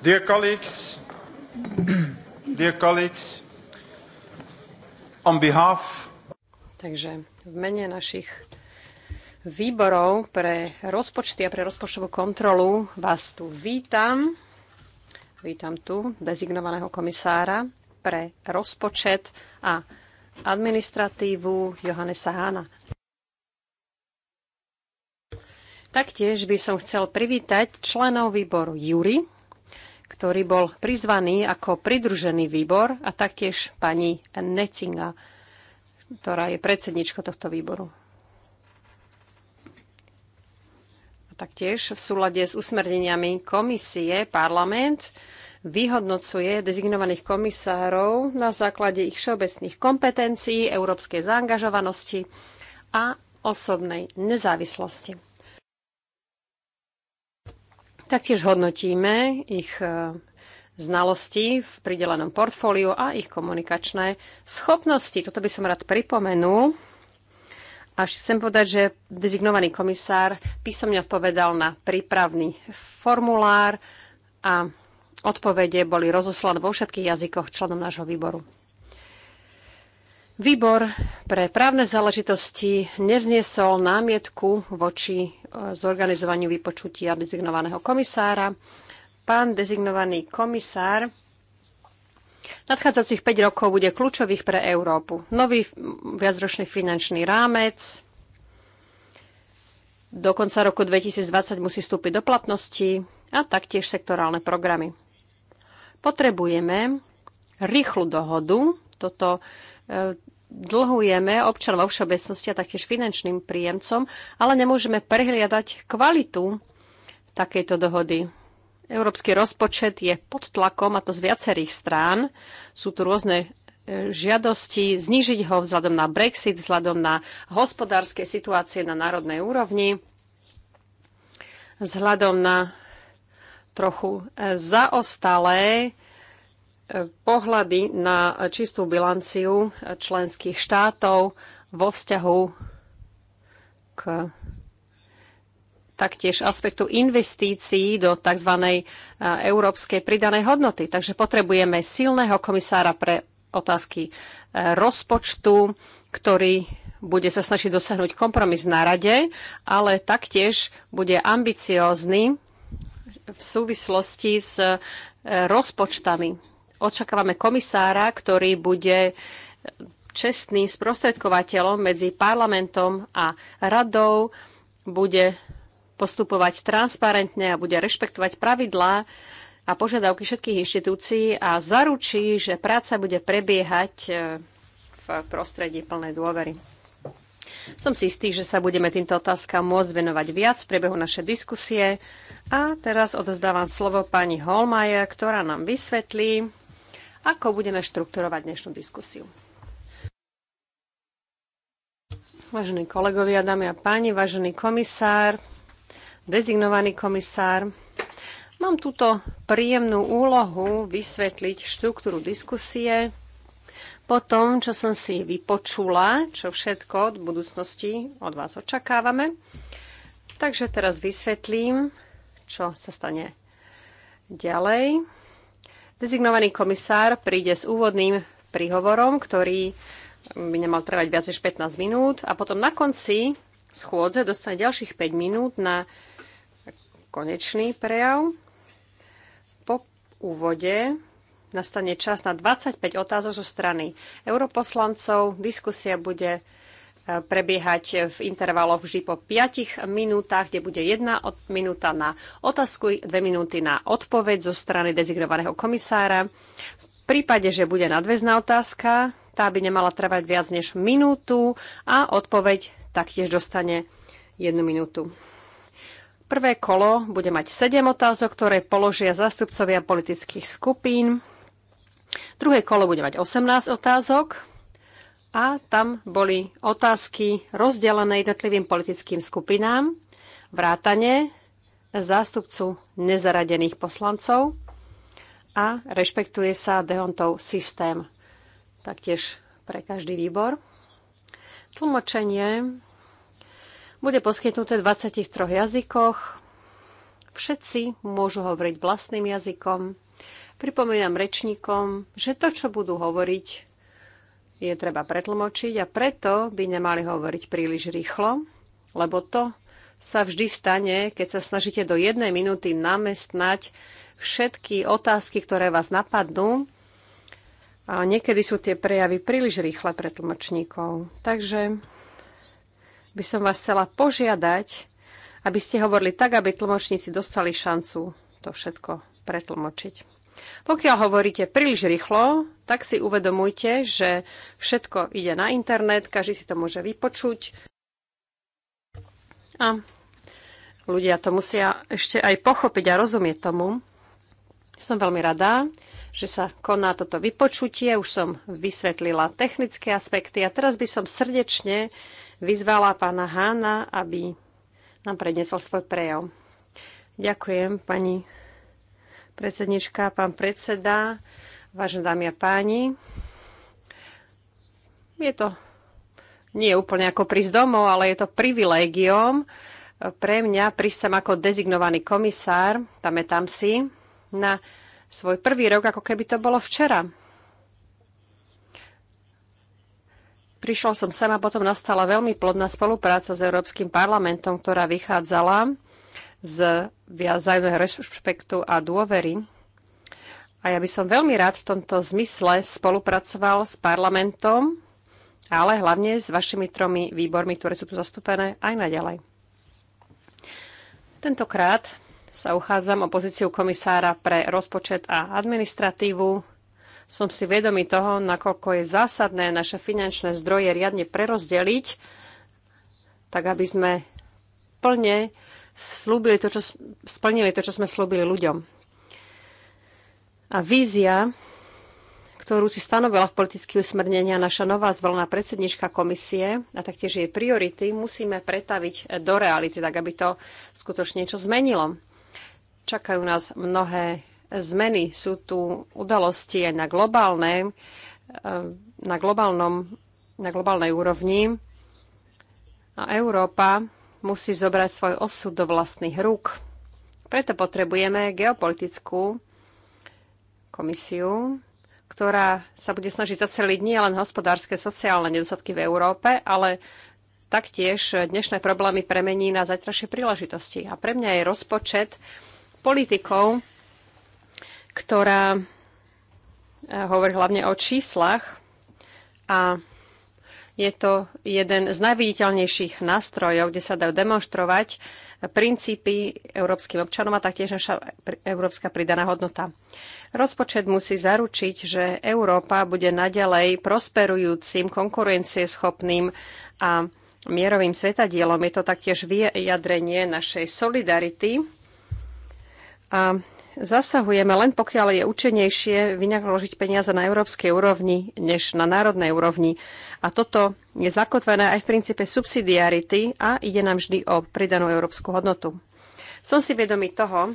Dear colleagues, dear colleagues, on behalf... Takže v mene našich výborov pre rozpočty a pre rozpočtovú kontrolu vás tu vítam. Vítam tu dezignovaného komisára pre rozpočet a administratívu Johannesa Hána. Taktiež by som chcel privítať členov výboru Júri, ktorý bol prizvaný ako pridružený výbor a taktiež pani Necinga, ktorá je predsednička tohto výboru. A taktiež v súlade s usmerneniami komisie parlament vyhodnocuje dezignovaných komisárov na základe ich všeobecných kompetencií, európskej zaangažovanosti a osobnej nezávislosti. Taktiež hodnotíme ich e, znalosti v pridelenom portfóliu a ich komunikačné schopnosti. Toto by som rád pripomenul. A chcem povedať, že dezignovaný komisár písomne odpovedal na prípravný formulár a odpovede boli rozoslané vo všetkých jazykoch členom nášho výboru. Výbor pre právne záležitosti nevzniesol námietku voči e, zorganizovaniu vypočutia dezignovaného komisára. Pán dezignovaný komisár nadchádzajúcich 5 rokov bude kľúčových pre Európu. Nový viacročný finančný rámec do konca roku 2020 musí vstúpiť do platnosti a taktiež sektorálne programy. Potrebujeme rýchlu dohodu. Toto dlhujeme občan vo všeobecnosti a taktiež finančným príjemcom, ale nemôžeme prehliadať kvalitu takejto dohody. Európsky rozpočet je pod tlakom, a to z viacerých strán. Sú tu rôzne e, žiadosti znižiť ho vzhľadom na Brexit, vzhľadom na hospodárske situácie na národnej úrovni, vzhľadom na trochu e, zaostalé pohľady na čistú bilanciu členských štátov vo vzťahu k taktiež aspektu investícií do tzv. E, európskej pridanej hodnoty. Takže potrebujeme silného komisára pre otázky e, rozpočtu, ktorý bude sa snažiť dosiahnuť kompromis na rade, ale taktiež bude ambiciózny v súvislosti s e, rozpočtami očakávame komisára, ktorý bude čestným sprostredkovateľom medzi parlamentom a radou, bude postupovať transparentne a bude rešpektovať pravidlá a požiadavky všetkých inštitúcií a zaručí, že práca bude prebiehať e, v prostredí plnej dôvery. Som si istý, že sa budeme týmto otázkam môcť venovať viac v priebehu našej diskusie. A teraz odozdávam slovo pani Holmajer, ktorá nám vysvetlí, ako budeme štrukturovať dnešnú diskusiu. Vážení kolegovia, dámy a páni, vážený komisár, dezignovaný komisár, mám túto príjemnú úlohu vysvetliť štruktúru diskusie po tom, čo som si vypočula, čo všetko od budúcnosti od vás očakávame. Takže teraz vysvetlím, čo sa stane ďalej. Dezignovaný komisár príde s úvodným príhovorom, ktorý by nemal trvať viac než 15 minút a potom na konci schôdze dostane ďalších 5 minút na konečný prejav. Po úvode nastane čas na 25 otázok zo strany europoslancov. Diskusia bude prebiehať v intervaloch vždy po 5 minútach, kde bude 1 minúta na otázku, 2 minúty na odpoveď zo strany dezignovaného komisára. V prípade, že bude nadväzná otázka, tá by nemala trvať viac než minútu a odpoveď taktiež dostane jednu minútu. Prvé kolo bude mať 7 otázok, ktoré položia zastupcovia politických skupín. Druhé kolo bude mať 18 otázok, a tam boli otázky rozdelené jednotlivým politickým skupinám, vrátane zástupcu nezaradených poslancov a rešpektuje sa Deontov systém taktiež pre každý výbor. Tlmočenie bude poskytnuté v 23 jazykoch. Všetci môžu hovoriť vlastným jazykom. Pripomínam rečníkom, že to, čo budú hovoriť, je treba pretlmočiť a preto by nemali hovoriť príliš rýchlo, lebo to sa vždy stane, keď sa snažíte do jednej minúty namestnať všetky otázky, ktoré vás napadnú. A niekedy sú tie prejavy príliš rýchle pre tlmočníkov. Takže by som vás chcela požiadať, aby ste hovorili tak, aby tlmočníci dostali šancu to všetko pretlmočiť. Pokiaľ hovoríte príliš rýchlo, tak si uvedomujte, že všetko ide na internet, každý si to môže vypočuť a ľudia to musia ešte aj pochopiť a rozumieť tomu. Som veľmi rada, že sa koná toto vypočutie. Už som vysvetlila technické aspekty a teraz by som srdečne vyzvala pána Hána, aby nám prednesol svoj prejav. Ďakujem, pani predsednička, pán predseda. Vážené dámy a páni, je to nie úplne ako prísť domov, ale je to privilégium pre mňa prísť tam ako dezignovaný komisár, pamätám si, na svoj prvý rok, ako keby to bolo včera. Prišla som sem a potom nastala veľmi plodná spolupráca s Európskym parlamentom, ktorá vychádzala z viac respektu rešpektu a dôvery a ja by som veľmi rád v tomto zmysle spolupracoval s parlamentom, ale hlavne s vašimi tromi výbormi, ktoré sú tu zastúpené aj naďalej. Tentokrát sa uchádzam o pozíciu komisára pre rozpočet a administratívu. Som si vedomý toho, nakoľko je zásadné naše finančné zdroje riadne prerozdeliť, tak aby sme plne slúbili to, čo, splnili to, čo sme slúbili ľuďom. A vízia, ktorú si stanovila v politické usmernenia naša nová zvolená predsednička komisie a taktiež jej priority, musíme pretaviť do reality, tak aby to skutočne niečo zmenilo. Čakajú nás mnohé zmeny. Sú tu udalosti aj na, globálne, eh, na, globálnom, na globálnej úrovni. A Európa musí zobrať svoj osud do vlastných rúk. Preto potrebujeme geopolitickú komisiu, ktorá sa bude snažiť zaceliť nie len hospodárske, sociálne nedostatky v Európe, ale taktiež dnešné problémy premení na zajtrajšie príležitosti. A pre mňa je rozpočet politikou, ktorá eh, hovorí hlavne o číslach a je to jeden z najviditeľnejších nástrojov, kde sa dajú demonstrovať princípy európskym občanom a taktiež naša európska pridaná hodnota. Rozpočet musí zaručiť, že Európa bude naďalej prosperujúcim, konkurencieschopným a mierovým svetadielom. Je to taktiež vyjadrenie našej solidarity a zasahujeme len pokiaľ je účinnejšie vynaložiť peniaze na európskej úrovni než na národnej úrovni. A toto je zakotvené aj v princípe subsidiarity a ide nám vždy o pridanú európsku hodnotu. Som si vedomý toho,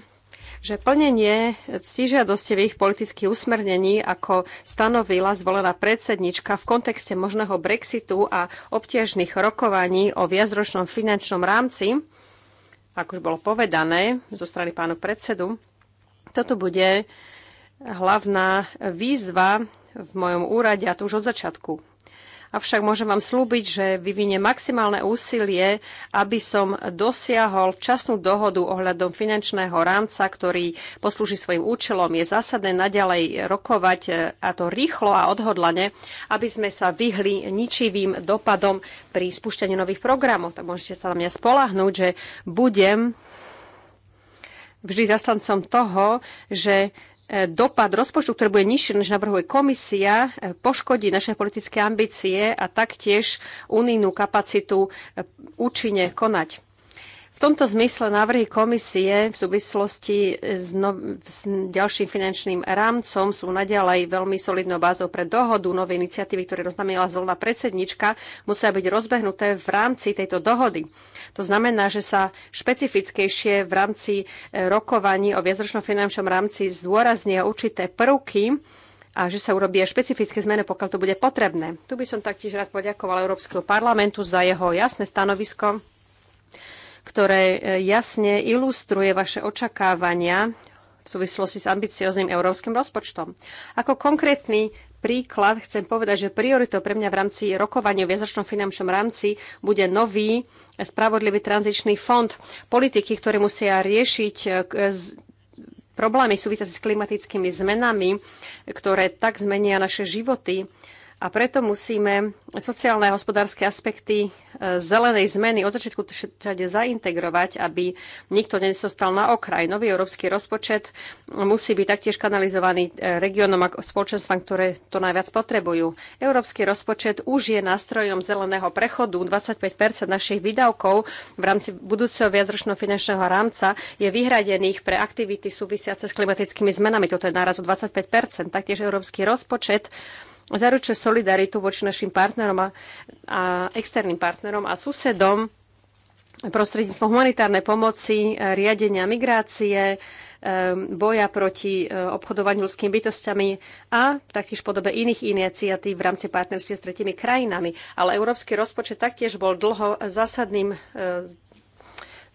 že plnenie ctižiadostivých politických usmernení, ako stanovila zvolená predsednička v kontexte možného Brexitu a obtiažných rokovaní o viacročnom finančnom rámci, ako už bolo povedané zo strany pánu predsedu, toto bude hlavná výzva v mojom úrade a to už od začiatku. Avšak môžem vám slúbiť, že vyvinie maximálne úsilie, aby som dosiahol včasnú dohodu ohľadom finančného rámca, ktorý poslúži svojim účelom. Je zásadné naďalej rokovať e, a to rýchlo a odhodlane, aby sme sa vyhli ničivým dopadom pri spúšťaní nových programov. Tak môžete sa na mňa spolahnúť, že budem vždy zastancom toho, že e, dopad rozpočtu, ktorý bude nižší, než navrhuje komisia, e, poškodí naše politické ambície a taktiež unijnú kapacitu e, účinne konať tomto zmysle návrhy komisie v súvislosti s, no, s ďalším finančným rámcom sú naďalej veľmi solidnou bázou pre dohodu. Nové iniciatívy, ktoré roznamenila zvolná predsednička, musia byť rozbehnuté v rámci tejto dohody. To znamená, že sa špecifickejšie v rámci e, rokovaní o viacročnom finančnom rámci zdôraznia určité prvky, a že sa urobí aj špecifické zmeny, pokiaľ to bude potrebné. Tu by som taktiež rád poďakoval Európskeho parlamentu za jeho jasné stanovisko ktoré e, jasne ilustruje vaše očakávania v súvislosti s ambiciozným európskym rozpočtom. Ako konkrétny príklad chcem povedať, že prioritou pre mňa v rámci rokovania v jazačnom finančnom rámci bude nový spravodlivý tranzičný fond politiky, ktoré musia riešiť e, e, problémy súvisiace s klimatickými zmenami, ktoré tak zmenia naše životy. A preto musíme sociálne a hospodárske aspekty e, zelenej zmeny od začiatku všade zaintegrovať, aby nikto nezostal na okraj. Nový európsky rozpočet musí byť taktiež kanalizovaný e, regiónom a spoločenstvám, ktoré to najviac potrebujú. Európsky rozpočet už je nástrojom zeleného prechodu. 25 našich výdavkov v rámci budúceho viacročného finančného rámca je vyhradených pre aktivity súvisiace s klimatickými zmenami. Toto je náraz o 25 Taktiež európsky rozpočet zaručuje solidaritu voči našim partnerom a, a externým partnerom a susedom prostredníctvom humanitárnej pomoci, riadenia migrácie, e, boja proti e, obchodovaniu ľudskými bytostiami a taktiež podobe iných iniciatív v rámci partnerstiev s tretimi krajinami. Ale európsky rozpočet taktiež bol dlho zásadným e,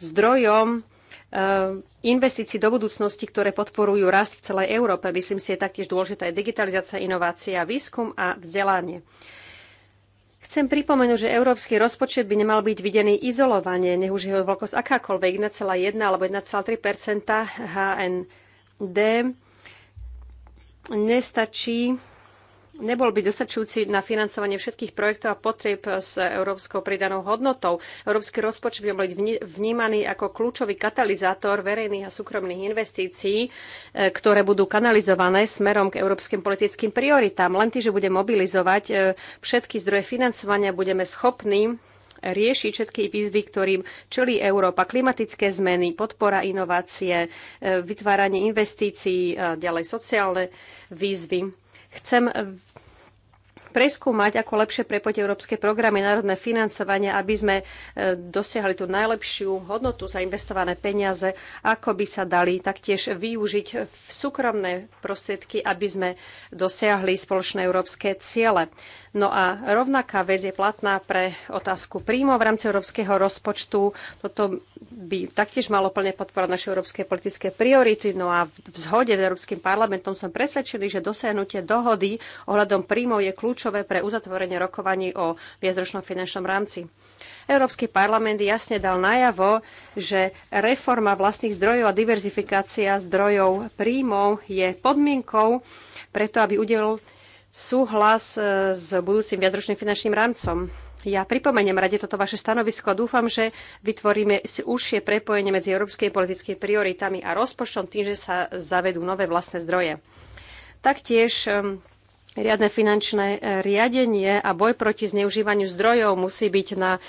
zdrojom Ehm, investícií do budúcnosti, ktoré podporujú rast v celej Európe. Myslím si, je taktiež dôležitá je digitalizácia, inovácia, výskum a vzdelanie. Chcem pripomenúť, že európsky rozpočet by nemal byť videný izolovanie, nech už jeho veľkosť akákoľvek 1,1 alebo 1,3 HND. Nestačí nebol by dostačujúci na financovanie všetkých projektov a potrieb s európskou pridanou hodnotou. Európsky rozpočet by bol vnímaný ako kľúčový katalizátor verejných a súkromných investícií, e, ktoré budú kanalizované smerom k európskym politickým prioritám. Len tým, že bude mobilizovať e, všetky zdroje financovania, budeme schopní riešiť všetky výzvy, ktorým čelí Európa. Klimatické zmeny, podpora inovácie, e, vytváranie investícií, ďalej sociálne výzvy. Chcem preskúmať, ako lepšie prepojiť európske programy, národné financovanie, aby sme e, dosiahli tú najlepšiu hodnotu za investované peniaze, ako by sa dali taktiež využiť v súkromné prostriedky, aby sme dosiahli spoločné európske ciele. No a rovnaká vec je platná pre otázku príjmov v rámci európskeho rozpočtu. Toto by taktiež malo plne podporovať naše európske politické priority. No a v zhode s Európskym parlamentom som presvedčený, že dosiahnutie dohody ohľadom príjmov je kľúčové kľúčové pre uzatvorenie rokovaní o viacročnom finančnom rámci. Európsky parlament jasne dal najavo, že reforma vlastných zdrojov a diverzifikácia zdrojov príjmov je podmienkou preto, aby udelil súhlas e, s budúcim viacročným finančným rámcom. Ja pripomeniem rade toto vaše stanovisko a dúfam, že vytvoríme si užšie prepojenie medzi európskymi politickými prioritami a rozpočtom tým, že sa zavedú nové vlastné zdroje. Taktiež e, Riadne finančné e, riadenie a boj proti zneužívaniu zdrojov musí byť na e,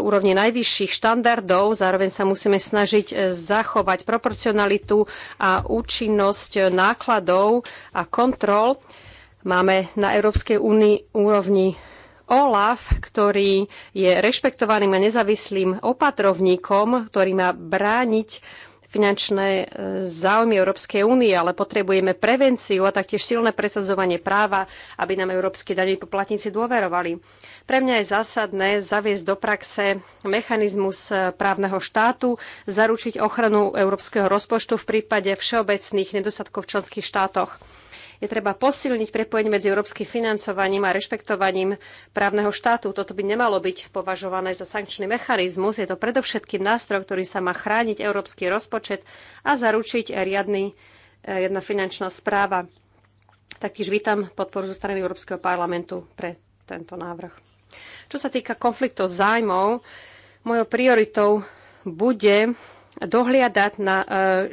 úrovni najvyšších štandardov. Zároveň sa musíme snažiť e, zachovať proporcionalitu a účinnosť nákladov a kontrol. Máme na Európskej únii úrovni OLAF, ktorý je rešpektovaným a nezávislým opatrovníkom, ktorý má brániť finančné e, záujmy Európskej únie, ale potrebujeme prevenciu a taktiež silné presadzovanie práva, aby nám európske daní poplatníci dôverovali. Pre mňa je zásadné zaviesť do praxe mechanizmus e, právneho štátu, zaručiť ochranu európskeho rozpočtu v prípade všeobecných nedostatkov v členských štátoch je treba posilniť prepojenie medzi európskym financovaním a rešpektovaním právneho štátu. Toto by nemalo byť považované za sankčný mechanizmus. Je to predovšetkým nástroj, ktorý sa má chrániť európsky rozpočet a zaručiť riadny, eh, riadna finančná správa. Taktiež vítam podporu zo strany Európskeho parlamentu pre tento návrh. Čo sa týka konfliktov zájmov, mojou prioritou bude dohliadať na e,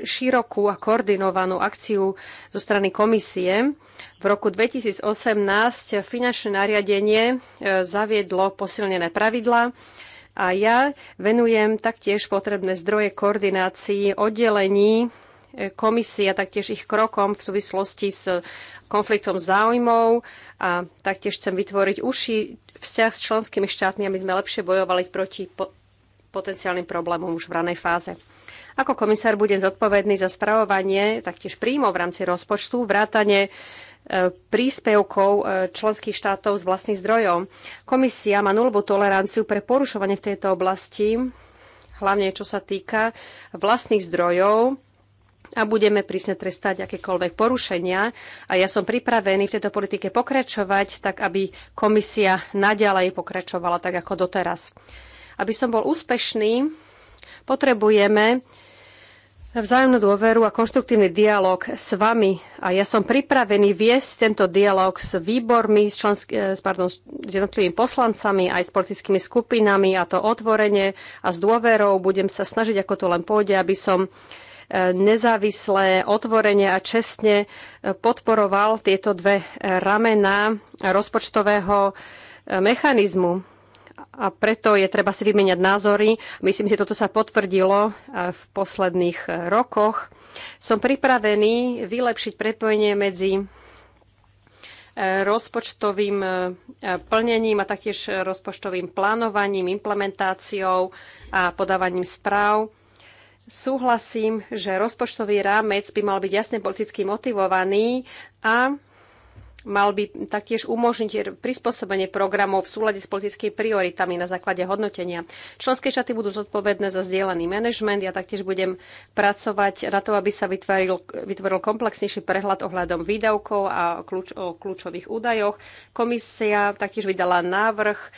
širokú a koordinovanú akciu zo strany komisie. V roku 2018 finančné nariadenie e, zaviedlo posilnené pravidlá a ja venujem taktiež potrebné zdroje koordinácii oddelení e, komisie a taktiež ich krokom v súvislosti s konfliktom záujmov a taktiež chcem vytvoriť užší vzťah s členskými štátmi, aby sme lepšie bojovali proti potenciálnym problémom už v ranej fáze. Ako komisár bude zodpovedný za spravovanie taktiež príjmov v rámci rozpočtu, vrátane e, príspevkov e, členských štátov z vlastných zdrojov. Komisia má nulovú toleranciu pre porušovanie v tejto oblasti, hlavne čo sa týka vlastných zdrojov a budeme prísne trestať akékoľvek porušenia. A ja som pripravený v tejto politike pokračovať, tak aby komisia naďalej pokračovala tak ako doteraz. Aby som bol úspešný, potrebujeme vzájomnú dôveru a konštruktívny dialog s vami. A ja som pripravený viesť tento dialog s výbormi, s, člensk- e, pardon, s jednotlivými poslancami, aj s politickými skupinami a to otvorene a s dôverou. Budem sa snažiť, ako to len pôjde, aby som e, nezávislé, otvorene a čestne e, podporoval tieto dve ramena rozpočtového mechanizmu a preto je treba si vymeniať názory. Myslím si, toto sa potvrdilo e, v posledných e, rokoch. Som pripravený vylepšiť prepojenie medzi e, rozpočtovým plnením a taktiež rozpočtovým plánovaním, implementáciou a podávaním správ. Súhlasím, že rozpočtový rámec by mal byť jasne politicky motivovaný a mal by taktiež umožniť prispôsobenie programov v súlade s politickými prioritami na základe hodnotenia. Členské štáty budú zodpovedné za zdieľaný manažment. Ja taktiež budem pracovať na to, aby sa vytvoril, vytvoril komplexnejší prehľad ohľadom výdavkov a kľúč, o kľúčových údajoch. Komisia taktiež vydala návrh e,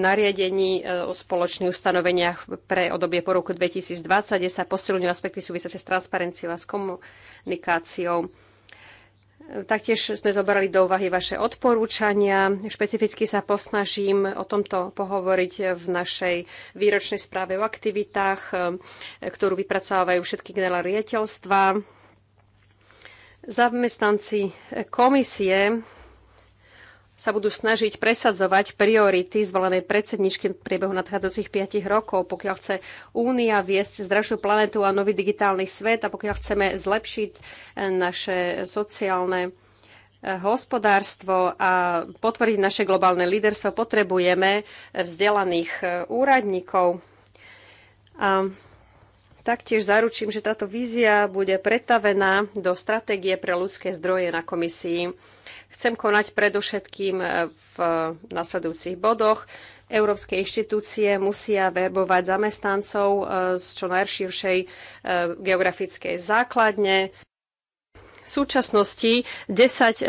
nariadení e, o spoločných ustanoveniach pre odobie po roku 2020, kde sa posilňujú aspekty súvisiace s transparenciou a s komunikáciou. Taktiež sme zobrali do úvahy vaše odporúčania. Špecificky sa posnažím o tomto pohovoriť v našej výročnej správe o aktivitách, eh, ktorú vypracovávajú všetky generálne riaditeľstva. Zamestnanci komisie sa budú snažiť presadzovať priority zvolenej predsedničky v priebehu nadchádzajúcich 5 rokov. Pokiaľ chce Únia viesť zdravšiu planetu a nový digitálny svet a pokiaľ chceme zlepšiť eh, naše sociálne eh, hospodárstvo a potvrdiť naše globálne líderstvo, potrebujeme eh, vzdelaných úradníkov. A Taktiež zaručím, že táto vízia bude pretavená do stratégie pre ľudské zdroje na komisii. Chcem konať predovšetkým e, v e, nasledujúcich bodoch. Európske inštitúcie musia verbovať zamestnancov e, z čo najširšej geografickej základne. V súčasnosti 10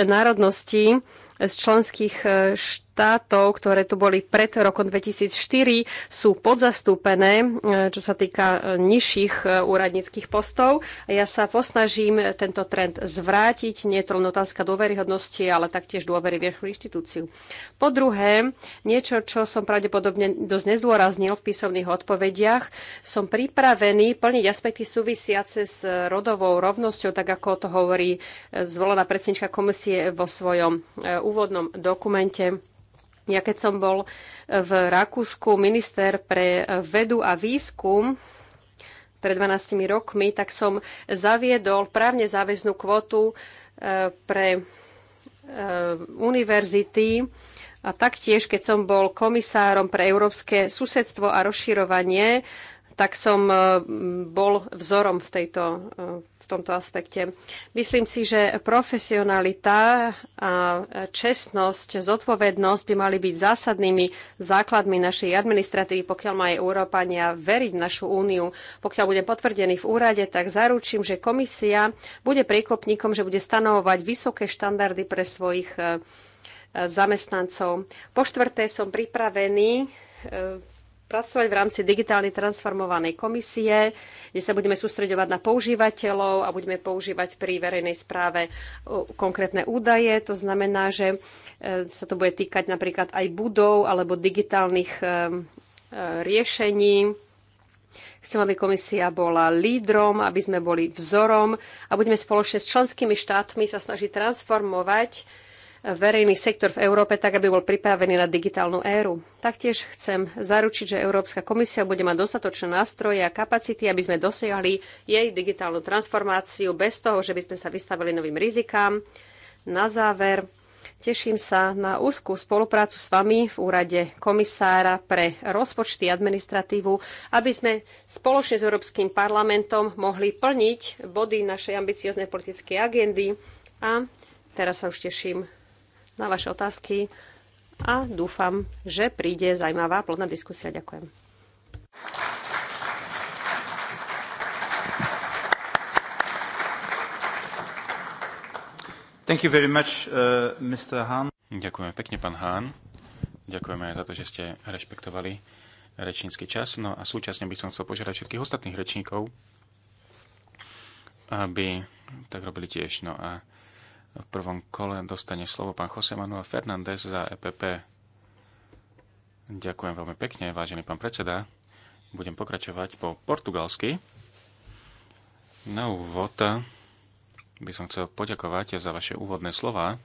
národností z členských štátov štátov, ktoré tu boli pred rokom 2004, sú podzastúpené, e, čo sa týka e, nižších e, úradníckých postov. Ja sa posnažím tento trend zvrátiť. Nie je to len otázka dôveryhodnosti, ale taktiež dôvery vierchu inštitúciu. Po druhé, niečo, čo som pravdepodobne dosť nezdôraznil v písomných odpovediach, som pripravený plniť aspekty súvisiace s rodovou rovnosťou, tak ako to hovorí zvolená predsednička komisie vo svojom úvodnom dokumente. Ja keď som bol v Rakúsku minister pre vedu a výskum pred 12 rokmi, tak som zaviedol právne záväznú kvotu e, pre e, univerzity a taktiež, keď som bol komisárom pre európske susedstvo a rozširovanie, tak som e, bol vzorom v, tejto, e, v tomto aspekte. Myslím si, že profesionalita a čestnosť, zodpovednosť by mali byť zásadnými základmi našej administratívy, pokiaľ má Európania veriť v našu úniu. Pokiaľ budem potvrdený v úrade, tak zaručím, že komisia bude priekopníkom, že bude stanovovať vysoké štandardy pre svojich e, zamestnancov. Po štvrté som pripravený pracovať v rámci digitálne transformovanej komisie, kde sa budeme sústreďovať na používateľov a budeme používať pri verejnej správe e, konkrétne údaje. To znamená, že e, sa to bude týkať napríklad aj budov alebo digitálnych e, riešení. Chcem, aby komisia bola lídrom, aby sme boli vzorom a budeme spoločne s členskými štátmi sa snažiť transformovať verejný sektor v Európe tak, aby bol pripravený na digitálnu éru. Taktiež chcem zaručiť, že Európska komisia bude mať dostatočné nástroje a kapacity, aby sme dosiahli jej digitálnu transformáciu bez toho, že by sme sa vystavili novým rizikám. Na záver, Teším sa na úzkú spoluprácu s vami v úrade komisára pre rozpočty administratívu, aby sme spoločne s Európskym parlamentom mohli plniť body našej ambicioznej politickej agendy. A teraz sa už teším na vaše otázky a dúfam, že príde zaujímavá plodná diskusia. Ďakujem. Thank you very much, uh, Mr. Hahn. Ďakujeme pekne, pán Hahn. Ďakujeme aj za to, že ste rešpektovali rečnícky čas. No a súčasne by som chcel požiadať všetkých ostatných rečníkov, aby tak robili tiež. No a v prvom kole dostane slovo pán Jose Manuel Fernández za EPP. Ďakujem veľmi pekne, vážený pán predseda. Budem pokračovať po portugalsky. Na úvod by som chcel poďakovať za vaše úvodné slova.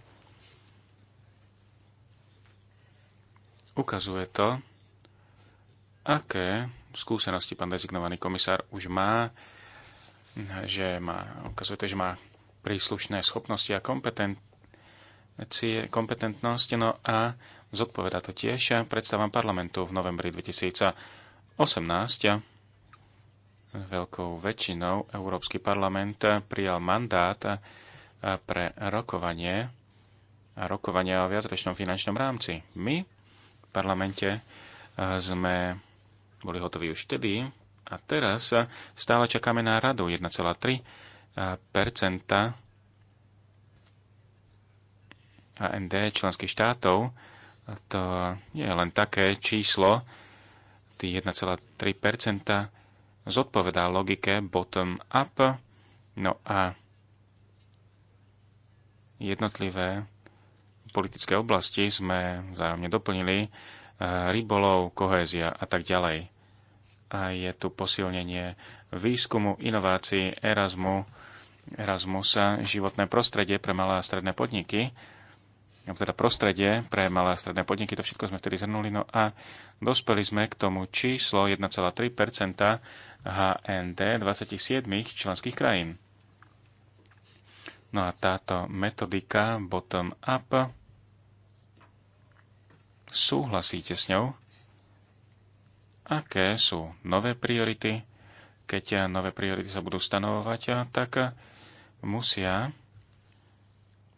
Ukazuje to, aké skúsenosti pán dezignovaný komisár už má, že má, ukazuje to, že má príslušné schopnosti a kompetentnosti, kompetentnosť, no a zodpoveda to tiež predstavám parlamentu v novembri 2018. Veľkou väčšinou Európsky parlament prijal mandát pre rokovanie a rokovania o viacročnom finančnom rámci. My v parlamente sme boli hotoví už vtedy a teraz stále čakáme na radu 1,3 AND členských štátov, to nie je len také číslo, tých 1,3 zodpovedá logike bottom-up, no a jednotlivé politické oblasti sme vzájomne doplnili, eh, rybolov, kohézia a tak ďalej a je tu posilnenie výskumu, inovácií, Erasmu, Erasmusa, životné prostredie pre malé a stredné podniky, teda prostredie pre malé a stredné podniky, to všetko sme vtedy zhrnuli, no a dospeli sme k tomu číslo 1,3 HND 27 členských krajín. No a táto metodika bottom-up, súhlasíte s ňou? aké sú nové priority. Keď nové priority sa budú stanovovať, tak musia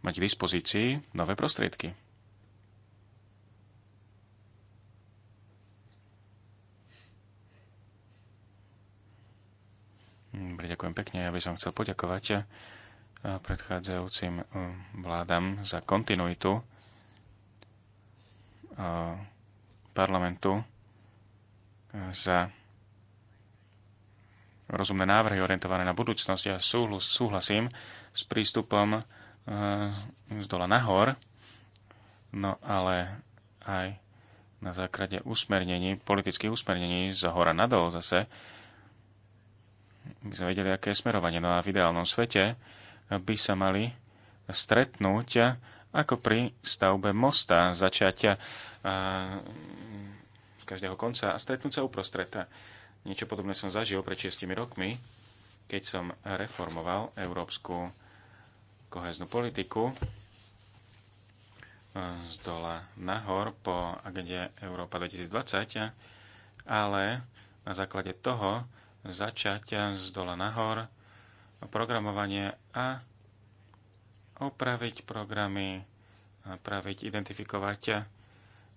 mať k dispozícii nové prostriedky. Dobre, ďakujem pekne. Ja by som chcel poďakovať eh, predchádzajúcim eh, vládam za kontinuitu eh, parlamentu za rozumné návrhy orientované na budúcnosť. Ja súhlasím s prístupom eh, z dola nahor, no ale aj na základe usmernení, politických usmernení z hora nadol zase, by sme vedeli, aké je smerovanie. No a v ideálnom svete by sa mali stretnúť ako pri stavbe mosta, začať eh, každého konca a stretnúť sa uprostred. Niečo podobné som zažil pred šiestimi rokmi, keď som reformoval európsku koheznú politiku e, z dola nahor po agende Európa 2020, ale na základe toho začať z dola nahor programovanie a opraviť programy, opraviť, identifikovať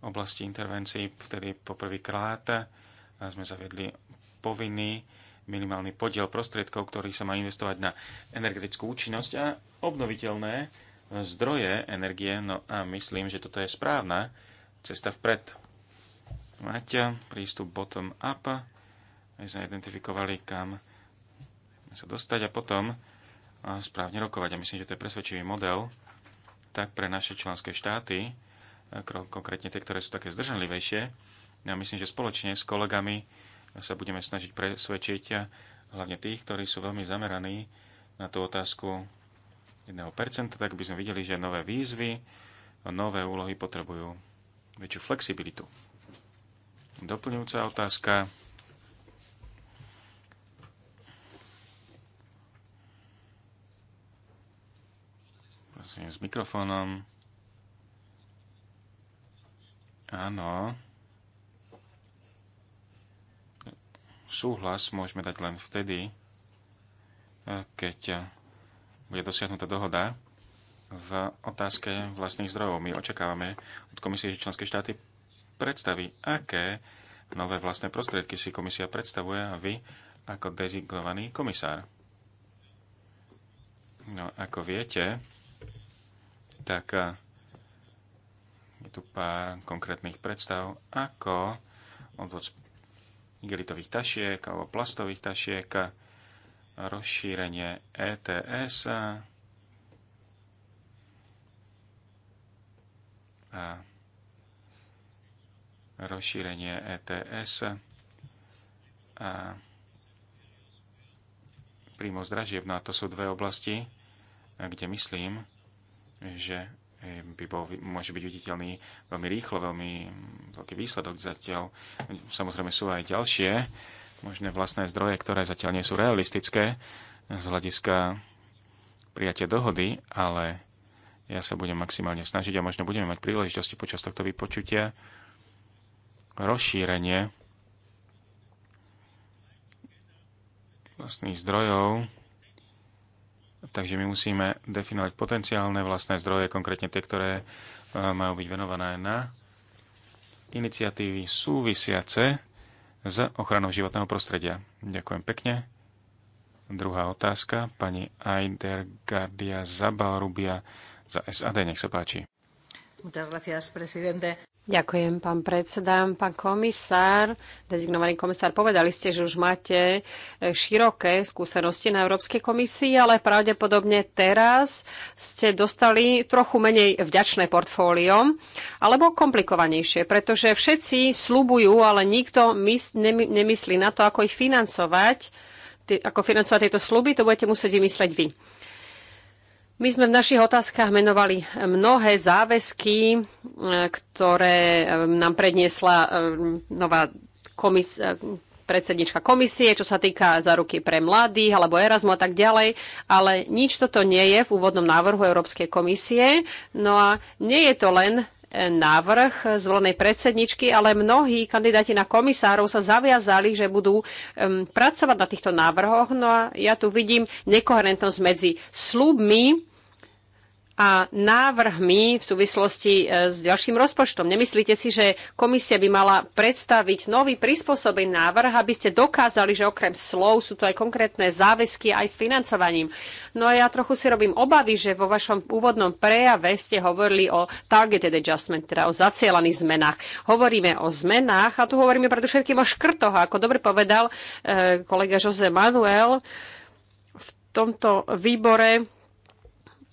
oblasti intervencií, vtedy poprvýkrát eh, sme zaviedli povinný minimálny podiel prostriedkov, ktorý sa má investovať na energetickú účinnosť a obnoviteľné eh, zdroje energie. No a myslím, že toto je správna cesta vpred. Máte eh, prístup bottom-up, aby sme identifikovali, kam sa dostať a potom správne rokovať. A myslím, že to je presvedčivý model tak pre naše členské štáty, konkrétne tie, ktoré sú také zdržanlivejšie. Ja myslím, že spoločne s kolegami sa budeme snažiť presvedčiť hlavne tých, ktorí sú veľmi zameraní na tú otázku 1%, tak by sme videli, že nové výzvy, nové úlohy potrebujú väčšiu flexibilitu. Doplňujúca otázka. Prosím, s mikrofónom. Áno. Súhlas môžeme dať len vtedy, eh, keď eh, bude dosiahnutá dohoda v otázke vlastných zdrojov. My očakávame od komisie, že členské štáty predstaví, aké nové vlastné prostriedky si komisia predstavuje a vy ako dezignovaný komisár. No, ako viete, tak eh, je tu pár konkrétnych predstav, ako odvod igelitových tašiek alebo plastových tašiek, rozšírenie ETS a rozšírenie ETS a prímo zdražieb No a to sú dve oblasti, kde myslím, že by bol, môže byť viditeľný veľmi rýchlo, veľmi veľký výsledok zatiaľ. Samozrejme sú aj ďalšie možné vlastné zdroje, ktoré zatiaľ nie sú realistické z hľadiska prijatia dohody, ale ja sa budem maximálne snažiť a možno budeme mať príležitosti počas tohto vypočutia rozšírenie vlastných zdrojov Takže my musíme definovať potenciálne vlastné zdroje, konkrétne tie, ktoré e, majú byť venované na iniciatívy súvisiace s ochranou životného prostredia. Ďakujem pekne. Druhá otázka, pani Aider Gardia Zabalrubia za SAD, nech sa páči. Muchas gracias, presidente. Ďakujem, pán predseda. Pán komisár, dezignovaný komisár, povedali ste, že už máte e, široké skúsenosti na Európskej komisii, ale pravdepodobne teraz ste dostali trochu menej vďačné portfólio, alebo komplikovanejšie, pretože všetci slubujú, ale nikto nemyslí na to, ako ich financovať, ako financovať tieto sluby, to budete musieť vymysleť vy. My sme v našich otázkach menovali mnohé záväzky, e, ktoré e, nám predniesla e, nová komis- predsednička komisie, čo sa týka záruky pre mladých alebo Erasmu a tak ďalej, ale nič toto nie je v úvodnom návrhu Európskej komisie. No a nie je to len návrh zvolenej predsedničky, ale mnohí kandidáti na komisárov sa zaviazali, že budú pracovať na týchto návrhoch. No a ja tu vidím nekoherentnosť medzi slubmi, a návrhmi v súvislosti e, s ďalším rozpočtom. Nemyslíte si, že komisia by mala predstaviť nový prispôsobený návrh, aby ste dokázali, že okrem slov sú tu aj konkrétne záväzky aj s financovaním. No a ja trochu si robím obavy, že vo vašom úvodnom prejave ste hovorili o targeted adjustment, teda o zacielaných zmenách. Hovoríme o zmenách a tu hovoríme predovšetkým o škrtoch. A ako dobre povedal e, kolega Jose Manuel, v tomto výbore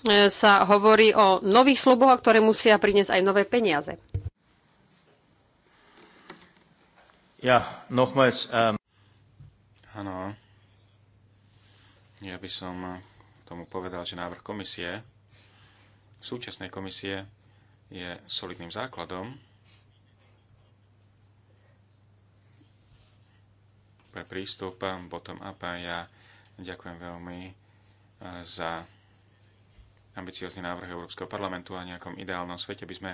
E, sa hovorí o nových sluboch, ktoré musia priniesť aj nové peniaze. Ja, nochmals. Um... Ehm, Áno. Ja by som e, tomu povedal, že návrh komisie, súčasnej komisie, je solidným základom pre prístup e, bottom-up. Ja ďakujem veľmi za ambiciózny návrh Európskeho parlamentu a nejakom ideálnom svete by sme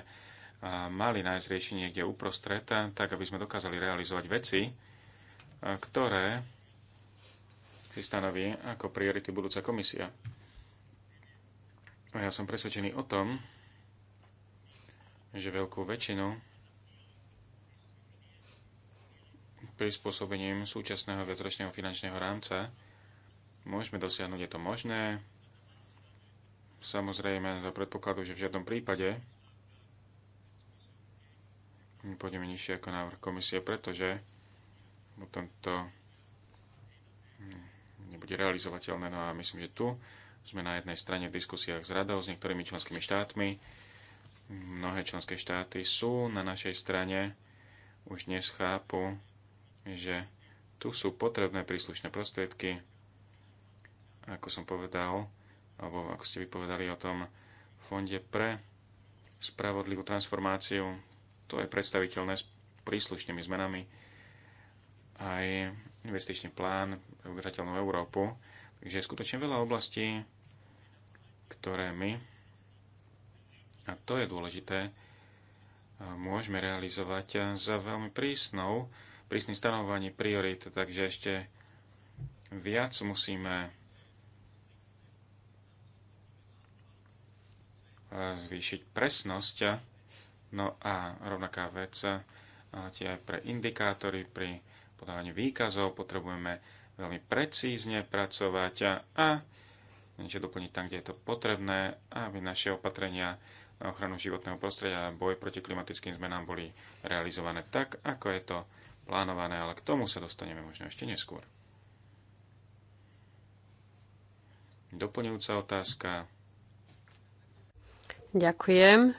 mali nájsť riešenie niekde uprostred, tak aby sme dokázali realizovať veci, ktoré si stanoví ako priority budúca komisia. A ja som presvedčený o tom, že veľkú väčšinu prispôsobením súčasného viacročného finančného rámca môžeme dosiahnuť, je to možné, Samozrejme, za predpokladu, že v žiadnom prípade pôjdeme nižšie ako návrh komisie, pretože potom to nebude realizovateľné. No a myslím, že tu sme na jednej strane v diskusiách s radou, s niektorými členskými štátmi. Mnohé členské štáty sú na našej strane, už dnes chápu, že tu sú potrebné príslušné prostriedky. Ako som povedal, alebo ako ste vypovedali o tom fonde pre spravodlivú transformáciu, to je predstaviteľné s príslušnými zmenami aj investičný plán pre udržateľnú Európu. Takže je skutočne veľa oblastí, ktoré my, a to je dôležité, môžeme realizovať za veľmi prísnou, prísnym stanovovaním priorít, takže ešte viac musíme zvýšiť presnosť. No a rovnaká vec tie aj pre indikátory, pri podávaní výkazov potrebujeme veľmi precízne pracovať a, a niečo doplniť tam, kde je to potrebné, aby naše opatrenia na ochranu životného prostredia a boj proti klimatickým zmenám boli realizované tak, ako je to plánované, ale k tomu sa dostaneme možno ešte neskôr. Doplňujúca otázka. Ďakujem.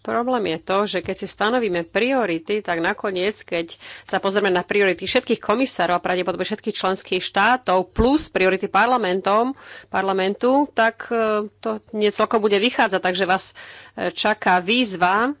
Problém je to, že keď si stanovíme priority, tak nakoniec, keď sa pozrieme na priority všetkých komisárov a pravdepodobne všetkých členských štátov plus priority parlamentom, parlamentu, tak e, to nie celkom bude vychádzať. Takže vás e, čaká výzva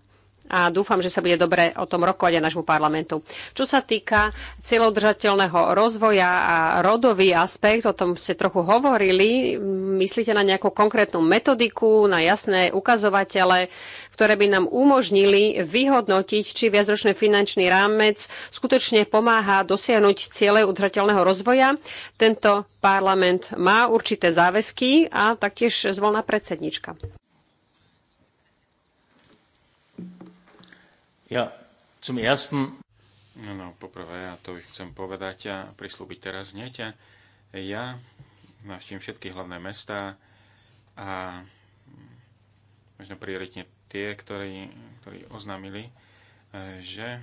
a dúfam, že sa bude dobre o tom rokovať aj nášmu parlamentu. Čo sa týka cieľodržateľného rozvoja a rodový aspekt, o tom ste trochu hovorili, myslíte na nejakú konkrétnu metodiku, na jasné ukazovatele, ktoré by nám umožnili vyhodnotiť, či viacročný finančný rámec skutočne pomáha dosiahnuť ciele udržateľného rozvoja. Tento parlament má určité záväzky a taktiež zvolná predsednička. Ja, zum ersten... No, no, poprvé, ja to už chcem povedať a prislúbiť teraz hneď. Ja navštím všetky hlavné mesta a možno prioritne tie, ktorí, ktorí oznámili, e, že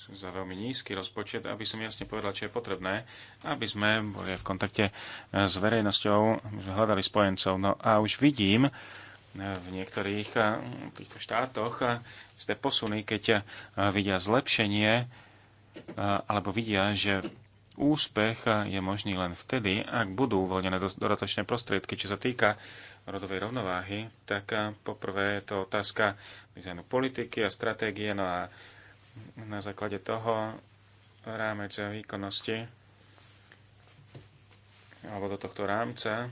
sú za veľmi nízky rozpočet, aby som jasne povedal, čo je potrebné, aby sme boli v kontakte e, s verejnosťou, aby sme hľadali spojencov. No a už vidím, v niektorých eh, týchto štátoch eh, ste posuny, keď eh, vidia zlepšenie alebo vidia, že úspech je možný len vtedy, ak budú uvoľnené dodatočné prostriedky. Čo sa týka rodovej rovnováhy, tak poprvé je to otázka dizajnu politiky a stratégie, no a na základe toho rámec výkonnosti alebo do tohto rámca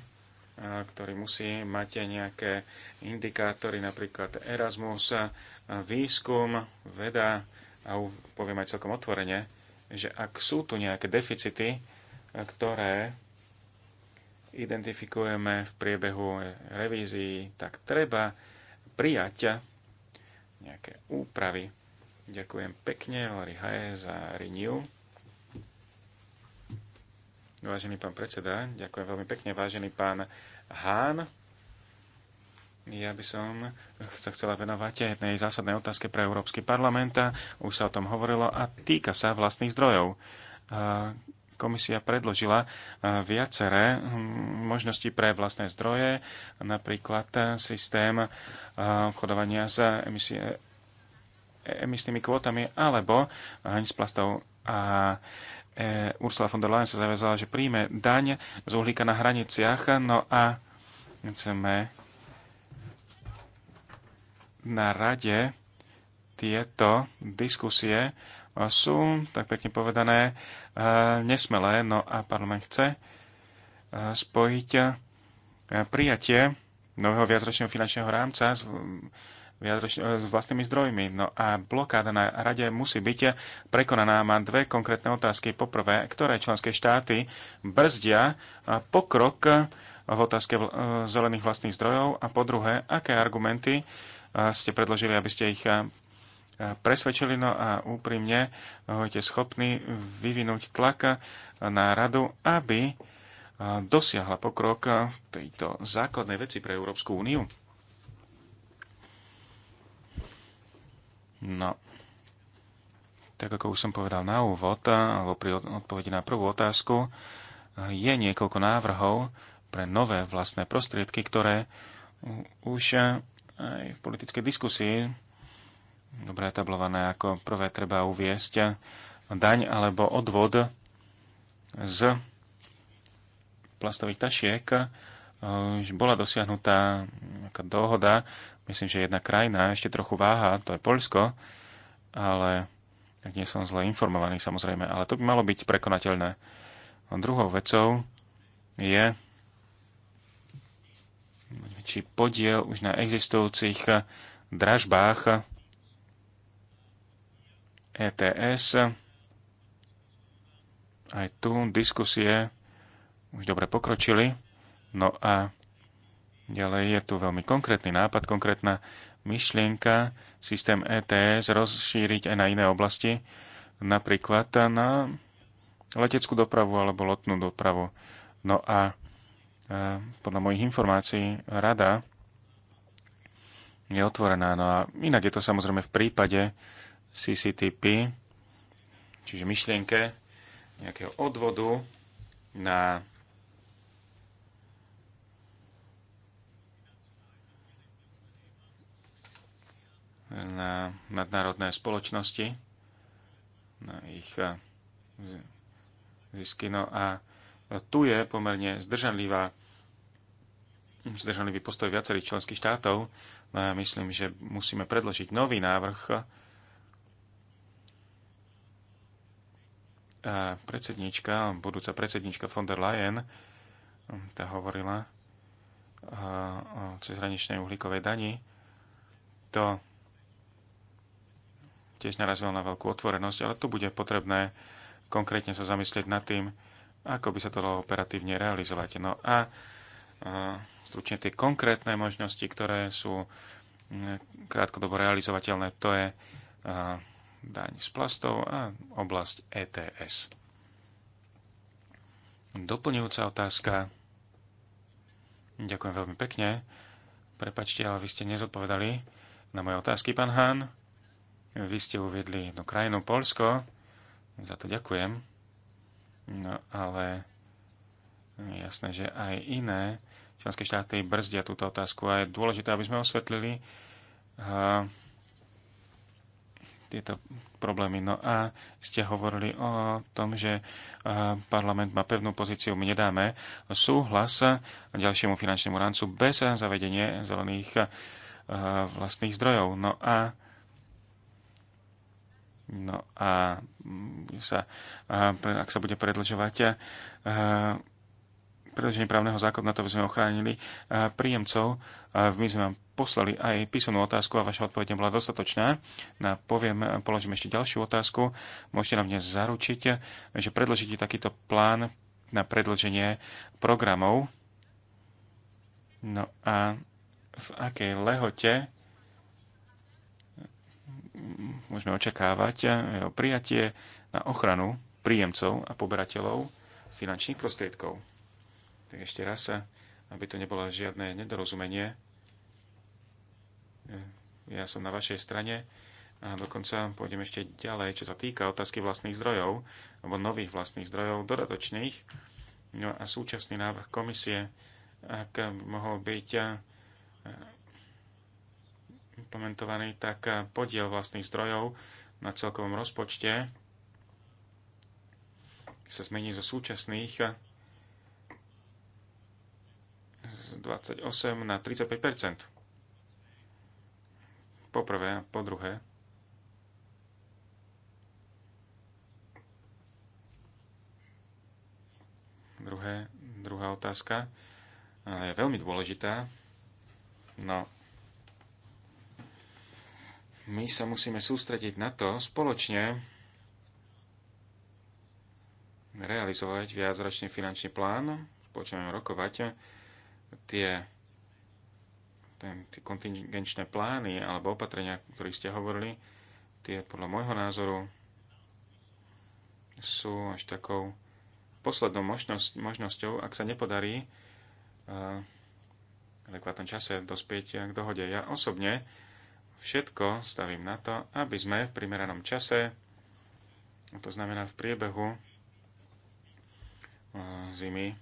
ktorý musí mať nejaké indikátory, napríklad Erasmus, výskum, veda a poviem aj celkom otvorene, že ak sú tu nejaké deficity, ktoré identifikujeme v priebehu revízií, tak treba prijať nejaké úpravy. Ďakujem pekne, Larry Haje za Renew. Vážený pán predseda, ďakujem veľmi pekne. Vážený pán Hán. Ja by som sa chcela venovať jednej zásadnej otázke pre Európsky parlament. Už sa o tom hovorilo a týka sa vlastných zdrojov. Komisia predložila viaceré hm, možnosti pre vlastné zdroje, napríklad systém obchodovania s emisie, emisnými kvótami alebo s plastov a E, Ursula von der Leyen sa zaviazala, že príjme daň z uhlíka na hraniciach, no a chceme na rade tieto diskusie sú, tak pekne povedané, e, nesmelé. No a parlament chce e, spojiť prijatie nového viacročného finančného rámca s E, s vlastnými zdrojmi. No a blokáda na rade musí byť prekonaná. Má dve konkrétne otázky. Poprvé, ktoré členské štáty brzdia e, pokrok v otázke e, zelených vlastných zdrojov? A po druhé, aké argumenty ste predložili, aby ste ich presvedčili? No a úprimne, budete schopní vyvinúť tlak na radu, aby dosiahla pokrok v tejto základnej veci pre Európsku úniu? No, tak ako už som povedal na úvod, alebo pri odpovedi na prvú otázku, je niekoľko návrhov pre nové vlastné prostriedky, ktoré už e, aj v politickej diskusii dobre tablované, ako prvé treba uviesť e, daň alebo odvod z plastových tašiek. Už e, bola dosiahnutá dohoda Myslím, že jedna krajina ešte trochu váha, to je Polsko, ale tak nie som zle informovaný samozrejme, ale to by malo byť prekonateľné. A druhou vecou je, či podiel už na existujúcich dražbách ETS. Aj tu diskusie už dobre pokročili. No a Ďalej je tu veľmi konkrétny nápad, konkrétna myšlienka, systém ETS rozšíriť aj na iné oblasti, napríklad na leteckú dopravu alebo lotnú dopravu. No a e, podľa mojich informácií rada je otvorená. No a inak je to samozrejme v prípade CCTP, čiže myšlienke nejakého odvodu na na nadnárodné spoločnosti, na ich eh, zisky. No a tu je pomerne zdržanlivá, zdržanlivý postoj viacerých členských štátov. No ja myslím, že musíme predložiť nový návrh. A eh, predsednička, budúca predsednička von der Leyen, tá hovorila eh, o cezhraničnej uhlíkovej dani, to tiež narazil na veľkú otvorenosť, ale tu bude potrebné konkrétne sa zamyslieť nad tým, ako by sa to dalo operatívne realizovať. No a, stručne tie konkrétne možnosti, ktoré sú mm, krátkodobo realizovateľné, to je daň z plastov a oblasť ETS. Doplňujúca otázka. Ďakujem veľmi pekne. Prepačte, ale vy ste nezodpovedali na moje otázky, pán Hán. Vy ste uviedli jednu krajinu, Polsko, za to ďakujem, no ale jasné, že aj iné členské štáty brzdia túto otázku a je dôležité, aby sme osvetlili a, tieto problémy. No a ste hovorili o tom, že a, parlament má pevnú pozíciu, my nedáme súhlas ďalšiemu finančnému rancu bez zavedenia zelených a, vlastných zdrojov. No a No a mm, sa, ak sa bude predlžovať, predlženie právneho zákona na to, aby sme ochránili príjemcov. My sme vám poslali aj písomnú otázku a vaša odpoveď bola dostatočná. Na no poviem, položím ešte ďalšiu otázku. Môžete nám dnes zaručiť, že predložíte takýto plán na predlženie programov. No a v akej lehote môžeme očakávať eh, jeho prijatie na ochranu príjemcov a poberateľov finančných prostriedkov. Tak ešte raz, eh, aby to nebolo žiadne nedorozumenie, eh, ja som na vašej strane a dokonca pôjdem ešte ďalej, čo sa týka otázky vlastných zdrojov alebo nových vlastných zdrojov, dodatočných. No a súčasný návrh komisie, ak mohol byť implementovaný, tak eh, podiel vlastných zdrojov na celkovom rozpočte sa zmení zo súčasných eh, z 28 na 35 Po prvé a po druhé. Druhé, druhá otázka eh, je veľmi dôležitá. No, my sa musíme sústrediť na to spoločne realizovať viacročný finančný plán, počujeme rokovať tie ten, tie kontingenčné plány alebo opatrenia, o ktorých ste hovorili, tie podľa môjho názoru sú až takou poslednou možnosť, možnosťou, ak sa nepodarí uh, v adekvátnom čase dospieť k dohode. Ja osobne všetko stavím na to, aby sme v primeranom čase, to znamená v priebehu eh, zimy,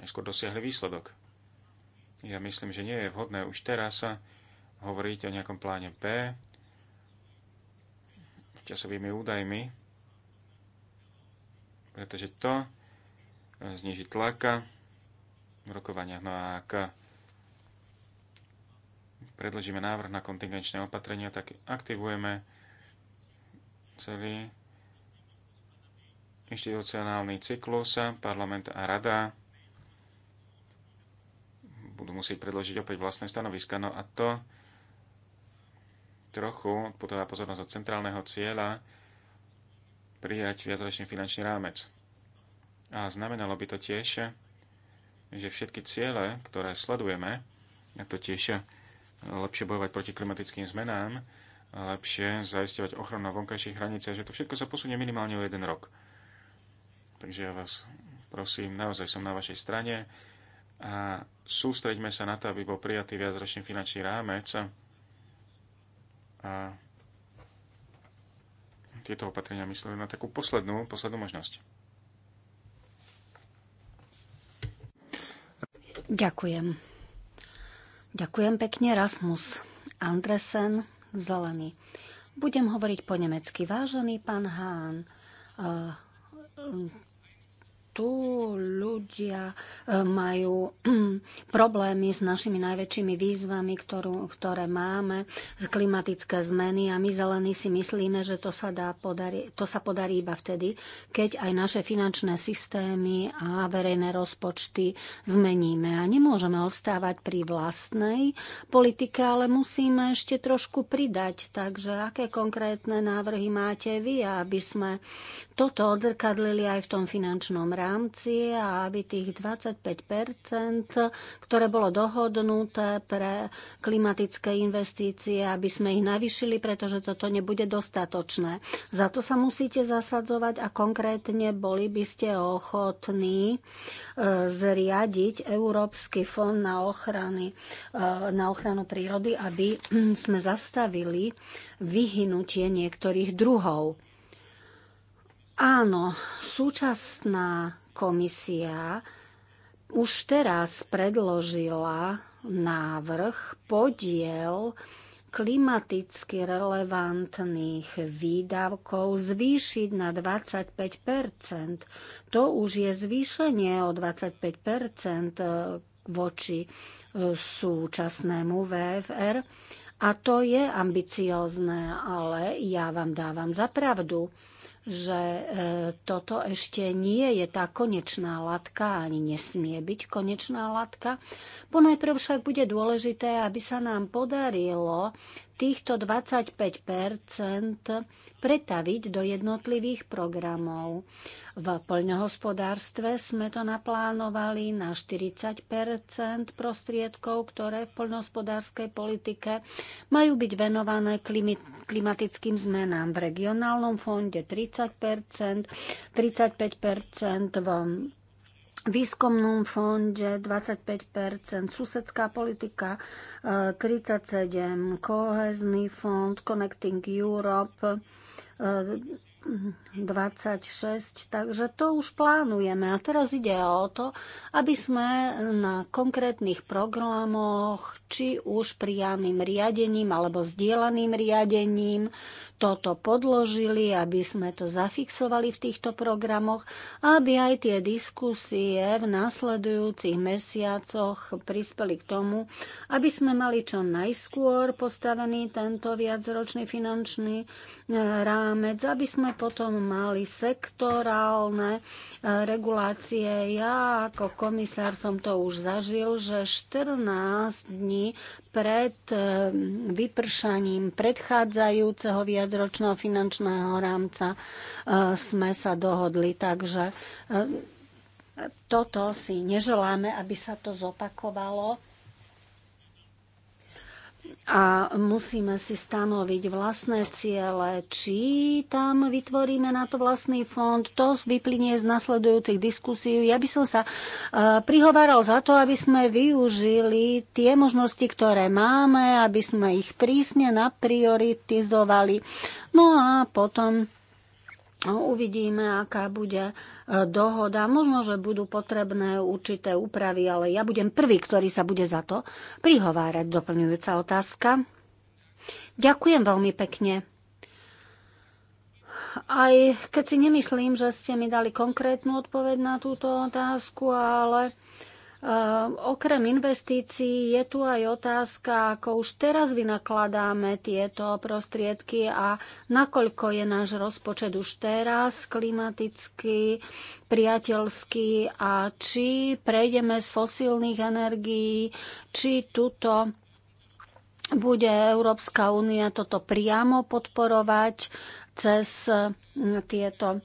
najskôr dosiahli výsledok. Ja myslím, že nie je vhodné už teraz hovoriť o nejakom pláne B, časovými údajmi, pretože to eh, zniží tlaka v rokovaniach. No a ak predložíme návrh na kontingenčné opatrenia, tak aktivujeme celý inštitucionálny cyklus, parlament a rada budú musieť predložiť opäť vlastné stanoviska. No a to trochu odpotová pozornosť od centrálneho cieľa prijať viacročný finančný rámec. A znamenalo by to tiež, že všetky ciele, ktoré sledujeme, a to tiež lepšie bojovať proti klimatickým zmenám, lepšie zaistovať ochranu na vonkajších hraniciach, že to všetko sa posunie minimálne o jeden rok. Takže ja vás prosím, naozaj som na vašej strane a sústreďme sa na to, aby bol prijatý viacročný finančný rámec a tieto opatrenia mysleli na takú poslednú, poslednú možnosť. Ďakujem. Ďakujem pekne, Rasmus Andresen, zelený. Budem hovoriť po nemecky. Vážený pán Hán, tu ľudia e, majú problémy s našimi najväčšími výzvami, ktorú, ktoré máme, klimatické zmeny a my zelení si myslíme, že to sa, dá podari, to sa podarí iba vtedy, keď aj naše finančné systémy a verejné rozpočty zmeníme. A nemôžeme ostávať pri vlastnej politike, ale musíme ešte trošku pridať. Takže aké konkrétne návrhy máte vy, aby sme toto odrkadlili aj v tom finančnom rámci? rámci a aby tých 25 ktoré bolo dohodnuté pre klimatické investície, aby sme ich navyšili, pretože toto nebude dostatočné. Za to sa musíte zasadzovať a konkrétne boli by ste ochotní e, zriadiť Európsky fond na, ochrany, e, na ochranu prírody, aby sme zastavili vyhynutie niektorých druhov. Áno, súčasná komisia už teraz predložila návrh podiel klimaticky relevantných výdavkov zvýšiť na 25 To už je zvýšenie o 25 voči e, súčasnému VFR. A to je ambiciózne, ale ja vám dávam za pravdu že e, toto ešte nie je tá konečná latka, ani nesmie byť konečná latka. Ponajprv však bude dôležité, aby sa nám podarilo týchto 25 pretaviť do jednotlivých programov. V poľnohospodárstve sme to naplánovali na 40 prostriedkov, ktoré v poľnohospodárskej politike majú byť venované klimatickým zmenám. V regionálnom fonde 30 35 v výskumnom fonde 25%, susedská politika 37%, e, kohezný fond Connecting Europe e, 26, takže to už plánujeme. A teraz ide o to, aby sme na konkrétnych programoch, či už priamým riadením alebo sdielaným riadením, toto podložili, aby sme to zafixovali v týchto programoch, aby aj tie diskusie v následujúcich mesiacoch prispeli k tomu, aby sme mali čo najskôr postavený tento viacročný finančný eh, rámec, aby sme potom mali sektorálne e, regulácie. Ja ako komisár som to už zažil, že 14 dní pred e, vypršaním predchádzajúceho viacročného finančného rámca e, sme sa dohodli. Takže toto si neželáme, aby sa to zopakovalo a musíme si stanoviť vlastné ciele, či tam vytvoríme na to vlastný fond. To vyplynie z nasledujúcich diskusí. Ja by som sa e, prihováral za to, aby sme využili tie možnosti, ktoré máme, aby sme ich prísne naprioritizovali. No a potom No, uvidíme, aká bude e, dohoda. Možno, že budú potrebné určité úpravy, ale ja budem prvý, ktorý sa bude za to prihovárať. Doplňujúca otázka. Ďakujem veľmi pekne. Aj keď si nemyslím, že ste mi dali konkrétnu odpoveď na túto otázku, ale uh, Ehm, okrem investícií je tu aj otázka, ako už teraz vynakladáme tieto prostriedky a nakoľko je náš rozpočet už teraz klimaticky, priateľský a či prejdeme z fosílnych energií, či tuto bude Európska únia toto priamo podporovať cez tieto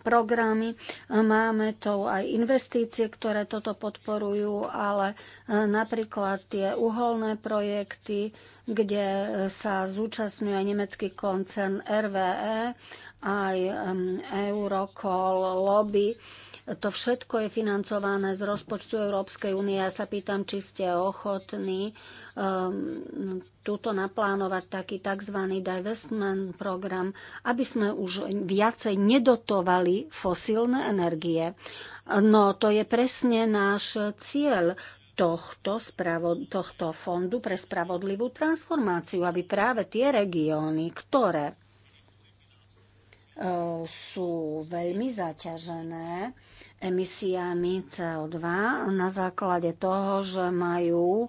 programy. Máme tu aj investície, ktoré toto podporujú, ale eh, napríklad tie uholné projekty, kde eh, sa zúčastňuje nemecký koncern RVE, aj Eurocall, lobby to všetko je financované z rozpočtu Európskej únie. Ja sa pýtam, či ste ochotní um, túto naplánovať taký tzv. divestment program, aby sme už viacej nedotovali fosílne energie. No to je presne náš cieľ tohto, spravo, tohto fondu pre spravodlivú transformáciu, aby práve tie regióny, ktoré E, sú veľmi zaťažené emisiami CO2 na základe toho, že majú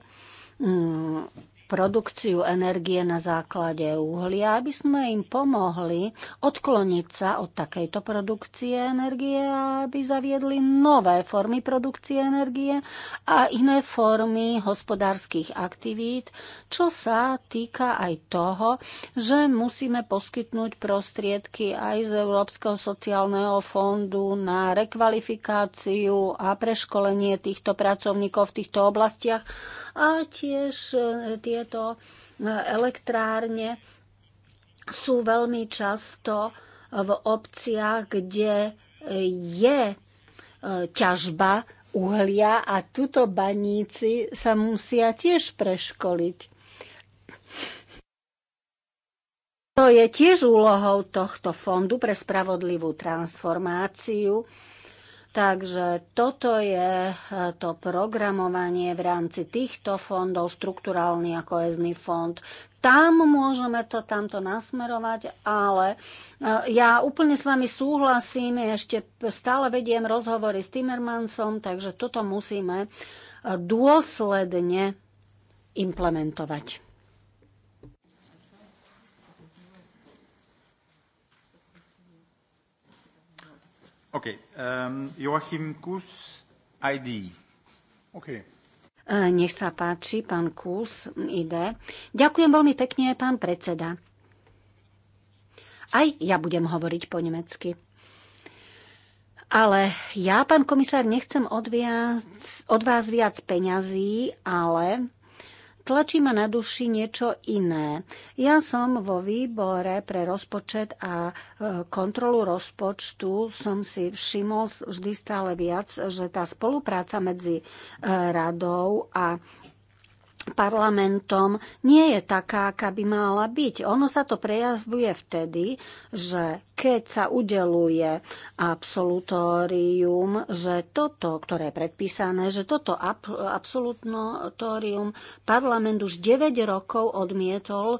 mm, produkciu energie na základe uhlia, aby sme im pomohli odkloniť sa od takejto produkcie energie a aby zaviedli nové formy produkcie energie a iné formy hospodárskych aktivít, čo sa týka aj toho, že musíme poskytnúť prostriedky aj z Európskeho sociálneho fondu na rekvalifikáciu a preškolenie týchto pracovníkov v týchto oblastiach a tiež e, tieto e, elektrárne sú veľmi často v obciach, kde e, je ťažba uhlia a tuto baníci sa musia tiež preškoliť. To je tiež úlohou tohto fondu pre spravodlivú transformáciu Takže toto je e, to programovanie v rámci týchto fondov, štrukturálny a kohezný fond, tam môžeme to tamto nasmerovať, ale e, ja úplne s vami súhlasím, ešte stále vediem rozhovory s Timmermansom, takže toto musíme e, dôsledne implementovať. Okay. Um, Joachim Kus, ID. E, nech sa páči, pán Kus, ID. Ďakujem veľmi pekne, pán predseda. Aj ja budem hovoriť po nemecky. Ale ja, pán komisár, nechcem od vás viac peňazí, ale tlačí ma na duši niečo iné. Ja som vo výbore pre rozpočet a e, kontrolu rozpočtu som si všimol vždy stále viac, že tá spolupráca medzi e, radou a parlamentom nie je taká, aká by mala byť. Ono sa to prejavuje vtedy, že keď sa udeluje absolutórium, že toto, ktoré je predpísané, že toto absolutórium parlament už 9 rokov odmietol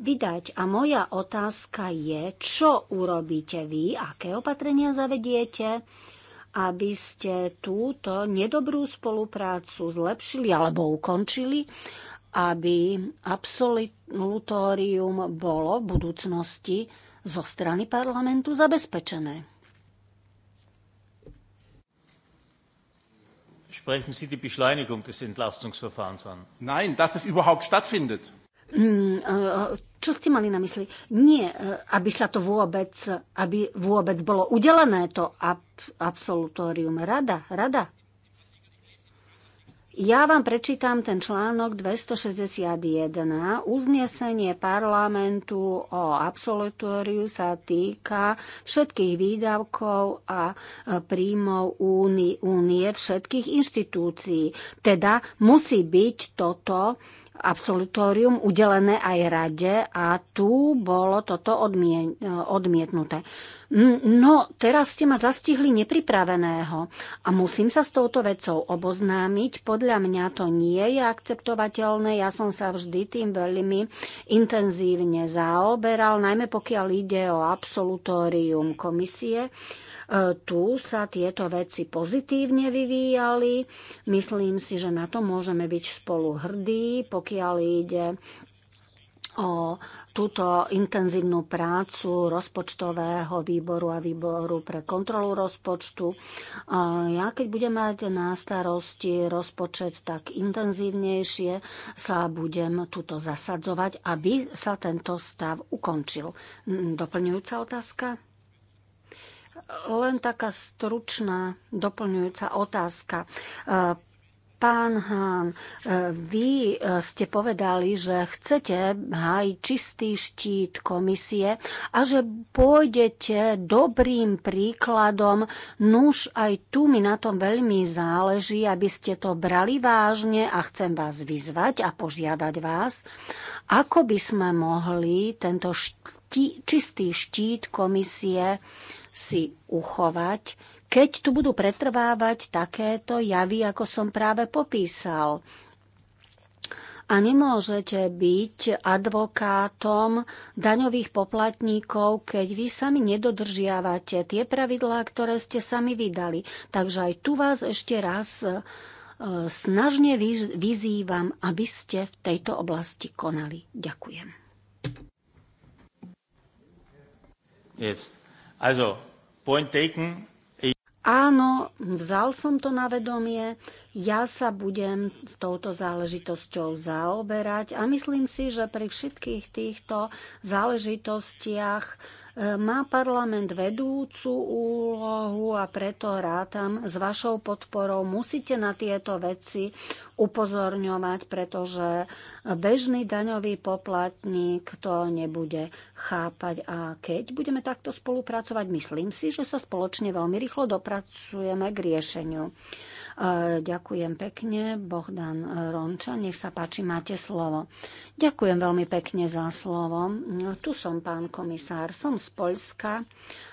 vydať. A moja otázka je, čo urobíte vy, aké opatrenia zavediete, aby ste túto nedobrú spoluprácu zlepšili alebo ukončili, aby absolutórium bolo v budúcnosti zo strany parlamentu zabezpečené. Sprechen Sie die Beschleunigung des Entlastungsverfahrens an? Nein, dass es überhaupt stattfindet. Mm, uh, čo ste mali na mysli? Nie, e, aby sa to vôbec, aby vôbec bolo udelené to ab, absolutórium. Rada, rada. Ja vám prečítam ten článok 261. Uznesenie parlamentu o absolutóriu sa týka všetkých výdavkov a e, príjmov únie, únie všetkých inštitúcií. Teda musí byť toto absolutórium udelené aj rade a tu bolo toto odmietnuté. No, teraz ste ma zastihli nepripraveného a musím sa s touto vecou oboznámiť. Podľa mňa to nie je akceptovateľné. Ja som sa vždy tým veľmi intenzívne zaoberal, najmä pokiaľ ide o absolutórium komisie. E, tu sa tieto veci pozitívne vyvíjali. Myslím si, že na to môžeme byť spolu hrdí, pokiaľ ide o túto intenzívnu prácu rozpočtového výboru a výboru pre kontrolu rozpočtu. Ja keď budem mať na starosti rozpočet tak intenzívnejšie, sa budem tuto zasadzovať, aby sa tento stav ukončil. Doplňujúca otázka? Len taká stručná doplňujúca otázka Pán Hán, e, vy e, ste povedali, že chcete hájiť čistý štít komisie a že pôjdete dobrým príkladom. Nuž, aj tu mi na tom veľmi záleží, aby ste to brali vážne a chcem vás vyzvať a požiadať vás, ako by sme mohli tento šti, čistý štít komisie si uchovať keď tu budú pretrvávať takéto javy, ako som práve popísal. A nemôžete byť advokátom daňových poplatníkov, keď vy sami nedodržiavate tie pravidlá, ktoré ste sami vydali. Takže aj tu vás ešte raz e, snažne vyzývam, aby ste v tejto oblasti konali. Ďakujem. Yes. Also, point taken. Áno, vzal som to na vedomie, ja sa budem s touto záležitosťou zaoberať a myslím si, že pri všetkých týchto záležitostiach e, má parlament vedúcu úlohu a preto rátam s vašou podporou. Musíte na tieto veci upozorňovať, pretože bežný daňový poplatník to nebude chápať. A keď budeme takto spolupracovať, myslím si, že sa spoločne veľmi rýchlo dopracujeme k riešeniu. E, ďakujem pekne, Bohdan Ronča, nech sa páči, máte slovo. Ďakujem veľmi pekne za slovo. Tu som, pán komisár, som z Polska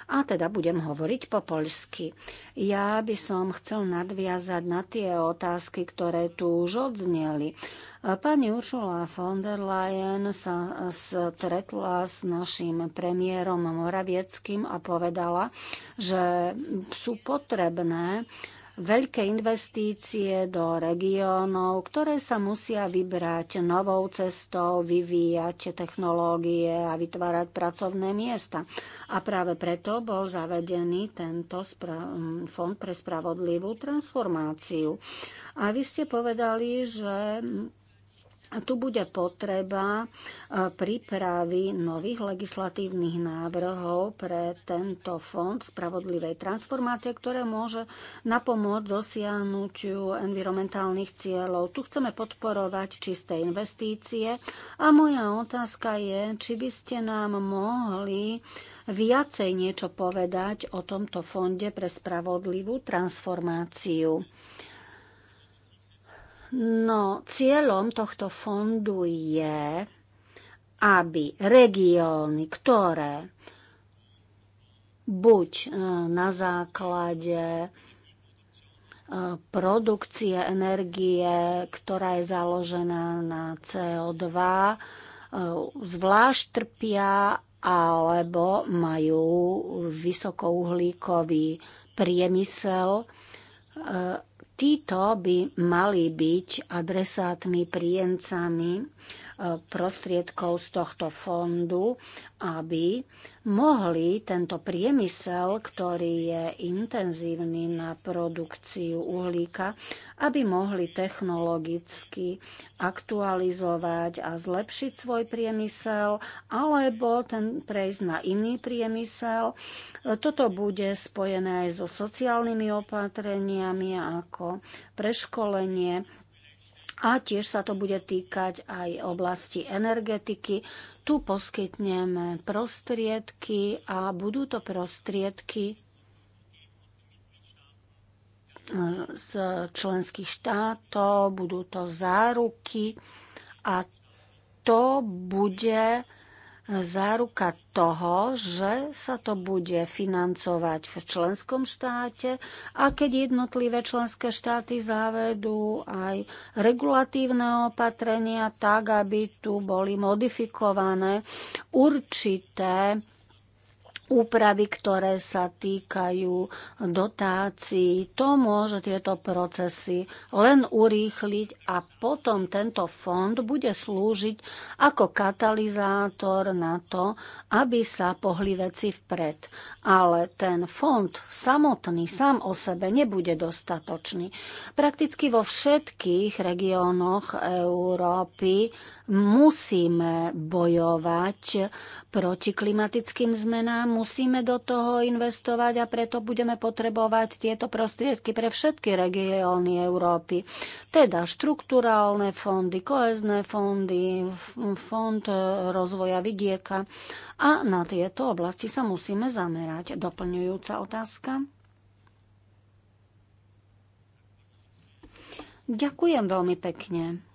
a teda budem hovoriť po poľsky. Ja by som chcel nadviazať na tie otázky, ktoré tu už odzneli. E, pani Ursula von der Leyen sa stretla s našim premiérom Moravieckým a povedala, že sú potrebné veľké investície do regiónov, ktoré sa musia vybrať novou cestou, vyvíjať technológie a vytvárať pracovné miesta. A práve preto bol zavedený tento fond pre spravodlivú transformáciu. A vy ste povedali, že a tu bude potreba e, prípravy nových legislatívnych návrhov pre tento fond spravodlivej transformácie, ktoré môže napomôcť dosiahnutiu environmentálnych cieľov. Tu chceme podporovať čisté investície a moja otázka je, či by ste nám mohli viacej niečo povedať o tomto fonde pre spravodlivú transformáciu. No, cieľom tohto fondu je, aby regióny, ktoré buď e, na základe e, produkcie energie, ktorá je založená na CO2, e, zvlášť trpia alebo majú vysokouhlíkový priemysel títo by mali byť adresátmi, príjemcami prostriedkov z tohto fondu, aby mohli tento priemysel, ktorý je intenzívny na produkciu uhlíka, aby mohli technologicky aktualizovať a zlepšiť svoj priemysel alebo ten prejsť na iný priemysel. Toto bude spojené aj so sociálnymi opatreniami ako preškolenie a tiež sa to bude týkať aj oblasti energetiky. Tu poskytneme prostriedky a budú to prostriedky eh, z členských štátov, budú to záruky a to bude záruka toho, že sa to bude financovať v členskom štáte a keď jednotlivé členské štáty zavedú aj regulatívne opatrenia tak, aby tu boli modifikované určité úpravy, ktoré sa týkajú dotácií. To môže tieto procesy len urýchliť a potom tento fond bude slúžiť ako katalizátor na to, aby sa pohli veci vpred. Ale ten fond samotný sám o sebe nebude dostatočný. Prakticky vo všetkých regiónoch Európy musíme bojovať proti klimatickým zmenám, musíme do toho investovať a preto budeme potrebovať tieto prostriedky pre všetky regióny Európy. Teda štruktúrálne fondy, koezné fondy, fond e, rozvoja vidieka a na tieto oblasti sa musíme zamerať. Doplňujúca otázka. Ďakujem veľmi pekne.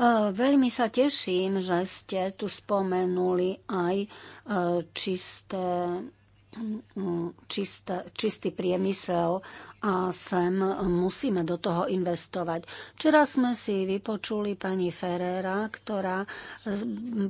E, veľmi sa teším, že ste tu spomenuli aj e, čisté, čisté, čistý priemysel a sem musíme do toho investovať. Včera sme si vypočuli pani Ferrera, ktorá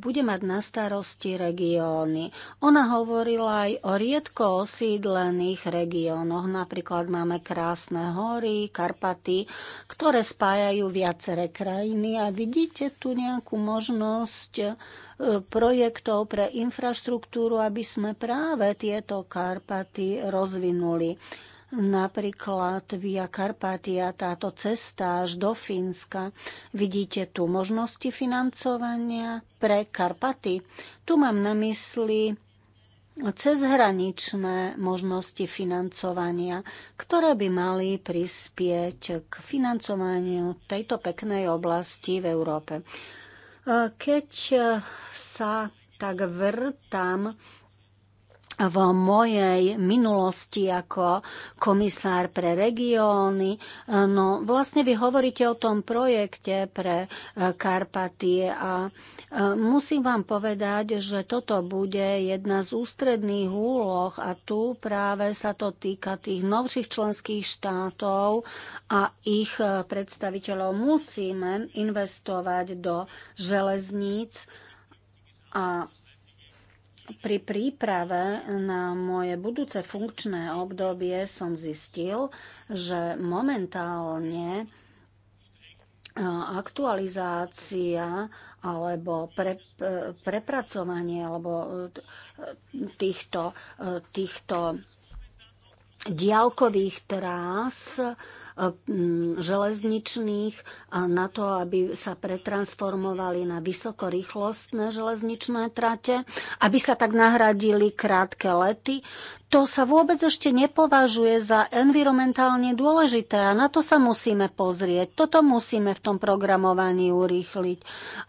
bude mať na starosti regióny. Ona hovorila aj o riedko osídlených regiónoch. Napríklad máme krásne hory, Karpaty, ktoré spájajú viaceré krajiny a vidíte tu nejakú možnosť e, projektov pre infraštruktúru, aby sme práve tieto Karpaty rozvinuli. Napríklad Via Carpatia, táto cesta až do Fínska. Vidíte tu možnosti financovania pre Karpaty. Tu mám na mysli cezhraničné možnosti financovania, ktoré by mali prispieť k financovaniu tejto peknej oblasti v Európe. Keď sa tak vrtám v mojej minulosti ako komisár pre regióny. No vlastne vy hovoríte o tom projekte pre e, Karpatie a e, musím vám povedať, že toto bude jedna z ústredných úloh a tu práve sa to týka tých novších členských štátov a ich e, predstaviteľov. Musíme investovať do železníc a pri príprave na moje budúce funkčné obdobie som zistil, že momentálne e, aktualizácia alebo pre, e, prepracovanie alebo e, týchto, týchto diálkových trás e, železničných e, na to, aby sa pretransformovali na vysokorýchlostné železničné trate, aby sa tak nahradili krátke lety. To sa vôbec ešte nepovažuje za environmentálne dôležité a na to sa musíme pozrieť. Toto musíme v tom programovaní urýchliť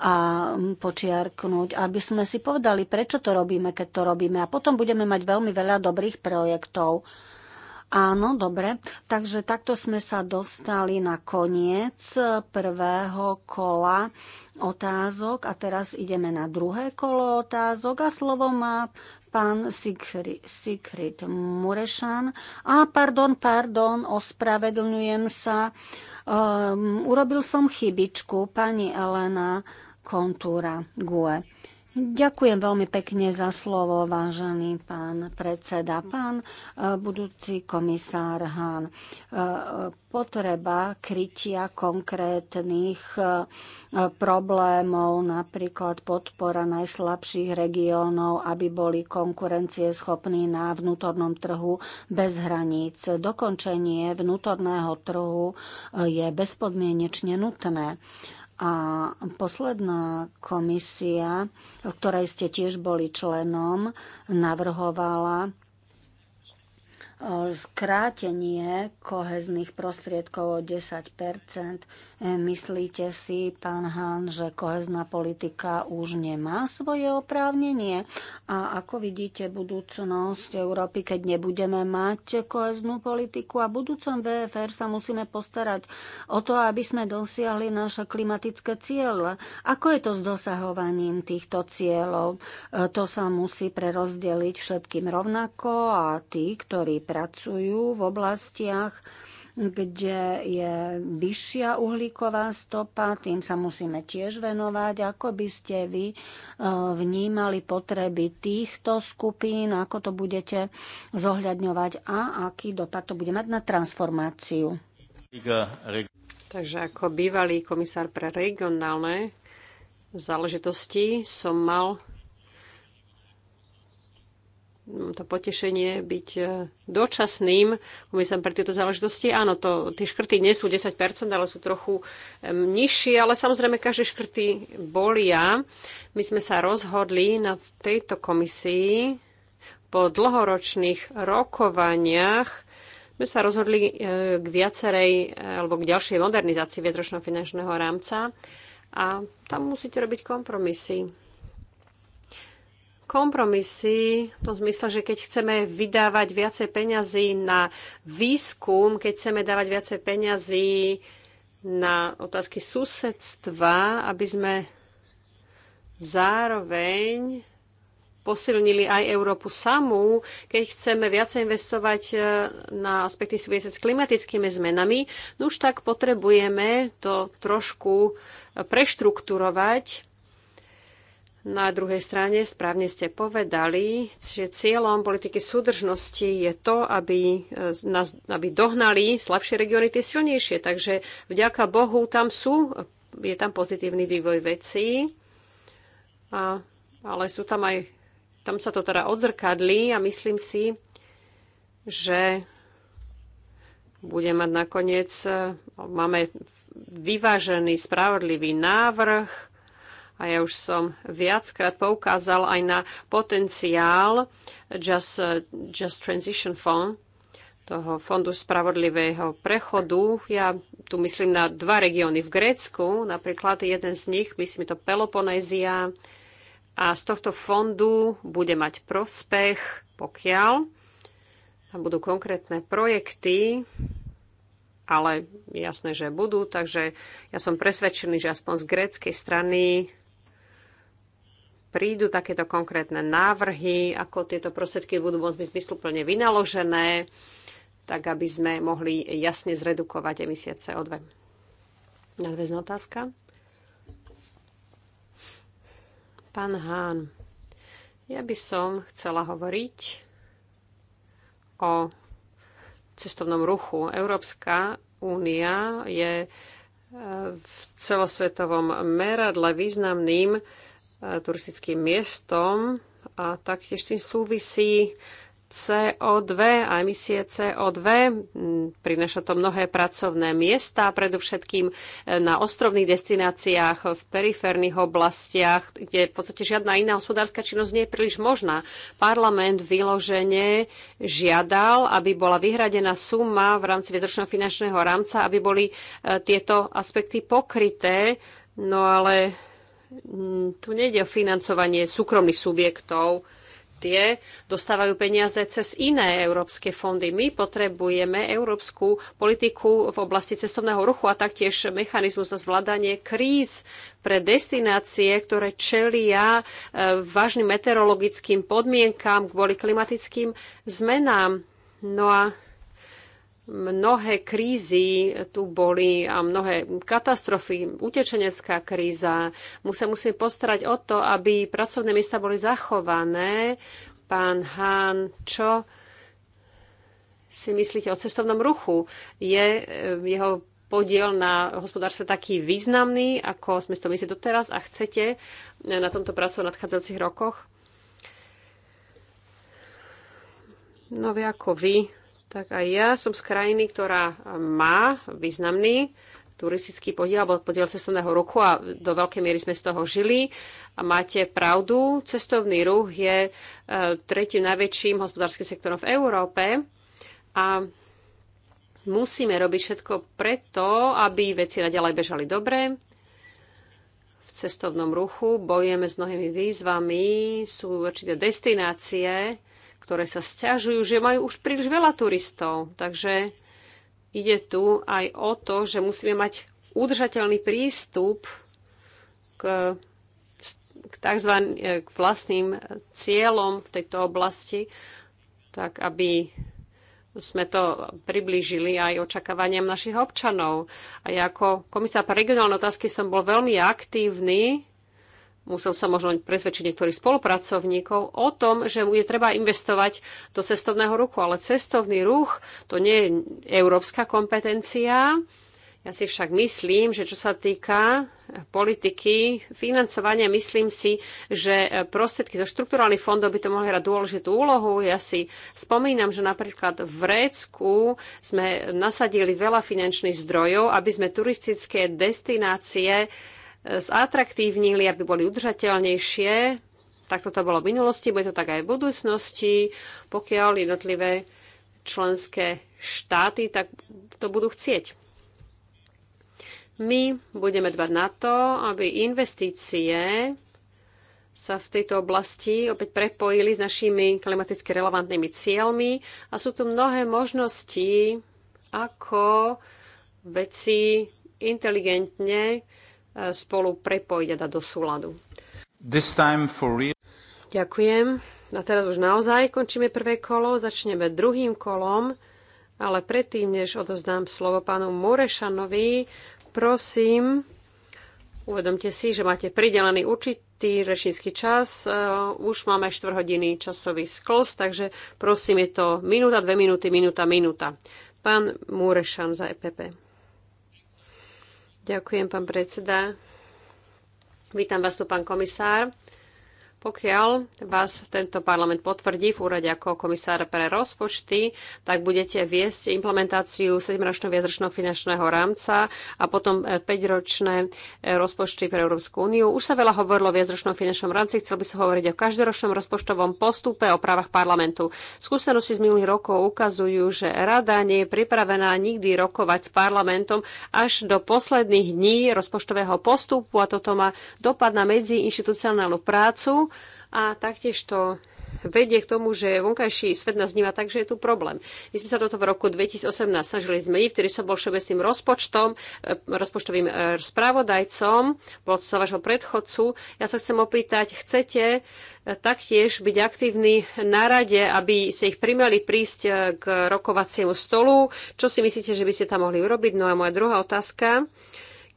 a počiarknúť, aby sme si povedali, prečo to robíme, keď to robíme. A potom budeme mať veľmi veľa dobrých projektov. Áno, dobre. Takže takto sme sa dostali na koniec prvého kola otázok a teraz ideme na druhé kolo otázok a slovo má pán Sigrid Murešan. A pardon, pardon, ospravedlňujem sa. Um, urobil som chybičku, pani Elena Kontúra Gue. Ďakujem veľmi pekne za slovo, vážený pán predseda, pán e, budúci komisár Hán. E, potreba krytia konkrétnych e, problémov, napríklad podpora najslabších regiónov, aby boli konkurencieschopní na vnútornom trhu bez hraníc. Dokončenie vnútorného trhu je bezpodmienečne nutné. A posledná komisia, v ktorej ste tiež boli členom, navrhovala skrátenie kohezných prostriedkov o 10 Myslíte si, pán Hán, že kohezná politika už nemá svoje oprávnenie? A ako vidíte budúcnosť Európy, keď nebudeme mať koheznú politiku? A budúcom VFR sa musíme postarať o to, aby sme dosiahli naše klimatické ciele. Ako je to s dosahovaním týchto cieľov? E, to sa musí prerozdeliť všetkým rovnako a tí, ktorí pracujú v oblastiach, kde je vyššia uhlíková stopa, tým sa musíme tiež venovať. Ako by ste vy e, vnímali potreby týchto skupín, ako to budete zohľadňovať a aký dopad to bude mať na transformáciu? Takže ako bývalý komisár pre regionálne záležitosti som mal to potešenie byť e, dočasným komisárom pre tieto záležitosti. Áno, to, tie škrty nie sú 10%, ale sú trochu nižšie, ale samozrejme každé škrty bolia. My sme sa rozhodli na tejto komisii po dlhoročných rokovaniach sme sa rozhodli e, k viacerej e, alebo k ďalšej modernizácii vietročno finančného rámca a tam musíte robiť kompromisy kompromisy v tom zmysle, že keď chceme vydávať viacej peňazí na výskum, keď chceme dávať viacej peňazí na otázky susedstva, aby sme zároveň posilnili aj Európu samú, keď chceme viac investovať e, na aspekty súvisiace s klimatickými zmenami, no už tak potrebujeme to trošku e, preštrukturovať na druhej strane, správne ste povedali, že cieľom politiky súdržnosti je to, aby, e, nás, aby dohnali slabšie regióny tie silnejšie. Takže vďaka Bohu tam sú, je tam pozitívny vývoj vecí, a, ale sú tam aj, tam sa to teda odzrkadlí a myslím si, že bude mať nakoniec, e, máme vyvážený, spravodlivý návrh, a ja už som viackrát poukázal aj na potenciál Just, Just Transition Fund, toho Fondu spravodlivého prechodu. Ja tu myslím na dva regióny v Grécku, napríklad jeden z nich, myslím to Peloponézia, a z tohto fondu bude mať prospech, pokiaľ tam budú konkrétne projekty, ale jasné, že budú, takže ja som presvedčený, že aspoň z gréckej strany prídu takéto konkrétne návrhy, ako tieto prostriedky budú môcť byť zmysluplne vynaložené, tak aby sme mohli jasne zredukovať emisie CO2. Nadväzná otázka. Pán Hán, ja by som chcela hovoriť o cestovnom ruchu. Európska únia je e, v celosvetovom meradle významným turistickým miestom a taktiež s tým súvisí CO2 a emisie CO2. Mm, prináša to mnohé pracovné miesta, predovšetkým e, na ostrovných destináciách, v periférnych oblastiach, kde v podstate žiadna iná hospodárska činnosť nie je príliš možná. Parlament vyložene žiadal, aby bola vyhradená suma v rámci vedročného finančného rámca, aby boli e, tieto aspekty pokryté. No ale Mm, tu nejde o financovanie súkromných subjektov, tie dostávajú peniaze cez iné európske fondy. My potrebujeme európsku politiku v oblasti cestovného ruchu a taktiež mechanizmus na zvládanie kríz pre destinácie, ktoré čelia e, vážnym meteorologickým podmienkám kvôli klimatickým zmenám. No a Mnohé krízy tu boli a mnohé katastrofy, utečenecká kríza. Mu sa musí postarať o to, aby pracovné miesta boli zachované. Pán Hán, čo si myslíte o cestovnom ruchu? Je eh, jeho podiel na hospodárstve taký významný, ako sme si to mysleli doteraz a chcete na tomto pracovať v nadchádzajúcich rokoch? No vy ako vy tak aj ja som z krajiny, ktorá eh, má významný turistický podiel alebo podiel cestovného ruchu a do veľkej miery sme z toho žili. A máte pravdu, cestovný ruch je eh, tretím najväčším hospodárskym sektorom v Európe a musíme robiť všetko preto, aby veci naďalej bežali dobre. V cestovnom ruchu bojujeme s mnohými výzvami, sú určité destinácie, ktoré sa stiažujú, že majú už príliš veľa turistov. Takže ide tu aj o to, že musíme mať udržateľný prístup k, k, tzv. k vlastným cieľom v tejto oblasti, tak aby sme to priblížili aj očakávaniam našich občanov. A ja ako komisár pre regionálne otázky som bol veľmi aktívny musel sa možno presvedčiť niektorých spolupracovníkov o tom, že je treba investovať do cestovného ruchu, ale cestovný ruch to nie je európska kompetencia. Ja si však myslím, že čo sa týka politiky, financovania, myslím si, že prostriedky zo štrukturálnych fondov by to mohli hrať dôležitú úlohu. Ja si spomínam, že napríklad v Grécku sme nasadili veľa finančných zdrojov, aby sme turistické destinácie zatraktívnili, aby boli udržateľnejšie. Takto to bolo v minulosti, bude to tak aj v budúcnosti, pokiaľ jednotlivé členské štáty tak to budú chcieť. My budeme dbať na to, aby investície sa v tejto oblasti opäť prepojili s našimi klimaticky relevantnými cieľmi a sú tu mnohé možnosti, ako veci inteligentne spolu prepojiť a dať do súladu. Ďakujem. A teraz už naozaj končíme prvé kolo, začneme druhým kolom, ale predtým, než odozdám slovo pánu Morešanovi, prosím, uvedomte si, že máte pridelený určitý rečnícky čas. E, už máme 4 hodiny časový sklos, takže prosím, je to minúta, dve minúty, minúta, minúta. Pán Múrešan za EPP. Ďakujem, pán predseda. Vítam vás tu, pán komisár. Pokiaľ vás tento parlament potvrdí v úrade ako komisár pre rozpočty, tak budete viesť implementáciu 7-ročného viedročného finančného rámca a potom 5-ročné e, e, rozpočty pre Európsku úniu. Už sa veľa hovorilo o viedročnom finančnom rámci, chcel by som hovoriť o každoročnom rozpočtovom postupe, o právach parlamentu. Skúsenosti z minulých rokov ukazujú, že rada nie je pripravená nikdy rokovať s parlamentom až do posledných dní rozpočtového postupu a toto má dopad na medziinštitucionálnu prácu a taktiež to vedie k tomu, že vonkajší svet nás vníma tak, že je tu problém. My sme sa toto v roku 2018 snažili zmeniť, vtedy som bol všeobecným rozpočtom, e, rozpočtovým e, spravodajcom, bol to sa vášho predchodcu. Ja sa chcem opýtať, chcete e, taktiež byť aktívni na rade, aby ste ich primali prísť k rokovaciemu stolu? Čo si myslíte, že by ste tam mohli urobiť? No a moja druhá otázka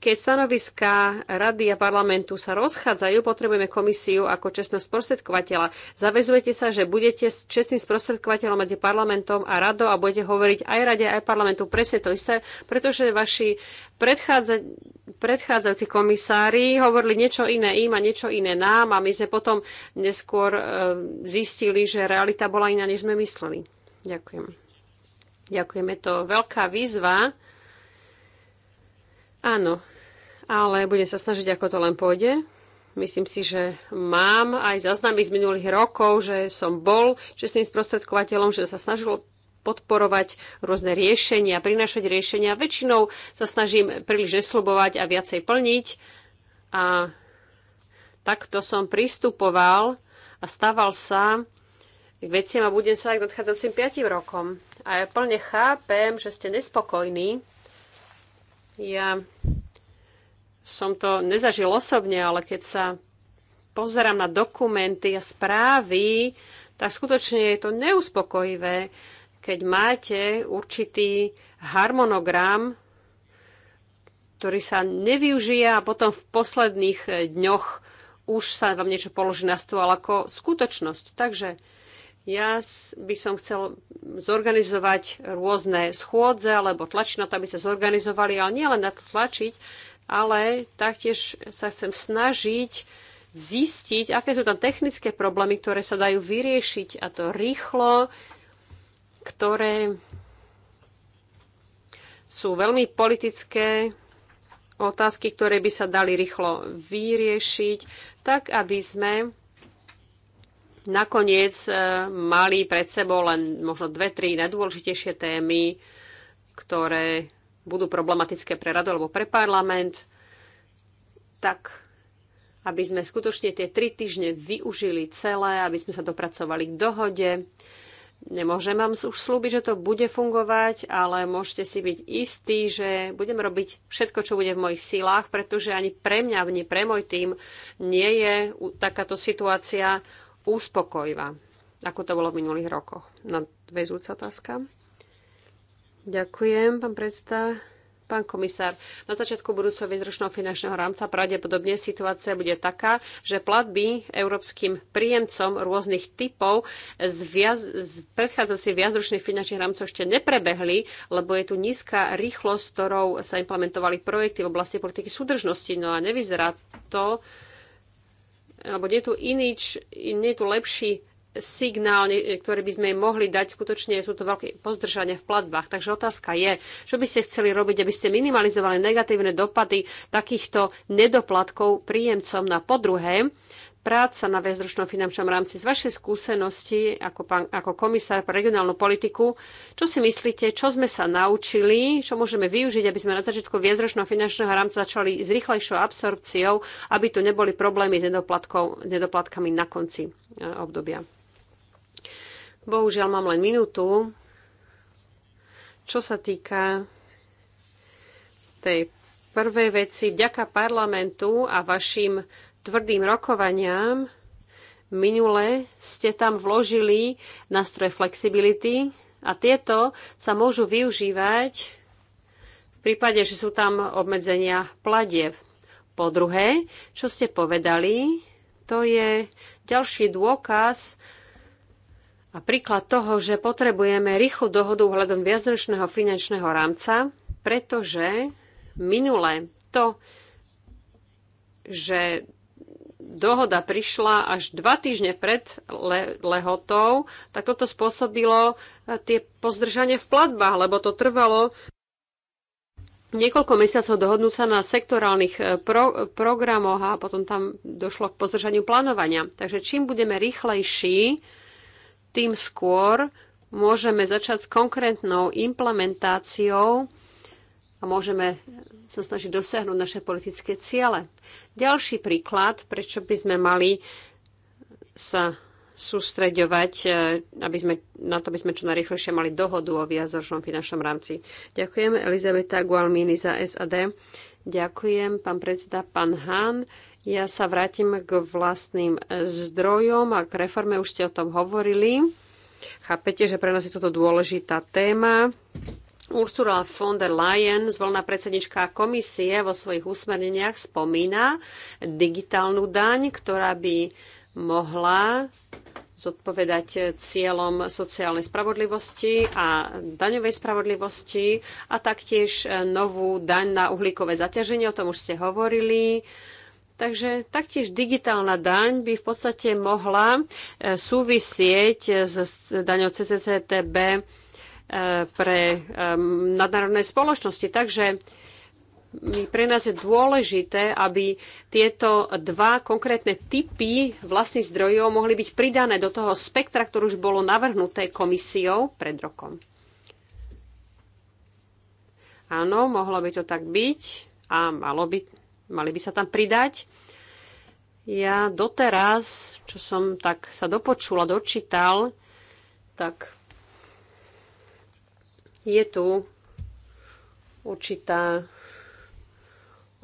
keď stanoviská rady a parlamentu sa rozchádzajú, potrebujeme komisiu ako čestného sprostredkovateľa. Zavezujete sa, že budete čestným sprostredkovateľom medzi parlamentom a radou a budete hovoriť aj rade, aj parlamentu presne to isté, pretože vaši predchádza, predchádzajúci komisári hovorili niečo iné im a niečo iné nám a my sme potom neskôr e, zistili, že realita bola iná, než sme mysleli. Ďakujem. Ďakujeme, to veľká výzva. Áno, ale budem sa snažiť, ako to len pôjde. Myslím si, že mám aj zaznámy z minulých rokov, že som bol čestným sprostredkovateľom, že sa snažil podporovať rôzne riešenia, prinašať riešenia. Väčšinou sa snažím príliš neslubovať a viacej plniť. A takto som pristupoval a stával sa k veciam a budem sa aj k nadchádzajúcim 5 rokom. A ja plne chápem, že ste nespokojní. Ja som to nezažil osobne, ale keď sa pozerám na dokumenty a správy, tak skutočne je to neuspokojivé, keď máte určitý harmonogram, ktorý sa nevyužije a potom v posledných dňoch už sa vám niečo položí na stôl ako skutočnosť. Takže ja by som chcel zorganizovať rôzne schôdze alebo tlačiť na to, aby sa zorganizovali, ale nielen na to tlačiť, ale taktiež sa chcem snažiť zistiť, aké sú tam technické problémy, ktoré sa dajú vyriešiť a to rýchlo, ktoré sú veľmi politické otázky, ktoré by sa dali rýchlo vyriešiť, tak aby sme nakoniec e, mali pred sebou len možno dve, tri najdôležitejšie témy, ktoré budú problematické pre radu alebo pre parlament, tak aby sme skutočne tie tri týždne využili celé, aby sme sa dopracovali k dohode. Nemôžem vám už slúbiť, že to bude fungovať, ale môžete si byť istí, že budem robiť všetko, čo bude v mojich sílách, pretože ani pre mňa, ani pre môj tým nie je takáto situácia uspokojivá, ako to bolo v minulých rokoch. väzúca otázka. Ďakujem, pán predstav. Pán komisár, na začiatku budúceho výzročného finančného rámca pravdepodobne situácia bude taká, že platby európskym príjemcom rôznych typov z, viaz, z predchádzajúcich viacročných finančných rámcov ešte neprebehli, lebo je tu nízka rýchlosť, ktorou sa implementovali projekty v oblasti politiky súdržnosti. No a nevyzerá to, alebo nie je tu inič, nie je tu lepší signál, e, ktorý by sme im mohli dať, skutočne sú to veľké pozdržania v platbách. Takže otázka je, čo by ste chceli robiť, aby ste minimalizovali negatívne dopady takýchto nedoplatkov príjemcom na podruhé. Práca na väzdručnom finančnom rámci z vašej skúsenosti ako, pán, ako komisár pre regionálnu politiku, čo si myslíte, čo sme sa naučili, čo môžeme využiť, aby sme na začiatku viacročného finančného rámca začali s rýchlejšou absorpciou, aby tu neboli problémy s nedoplatkami na konci e, obdobia. Bohužiaľ mám len minútu. Čo sa týka tej prvej veci, vďaka parlamentu a vašim tvrdým rokovaniam, minule ste tam vložili nástroje flexibility a tieto sa môžu využívať v prípade, že sú tam obmedzenia pladev. Po druhé, čo ste povedali, to je ďalší dôkaz, a príklad toho, že potrebujeme rýchlu dohodu ohľadom viacročného finančného rámca, pretože minule to, že dohoda prišla až dva týždne pred le- lehotou, tak toto spôsobilo e, tie pozdržanie v platbách, lebo to trvalo niekoľko mesiacov dohodnúť sa na sektorálnych e, pro- programoch a potom tam došlo k pozdržaniu plánovania. Takže čím budeme rýchlejší, tým skôr môžeme začať s konkrétnou implementáciou a môžeme sa snažiť dosiahnuť naše politické ciele. Ďalší príklad, prečo by sme mali sa sústreďovať, e, aby sme, na to by sme čo najrychlejšie mali dohodu o viacročnom finančnom rámci. Ďakujem Elizabeta Gualmini za SAD. Ďakujem pán predseda, pán Han. Ja sa vrátim k vlastným zdrojom a k reforme, už ste o tom hovorili. Chápete, že pre nás je toto dôležitá téma. Ursula von der Leyen, zvolená predsednička komisie, vo svojich usmerneniach spomína digitálnu daň, ktorá by mohla zodpovedať cieľom sociálnej spravodlivosti a daňovej spravodlivosti a taktiež novú daň na uhlíkové zaťaženie, o tom už ste hovorili. Takže taktiež digitálna daň by v podstate mohla e, súvisieť s daňou CCCTB e, pre e, nadnárodné spoločnosti. Takže pre nás je dôležité, aby tieto dva konkrétne typy vlastných zdrojov mohli byť pridané do toho spektra, ktoré už bolo navrhnuté komisiou pred rokom. Áno, mohlo by to tak byť a malo by mali by sa tam pridať. Ja doteraz, čo som tak sa dopočula, dočítal, tak je tu určitá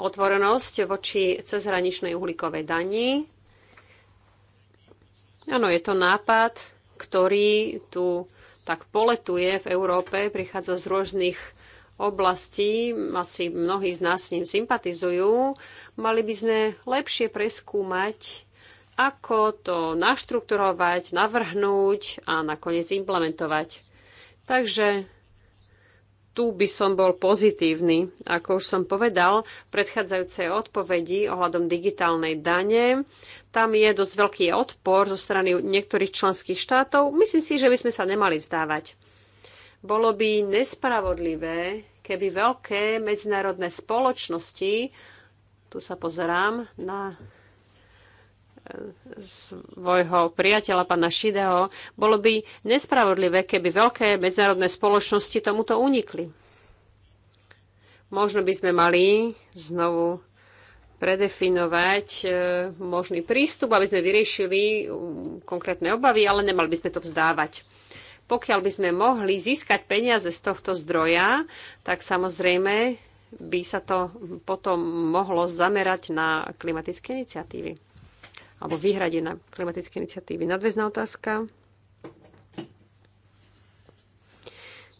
otvorenosť voči cezhraničnej uhlíkovej dani. Áno, je to nápad, ktorý tu tak poletuje v Európe, prichádza z rôznych oblasti, asi mnohí z nás s ním sympatizujú, mali by sme lepšie preskúmať, ako to naštrukturovať, navrhnúť a nakoniec implementovať. Takže tu by som bol pozitívny. Ako už som povedal, predchádzajúce odpovedi ohľadom digitálnej dane, tam je dosť veľký odpor zo strany niektorých členských štátov. Myslím si, že by sme sa nemali vzdávať. Bolo by nespravodlivé, keby veľké medzinárodné spoločnosti, tu sa pozerám na e, svojho priateľa, pána Šideho, bolo by nespravodlivé, keby veľké medzinárodné spoločnosti tomuto unikli. Možno by sme mali znovu predefinovať e, možný prístup, aby sme vyriešili um, konkrétne obavy, ale nemali by sme to vzdávať pokiaľ by sme mohli získať peniaze z tohto zdroja, tak samozrejme by sa to potom mohlo zamerať na klimatické iniciatívy. Alebo výhrade na klimatické iniciatívy. Nadväzná otázka.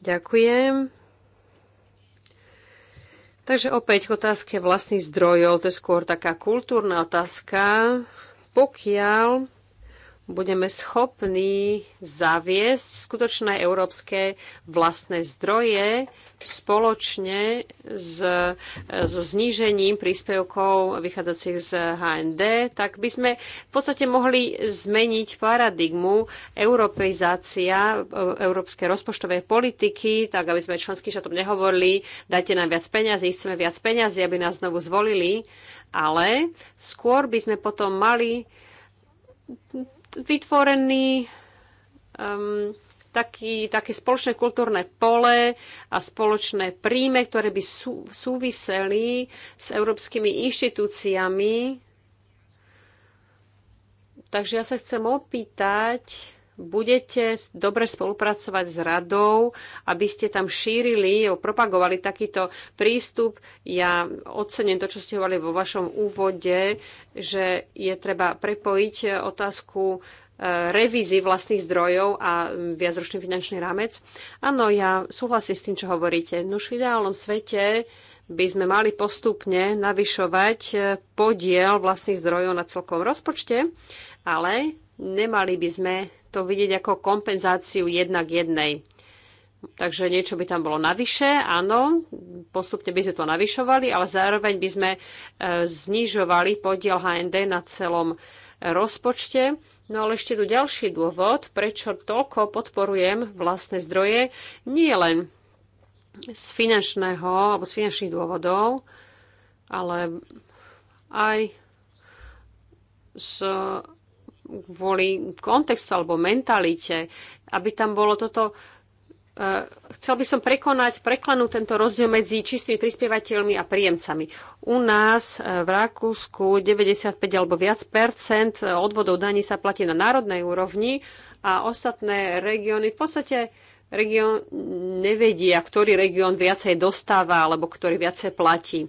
Ďakujem. Takže opäť k otázke vlastných zdrojov, to je skôr taká kultúrna otázka. Pokiaľ budeme schopní zaviesť skutočné európske vlastné zdroje spoločne s, so znížením príspevkov vychádzajúcich z HND, tak by sme v podstate mohli zmeniť paradigmu europeizácia e, európskej rozpočtovej politiky, tak aby sme členským štátom nehovorili, dajte nám viac peňazí, chceme viac peňazí, aby nás znovu zvolili, ale skôr by sme potom mali vytvorený um, taký, také spoločné kultúrne pole a spoločné príjme, ktoré by sú, súviseli s európskymi inštitúciami. Takže ja sa chcem opýtať, budete dobre spolupracovať s radou, aby ste tam šírili, propagovali takýto prístup. Ja ocením to, čo ste hovali vo vašom úvode, že je treba prepojiť eh, otázku eh, revízy vlastných zdrojov a mm, viacročný finančný rámec. Áno, ja súhlasím s tým, čo hovoríte. No už v ideálnom svete by sme mali postupne navyšovať eh, podiel vlastných zdrojov na celkovom rozpočte, ale nemali by sme to vidieť ako kompenzáciu jednak jednej. Takže niečo by tam bolo navyše, áno, postupne by sme to navyšovali, ale zároveň by sme e, znižovali podiel HND na celom e, rozpočte. No ale ešte tu ďalší dôvod, prečo toľko podporujem vlastné zdroje, nie len z finančného alebo z finančných dôvodov, ale aj z kvôli kontextu alebo mentalite, aby tam bolo toto e, chcel by som prekonať, preklenúť tento rozdiel medzi čistými prispievateľmi a príjemcami. U nás e, v Rakúsku 95 alebo viac percent odvodov daní sa platí na národnej úrovni a ostatné regióny v podstate region nevedia, ktorý región viacej dostáva alebo ktorý viacej platí.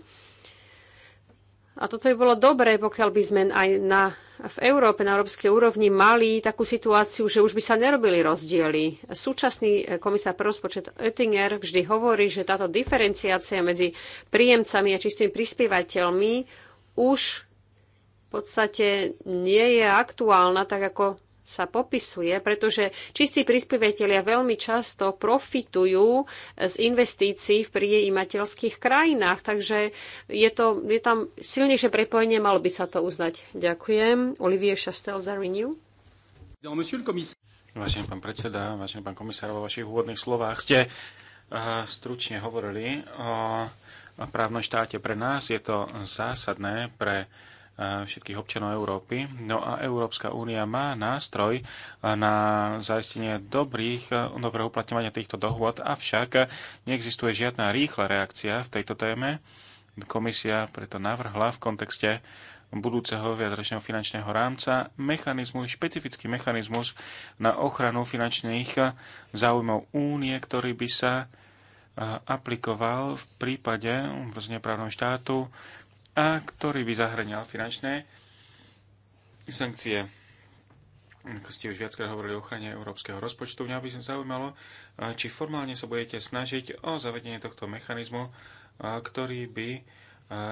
A toto by bolo dobré, pokiaľ by sme aj na v Európe na európskej úrovni mali takú situáciu, že už by sa nerobili rozdiely. Súčasný komisár pre rozpočet Oettinger vždy hovorí, že táto diferenciácia medzi príjemcami a čistými prispievateľmi už v podstate nie je aktuálna, tak ako sa popisuje, pretože čistí prispievateľia veľmi často profitujú z investícií v prijímateľských krajinách, takže je, to, je tam silnejšie prepojenie, malo by sa to uznať. Ďakujem. Olivier Chastel za Renew. Vážený pán predseda, vážený pán komisár, vo vašich úvodných slovách ste uh, stručne hovorili o, právnom štáte. Pre nás je to zásadné pre všetkých občanov Európy. No a Európska únia má nástroj na zaistenie dobrých, dobrého uplatňovania týchto dohôd, avšak neexistuje žiadna rýchla reakcia v tejto téme. Komisia preto navrhla v kontexte budúceho viacročného finančného rámca mechanizmus, špecifický mechanizmus na ochranu finančných záujmov únie, ktorý by sa aplikoval v prípade ohrozenia právneho štátu, a ktorý by zahrňal finančné sankcie. Ako ste už viackrát hovorili o ochrane európskeho rozpočtu, mňa by som zaujímalo, či formálne sa budete snažiť o zavedenie tohto mechanizmu, ktorý by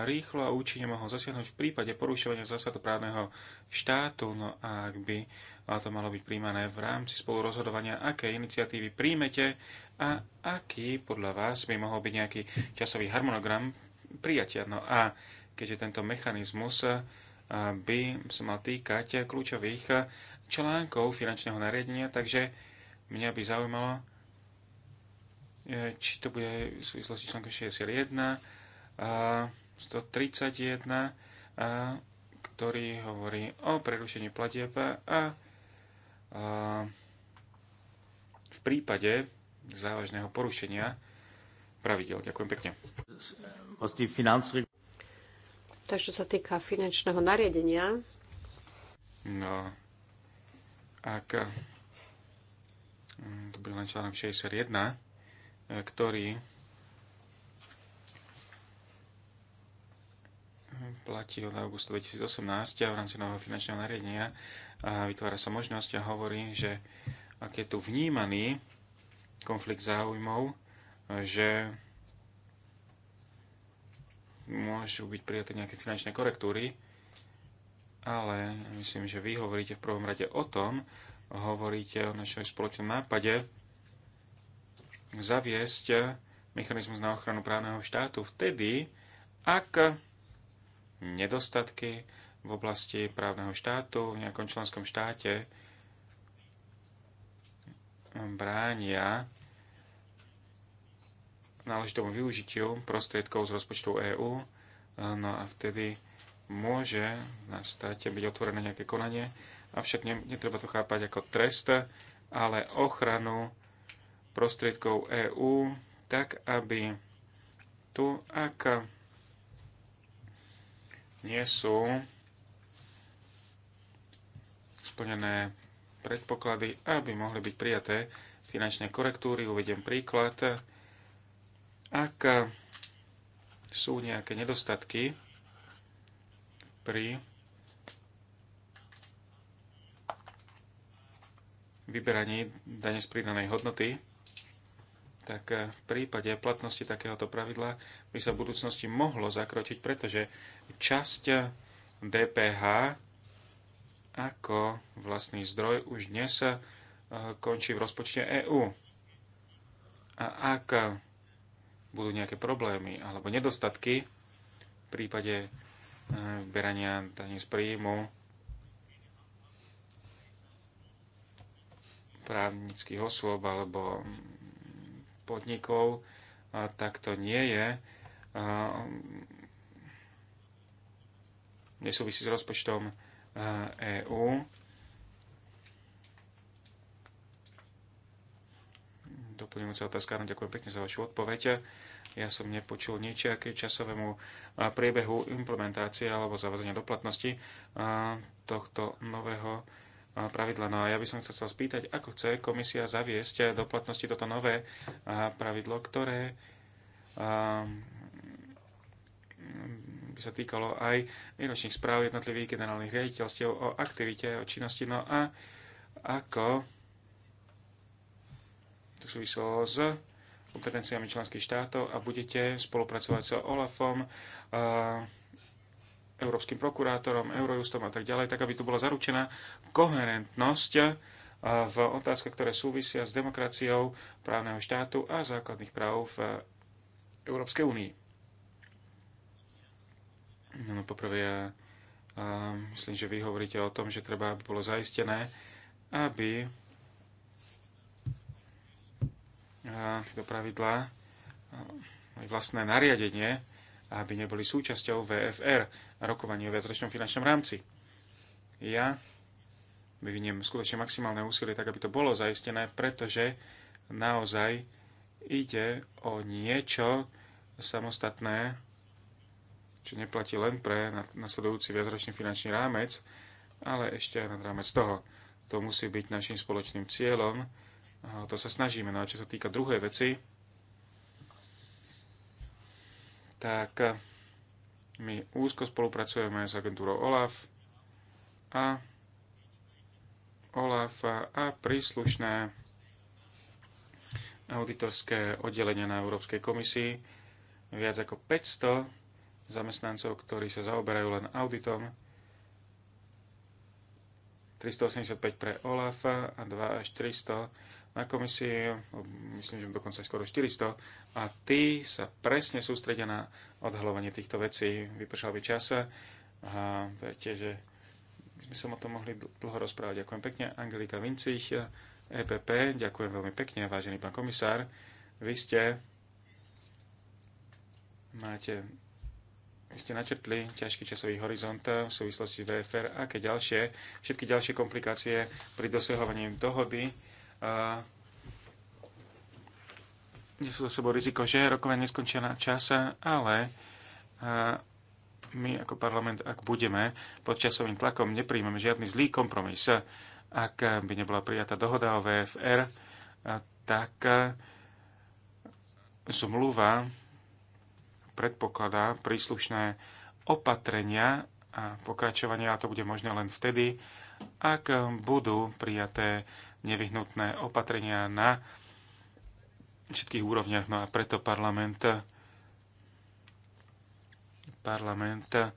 rýchlo a účinne mohol zasiahnuť v prípade porušovania zásad právneho štátu, no a ak by to malo byť príjmané v rámci spolurozhodovania, aké iniciatívy príjmete a aký podľa vás by mohol byť nejaký časový harmonogram prijatia. No a keďže tento mechanizmus eh, by sa mal týkať kľúčových eh, článkov finančného nariadenia, takže mňa by zaujímalo, eh, či to bude v súvislosti článku 61, 131, ktorý hovorí o prerušení platieb a v prípade závažného porušenia pravidel. Ďakujem pekne. Takže čo sa týka finančného nariadenia. No, ak eh, to bude len článok 61, eh, ktorý platí od augusta 2018 a v rámci nového finančného nariadenia a eh, vytvára sa možnosť a hovorí, že ak je tu vnímaný konflikt záujmov, že môžu byť prijaté nejaké finančné korektúry, ale myslím, že vy hovoríte v prvom rade o tom, hovoríte o našom spoločnom nápade zaviesť mechanizmus na ochranu právneho štátu vtedy, ak nedostatky v oblasti právneho štátu v nejakom členskom štáte bránia náležitému využitiu prostriedkov z rozpočtu EÚ, no a vtedy môže nastať byť otvorené nejaké konanie, avšak netreba to chápať ako trest, ale ochranu prostriedkov EÚ, tak aby tu, ak nie sú splnené predpoklady, aby mohli byť prijaté finančné korektúry. Uvediem príklad. Ak sú nejaké nedostatky pri vyberaní dane z pridanej hodnoty, tak v prípade platnosti takéhoto pravidla by sa v budúcnosti mohlo zakročiť, pretože časť DPH ako vlastný zdroj už dnes eh, končí v rozpočte EÚ. A ak budú nejaké problémy alebo nedostatky v prípade eh, berania daní z príjmu právnických osôb alebo mm, podnikov, tak to nie je mm, nesúvisí s rozpočtom eh, EÚ doplňujúca otázka. No, ďakujem pekne za vašu odpoveď. Ja som nepočul nič aké časovému priebehu implementácie alebo zavazenia doplatnosti tohto nového pravidla. No a ja by som chcel spýtať, ako chce komisia zaviesť do platnosti toto nové pravidlo, ktoré by sa týkalo aj výročných správ jednotlivých generálnych riaditeľstiev o aktivite, o činnosti, no a ako to súviselo s kompetenciami členských štátov a budete spolupracovať s OLAFom, Európskym prokurátorom, Eurojustom a tak ďalej, tak aby tu bola zaručená koherentnosť v otázkach, ktoré súvisia s demokraciou právneho štátu a základných práv v Európskej únii. No, no poprvé, ja myslím, že vy hovoríte o tom, že treba, aby bolo zaistené, aby do pravidla vlastné nariadenie, aby neboli súčasťou VFR, rokovanie o viacročnom finančnom rámci. Ja vyviniem skutočne maximálne úsilie, tak aby to bolo zaistené, pretože naozaj ide o niečo samostatné, čo neplatí len pre nasledujúci viacročný finančný rámec, ale ešte aj nad rámec toho. To musí byť našim spoločným cieľom, to sa snažíme. No a čo sa týka druhej veci, tak my úzko spolupracujeme s agentúrou OLAF a OLAF a príslušné auditorské oddelenia na Európskej komisii. Viac ako 500 zamestnancov, ktorí sa zaoberajú len auditom, 385 pre OLAF a 2 až 300 na komisii, myslím, že dokonca skoro 400, a tí sa presne sústredia na odhalovanie týchto vecí. Vypršal by čas a viete, že by sme o tom mohli dlho rozprávať. Ďakujem pekne. Angelika Vincich, EPP, ďakujem veľmi pekne, vážený pán komisár. Vy ste máte vy ste načrtli ťažký časový horizont v súvislosti s VFR, aké ďalšie, všetky ďalšie komplikácie pri dosahovaní dohody nesú za sebou riziko, že rokovanie neskončia na čase, ale my ako parlament, ak budeme pod časovým tlakom, nepríjmeme žiadny zlý kompromis. Ak by nebola prijatá dohoda o VFR, tak zmluva predpokladá príslušné opatrenia a pokračovania, a to bude možné len vtedy, ak budú prijaté nevyhnutné opatrenia na všetkých úrovniach. No a preto parlament, parlament eh,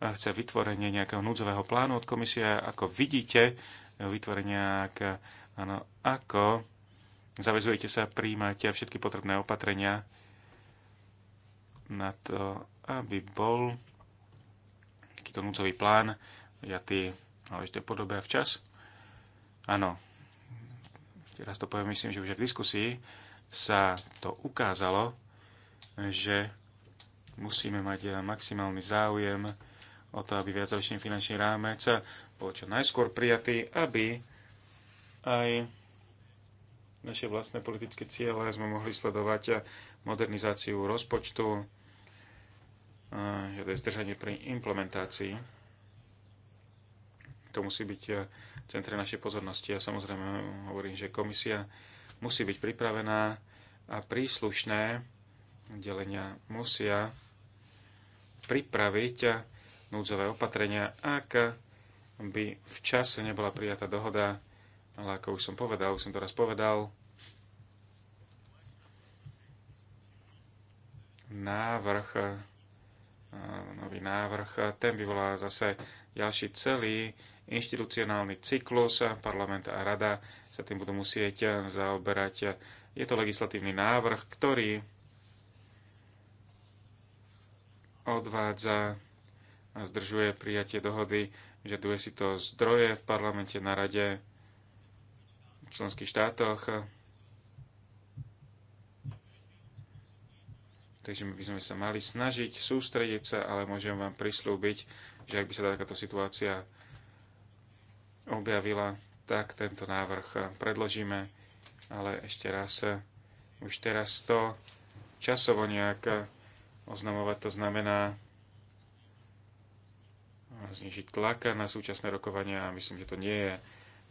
chce vytvorenie nejakého núdzového plánu od komisie. Ako vidíte, vytvorenia, ak, ano, ako zavezujete sa príjmať všetky potrebné opatrenia na to, aby bol takýto núdzový plán ja ty ale ešte podobe a včas. Áno, raz to poviem, myslím, že už v diskusii, sa to ukázalo, že musíme mať maximálny záujem o to, aby viacročný finančný rámec bol čo najskôr prijatý, aby aj naše vlastné politické ciele sme mohli sledovať modernizáciu rozpočtu, je zdržanie pri implementácii to musí byť eh, v centre našej pozornosti. A samozrejme hovorím, že komisia musí byť pripravená a príslušné delenia musia pripraviť eh, núdzové opatrenia, ak by v čase nebola prijatá dohoda, ale ako už som povedal, už som to raz povedal, návrh, eh, nový návrh, ten by bola zase ďalší celý inštitucionálny cyklus, parlament a rada sa tým budú musieť zaoberať. Je to legislatívny návrh, ktorý odvádza a zdržuje prijatie dohody, že duje si to zdroje v parlamente, na rade, v členských štátoch. Takže my by sme sa mali snažiť sústrediť sa, ale môžem vám prislúbiť, že ak by sa takáto situácia objavila, tak tento návrh predložíme, ale ešte raz, už teraz to časovo nejak oznamovať, to znamená znižiť tlak na súčasné rokovania a myslím, že to nie je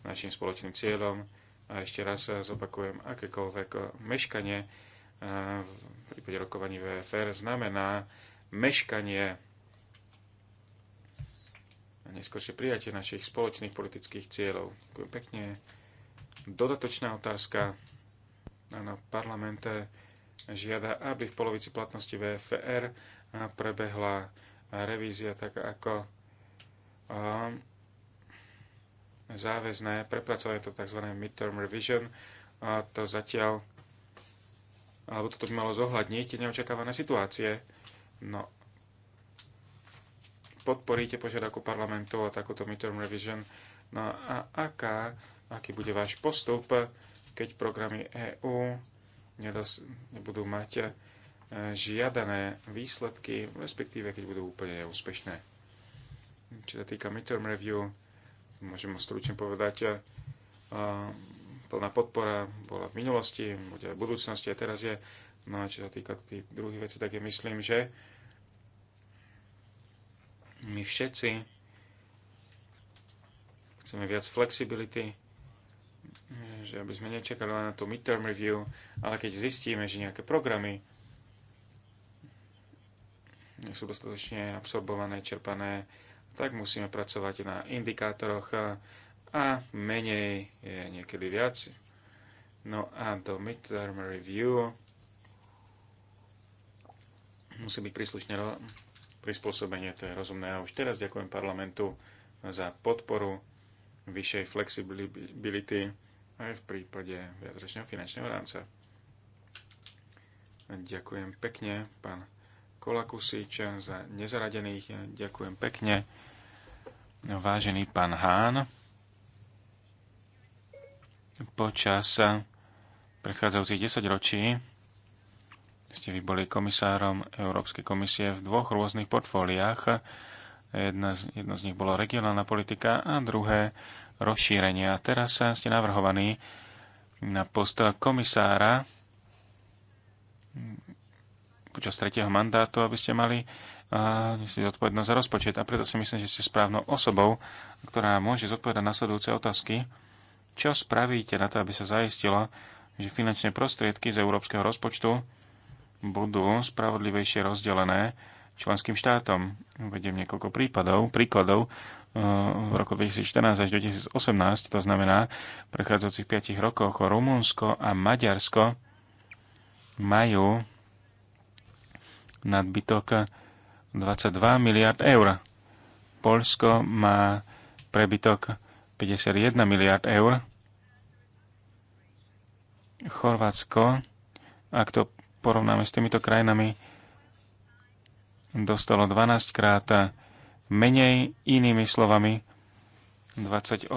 našim spoločným cieľom. A ešte raz zopakujem, akékoľvek meškanie v prípade rokovaní VFR znamená meškanie a neskôršie prijatie našich spoločných politických cieľov. Ďakujem pekne. Dodatočná otázka. Na parlamente žiada, aby v polovici platnosti VFR prebehla revízia tak ako um, záväzné prepracovanie to tzv. midterm revision. A to zatiaľ alebo toto by malo zohľadniť neočakávané situácie. No podporíte požiadavku parlamentu o takúto midterm revision. No a aká, aký bude váš postup, keď programy EÚ nebudú mať e, žiadané výsledky, respektíve keď budú úplne úspešné. Čo sa týka midterm review, môžem stručne povedať, e, plná podpora bola v minulosti, bude aj v budúcnosti a teraz je. No a čo sa týka tých druhých vecí, tak ja myslím, že my všetci chceme viac flexibility, že aby sme nečakali len na tú midterm review, ale keď zistíme, že nejaké programy nie sú dostatočne absorbované, čerpané, tak musíme pracovať na indikátoroch a, a menej je niekedy viac. No a do midterm review musí byť príslušne prispôsobenie, to je rozumné. A už teraz ďakujem parlamentu za podporu vyššej flexibility aj v prípade viacročného finančného rámca. Ďakujem pekne, pán Kolakusič, za nezaradených. Ďakujem pekne, vážený pán Hán. Počas predchádzajúcich 10 ročí ste vy boli komisárom Európskej komisie v dvoch rôznych portfóliách. Jedna z, jedno z nich bolo regionálna politika a druhé rozšírenie. A teraz ste navrhovaní na post komisára počas tretieho mandátu, aby ste mali a zodpovednosť za rozpočet. A preto si myslím, že ste správnou osobou, ktorá môže zodpovedať nasledujúce otázky. Čo spravíte na to, aby sa zaistilo, že finančné prostriedky z európskeho rozpočtu budú spravodlivejšie rozdelené členským štátom. Uvediem niekoľko prípadov, príkladov. E, v roku 2014 až 2018, to znamená v prechádzajúcich 5 rokoch, Rumunsko a Maďarsko majú nadbytok 22 miliard eur. Polsko má prebytok 51 miliard eur. Chorvátsko, ak to porovnáme s týmito krajinami, dostalo 12 krát menej, inými slovami 28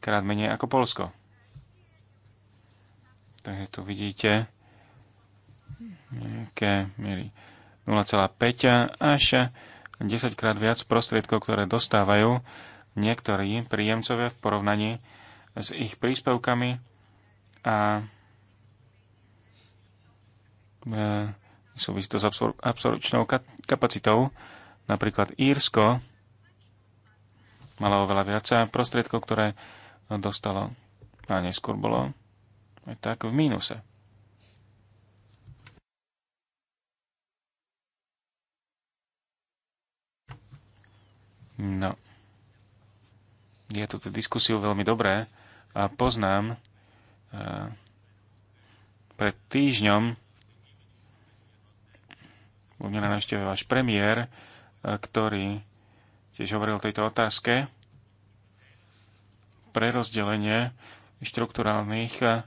krát menej ako Polsko. Takže tu vidíte nejaké miery 0,5 až 10 krát viac prostriedkov, ktoré dostávajú niektorí príjemcovia v porovnaní s ich príspevkami a E, súvisí to s absor- absorpčnou kapacitou. Napríklad Írsko malo oveľa viac prostriedkov, ktoré dostalo a neskôr bolo aj tak v mínuse. No. je túto teda diskusiu veľmi dobré a poznám. E, pred týždňom bol mňa na návšteve váš premiér, e, ktorý tiež hovoril o tejto otázke. Prerozdelenie štruktúrálnych e,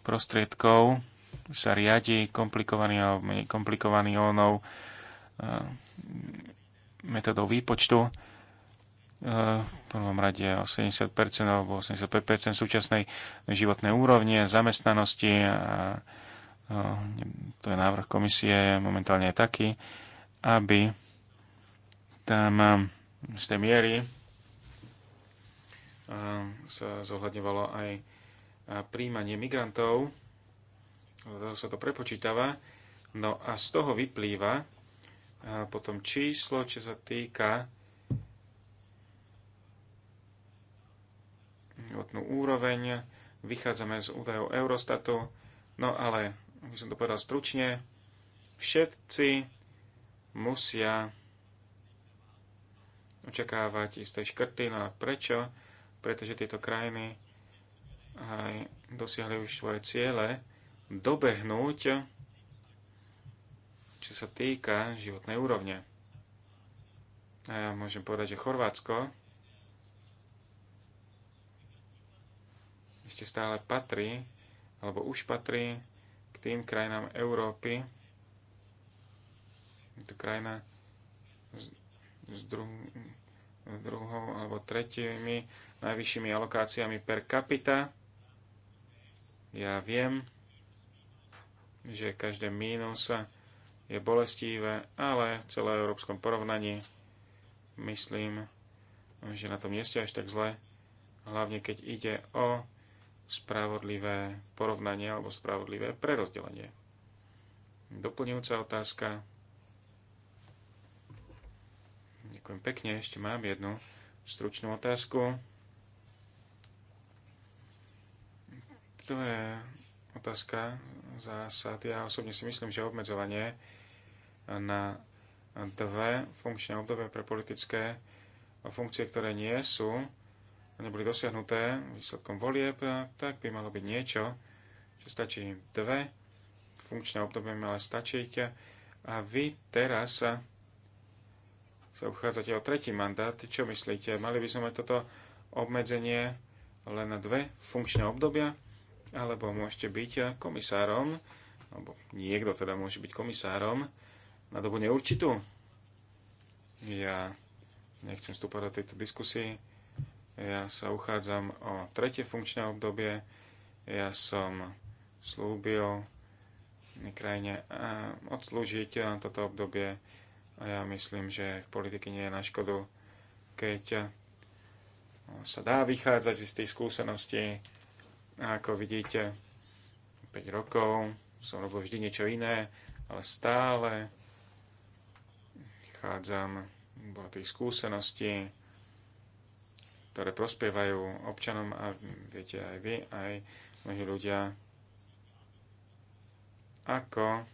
prostriedkov sa riadi komplikovaný alebo menej komplikovaný onou e, metodou výpočtu. V prvom rade o 70% alebo 85% súčasnej životnej úrovne, zamestnanosti a to je návrh komisie, momentálne je taký, aby tam um, z tej miery um, sa zohľadňovalo aj príjmanie migrantov, toho sa to prepočítava, no a z toho vyplýva potom číslo, čo sa týka životnú úroveň, vychádzame z údajov Eurostatu, no ale ak som to povedal stručne, všetci musia očakávať isté škrty. No a prečo? Pretože tieto krajiny aj dosiahli už svoje ciele dobehnúť, čo sa týka životnej úrovne. A ja môžem povedať, že Chorvátsko ešte stále patrí, alebo už patrí tým krajinám Európy, je to krajina s, s dru- druhou alebo tretími najvyššími alokáciami per capita. Ja viem, že každé mínus je bolestivé, ale v celoeurópskom porovnaní myslím, že na tom nie ste až tak zle, hlavne keď ide o spravodlivé porovnanie alebo spravodlivé prerozdelenie. Doplňujúca otázka. Ďakujem pekne, ešte mám jednu stručnú otázku. To je otázka zásad. Ja osobne si myslím, že obmedzovanie na dve funkčné obdobie pre politické funkcie, ktoré nie sú neboli dosiahnuté výsledkom volieb, tak by malo byť niečo, že stačí dve funkčné obdobie, ale stačíte. A vy teraz sa, sa uchádzate o tretí mandát. Čo myslíte? Mali by sme mať toto obmedzenie len na dve funkčné obdobia? Alebo môžete byť komisárom, alebo niekto teda môže byť komisárom na dobu neurčitú? Ja nechcem vstúpať do tejto diskusie ja sa uchádzam o tretie funkčné obdobie. Ja som slúbil krajine odslúžiť toto obdobie a ja myslím, že v politike nie je na škodu, keď sa dá vychádzať z tej skúseností. A ako vidíte, 5 rokov som robil vždy niečo iné, ale stále chádzam do tých skúseností, ktoré prospievajú občanom a viete aj vy, aj mnohí ľudia, ako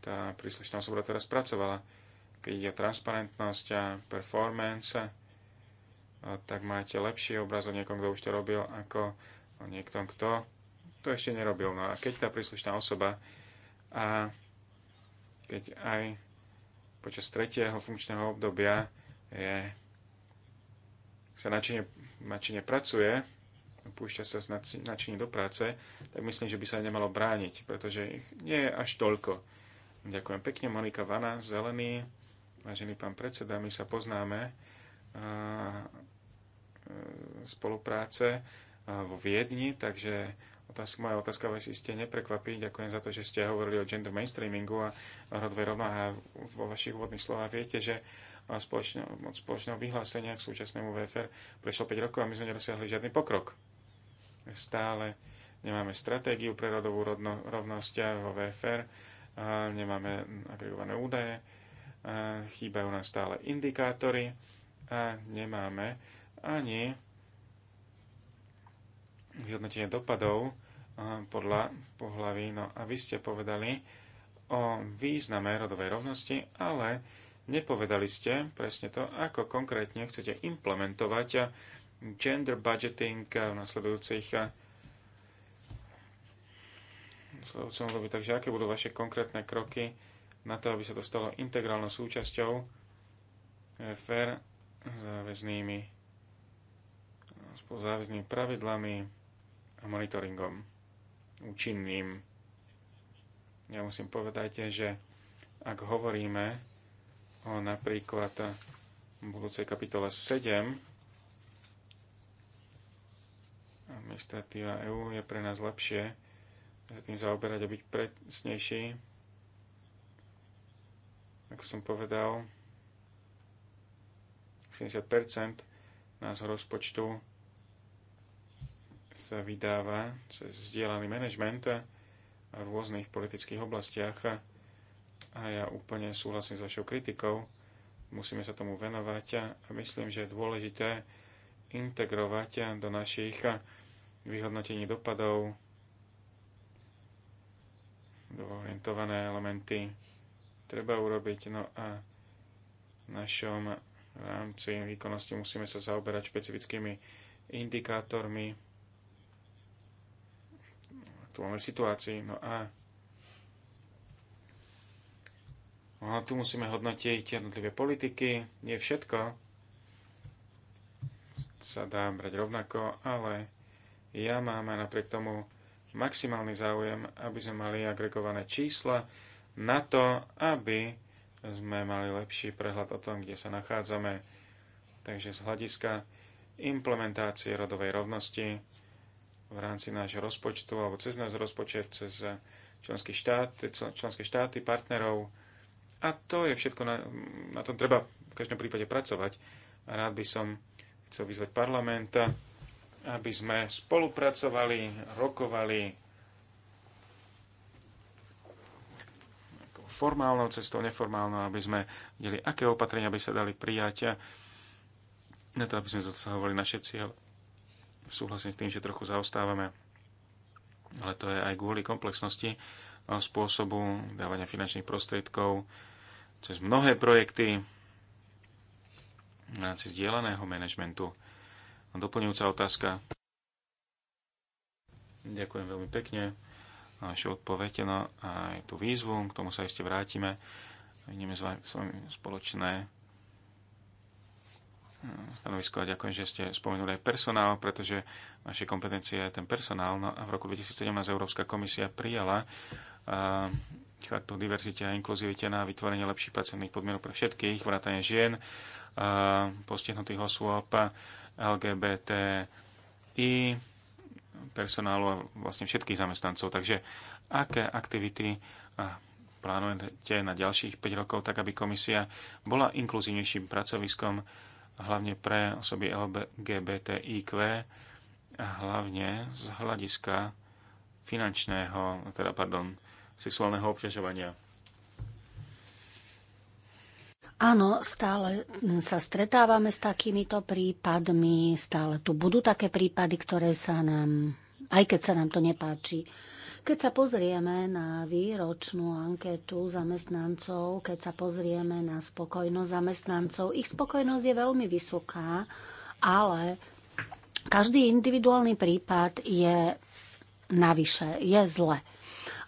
tá príslušná osoba teraz pracovala. Keď je transparentnosť a performance, tak máte lepší obraz o niekom, kto už to robil, ako o niektom, kto to ešte nerobil. No a keď tá príslušná osoba a keď aj počas tretieho funkčného obdobia je sa načine, načine pracuje, púšťa sa z načine do práce, tak myslím, že by sa nemalo brániť, pretože ich nie je až toľko. Ďakujem pekne, Monika Vana, Zelený. Vážený pán predseda, my sa poznáme e, spolupráce vo Viedni, takže otázka, moja otázka vás iste neprekvapí. Ďakujem za to, že ste hovorili o gender mainstreamingu a rodovej rovnováhe vo vašich úvodných slovách. Viete, že spoločného, spoločného vyhlásenia k súčasnému VFR prešlo 5 rokov a my sme nedosiahli žiadny pokrok. Stále nemáme stratégiu pre rodovú rodno, rovnosť vo VFR, nemáme agregované údaje, chýbajú nám stále indikátory a nemáme ani vyhodnotenie dopadov podľa pohlaví. No a vy ste povedali o význame rodovej rovnosti, ale Nepovedali ste presne to, ako konkrétne chcete implementovať gender budgeting v nasledujúcich nasledujúcom období. Takže aké budú vaše konkrétne kroky na to, aby sa to stalo integrálnou súčasťou eh, FR záväznými spolu záväznými pravidlami a monitoringom účinným. Ja musím povedať, že ak hovoríme napríklad e, v budúcej kapitole 7 administratíva EÚ je pre nás lepšie sa tým zaoberať a byť presnejší. Ako som povedal, 70% nášho rozpočtu sa vydáva cez vzdielaný manažment v rôznych politických oblastiach a ja úplne súhlasím s vašou kritikou. Musíme sa tomu venovať a myslím, že je dôležité integrovať do našich vyhodnotení dopadov orientované elementy treba urobiť. No a v našom rámci výkonnosti musíme sa zaoberať špecifickými indikátormi aktuálnej situácii. No a No tu musíme hodnotiť jednotlivé politiky. Nie všetko sa dá brať rovnako, ale ja mám aj napriek tomu maximálny záujem, aby sme mali agregované čísla na to, aby sme mali lepší prehľad o tom, kde sa nachádzame. Takže z hľadiska implementácie rodovej rovnosti v rámci nášho rozpočtu alebo cez náš rozpočet, cez členské štáty, členské štáty partnerov, a to je všetko, na, na tom treba v každom prípade pracovať. A rád by som chcel vyzvať parlamenta, aby sme spolupracovali, rokovali formálnou cestou, neformálnou, aby sme videli, aké opatrenia by sa dali prijať na to, aby sme zasahovali naše cieľ. Súhlasím s tým, že trochu zaostávame, ale to je aj kvôli komplexnosti spôsobu dávania finančných prostriedkov, cez mnohé projekty v rámci zdieľaného manažmentu. Doplňujúca otázka. Ďakujem veľmi pekne na vašu odpoveď no, a aj tú výzvu, k tomu sa ešte vrátime. Vidíme s vami spoločné hm, stanovisko a ďakujem, že ste spomenuli aj personál, pretože naše kompetencie je ten personál. No a v roku 2017 Európska komisia prijala chartu diverzite a inkluzivite na vytvorenie lepších pracovných podmienok pre všetkých, vrátane žien, postihnutých osôb, i personálu a vlastne všetkých zamestnancov. Takže aké aktivity plánujete na ďalších 5 rokov, tak aby komisia bola inkluzívnejším pracoviskom hlavne pre osoby LGBTIQ a hlavne z hľadiska finančného, teda pardon, sexuálneho obťažovania. Áno, stále sa stretávame s takýmito prípadmi, stále tu budú také prípady, ktoré sa nám, aj keď sa nám to nepáči, keď sa pozrieme na výročnú anketu zamestnancov, keď sa pozrieme na spokojnosť zamestnancov, ich spokojnosť je veľmi vysoká, ale každý individuálny prípad je navyše, je zle.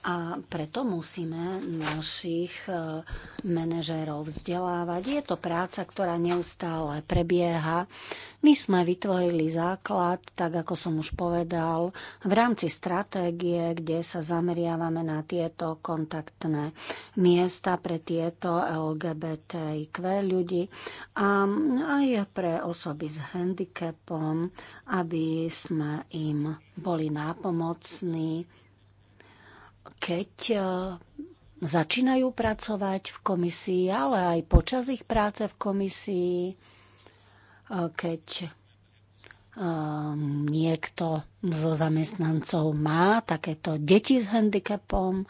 A preto musíme našich e, manažérov vzdelávať. Je to práca, ktorá neustále prebieha. My sme vytvorili základ, tak ako som už povedal, v rámci stratégie, kde sa zameriavame na tieto kontaktné miesta pre tieto LGBTIQ ľudí a aj pre osoby s handicapom, aby sme im boli nápomocní keď e, začínajú pracovať v komisii, ale aj počas ich práce v komisii, e, keď e, niekto zo zamestnancov má takéto deti s handicapom,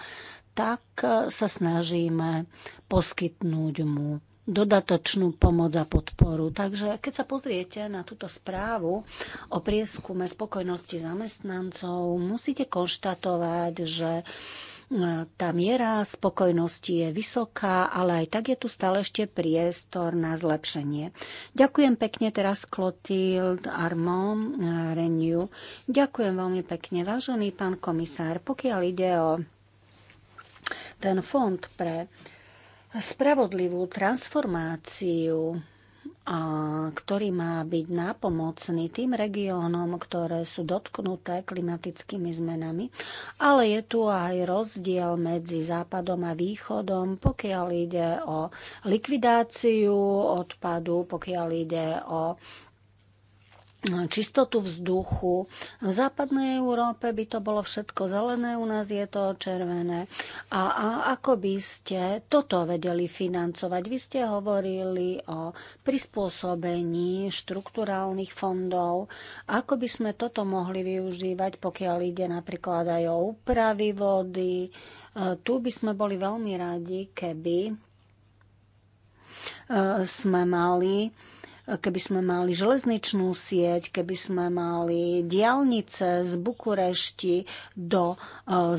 tak sa snažíme poskytnúť mu dodatočnú pomoc a podporu. Takže keď sa pozriete na túto správu o prieskume spokojnosti zamestnancov, musíte konštatovať, že e, tá miera spokojnosti je vysoká, ale aj tak je tu stále ešte priestor na zlepšenie. Ďakujem pekne teraz Clotilde Armand e, Renew. Ďakujem veľmi pekne, vážený pán komisár. Pokiaľ ide o ten fond pre uh, spravodlivú transformáciu, a ktorý má byť nápomocný tým regiónom, ktoré sú dotknuté klimatickými zmenami, ale je tu aj rozdiel medzi západom a východom, pokiaľ ide o likvidáciu odpadu, pokiaľ ide o čistotu vzduchu. V západnej Európe by to bolo všetko zelené, u nás je to červené. A, a ako by ste toto vedeli financovať? Vy ste hovorili o prispôsobení štrukturálnych fondov. Ako by sme toto mohli využívať, pokiaľ ide napríklad aj o úpravy vody? E, tu by sme boli veľmi radi, keby e, sme mali keby sme mali železničnú sieť, keby sme mali diálnice z Bukurešti do e,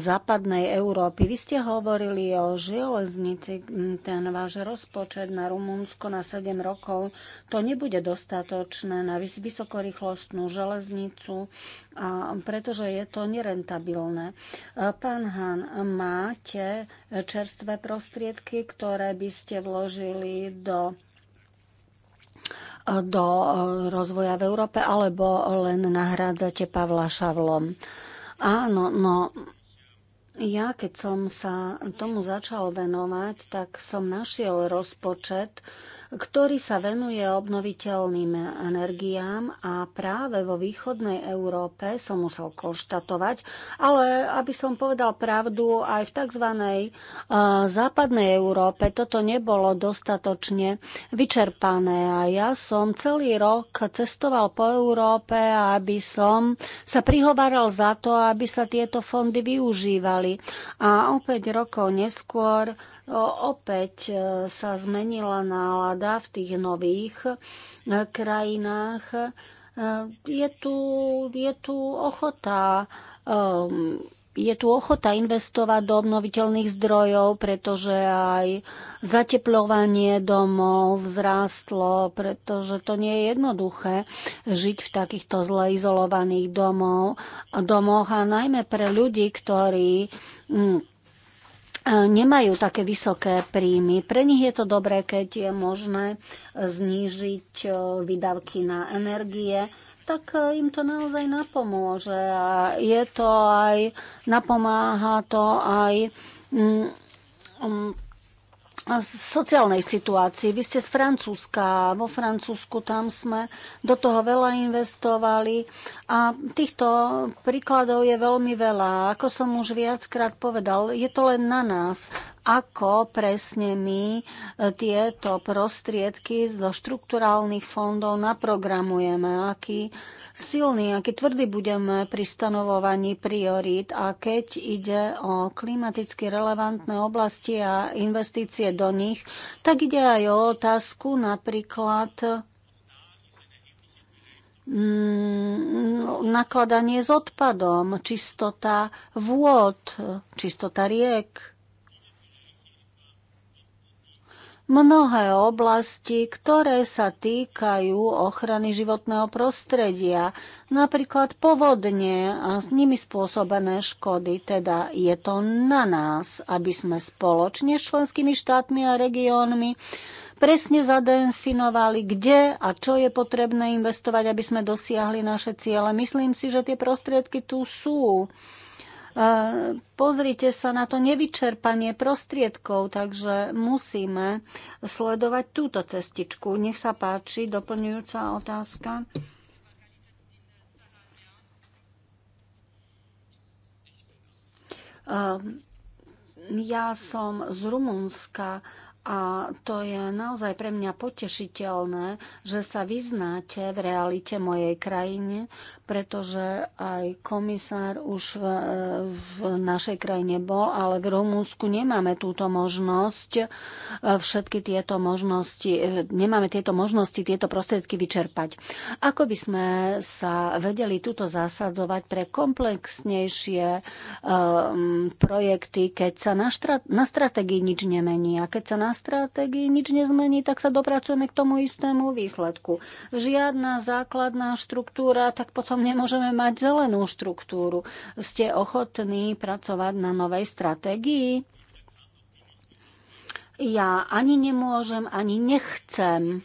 západnej Európy. Vy ste hovorili o železnici, ten váš rozpočet na Rumunsko na 7 rokov, to nebude dostatočné na vysokorýchlostnú železnicu, pretože je to nerentabilné. E, pán Han, máte čerstvé prostriedky, ktoré by ste vložili do do eh, rozvoja v Európe, alebo len nahrádzate Pavla Šavlom. Áno, no, ja, keď som sa tomu začal venovať, tak som našiel rozpočet, ktorý sa venuje obnoviteľným energiám a práve vo východnej Európe som musel konštatovať, ale aby som povedal pravdu, aj v tzv. E, západnej Európe toto nebolo dostatočne vyčerpané a ja som celý rok cestoval po Európe, aby som sa prihováral za to, aby sa tieto fondy využívali zmenili. A opäť rokov neskôr opäť e, sa zmenila nálada v tých nových e, krajinách. E, je tu, je tu ochota um, je tu ochota investovať do obnoviteľných zdrojov, pretože aj zateplovanie domov vzrástlo, pretože to nie je jednoduché žiť v takýchto zle izolovaných domov, domoch a najmä pre ľudí, ktorí mm, nemajú také vysoké príjmy. Pre nich je to dobré, keď je možné znížiť e, výdavky na energie, tak e, im to naozaj napomôže. A je to aj, napomáha to aj mm, um, sociálnej situácii. Vy ste z Francúzska, vo Francúzsku tam sme do toho veľa investovali a týchto príkladov je veľmi veľa. Ako som už viackrát povedal, je to len na nás, ako presne my e, tieto prostriedky zo štrukturálnych fondov naprogramujeme, aký silný, aký tvrdý budeme pri stanovovaní priorít a keď ide o klimaticky relevantné oblasti a investície do nich, tak ide aj o otázku napríklad mm, nakladanie s odpadom, čistota vôd, čistota riek. mnohé oblasti, ktoré sa týkajú ochrany životného prostredia, napríklad povodne a s nimi spôsobené škody. Teda je to na nás, aby sme spoločne s členskými štátmi a regiónmi presne zadefinovali, kde a čo je potrebné investovať, aby sme dosiahli naše ciele. Myslím si, že tie prostriedky tu sú. Pozrite sa na to nevyčerpanie prostriedkov, takže musíme sledovať túto cestičku. Nech sa páči, doplňujúca otázka. Ehm, ja som z Rumunska a to je naozaj pre mňa potešiteľné, že sa vyznáte v realite mojej krajine, pretože aj komisár už v, e, v našej krajine bol, ale v Rumúnsku nemáme túto možnosť, e, všetky tieto možnosti, e, nemáme tieto možnosti, tieto prostriedky vyčerpať. Ako by sme sa vedeli túto zasadzovať pre komplexnejšie um, projekty, keď sa na, štra- na stratégii nič nemení a keď sa na stratégii nič nezmení, tak sa dopracujeme k tomu istému výsledku. Žiadna základná štruktúra, tak potom nemôžeme mať zelenú štruktúru. Ste ochotní pracovať na novej stratégii? Ja ani nemôžem, ani nechcem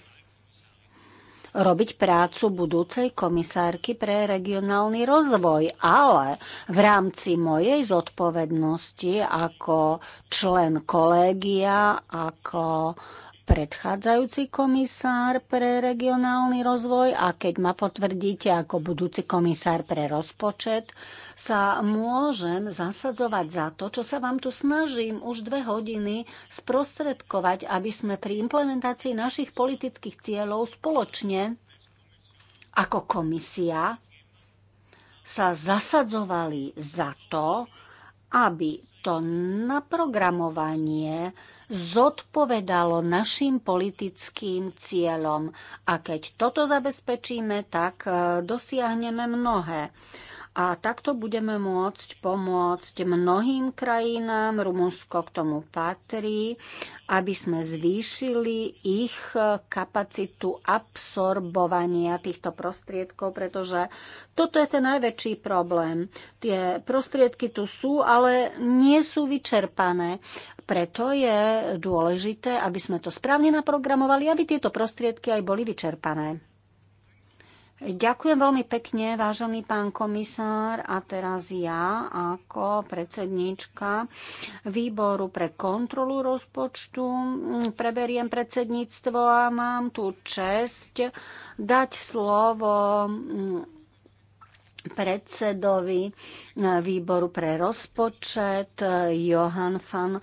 robiť prácu budúcej komisárky pre regionálny rozvoj, ale v rámci mojej zodpovednosti ako člen kolégia, ako predchádzajúci komisár pre regionálny rozvoj a keď ma potvrdíte ako budúci komisár pre rozpočet, sa môžem zasadzovať za to, čo sa vám tu snažím už dve hodiny sprostredkovať, aby sme pri implementácii našich politických cieľov spoločne ako komisia sa zasadzovali za to, aby to naprogramovanie zodpovedalo našim politickým cieľom. A keď toto zabezpečíme, tak eh, dosiahneme mnohé. A takto budeme môcť pomôcť mnohým krajinám, Rumunsko k tomu patrí, aby sme zvýšili ich kapacitu absorbovania týchto prostriedkov, pretože toto je ten najväčší problém. Tie prostriedky tu sú, ale nie sú vyčerpané. Preto je dôležité, aby sme to správne naprogramovali, aby tieto prostriedky aj boli vyčerpané. Ďakujem veľmi pekne, vážený pán komisár. A teraz ja ako predsednička výboru pre kontrolu rozpočtu preberiem predsedníctvo a mám tu čest dať slovo predsedovi eh, výboru pre rozpočet eh, Johan van eh,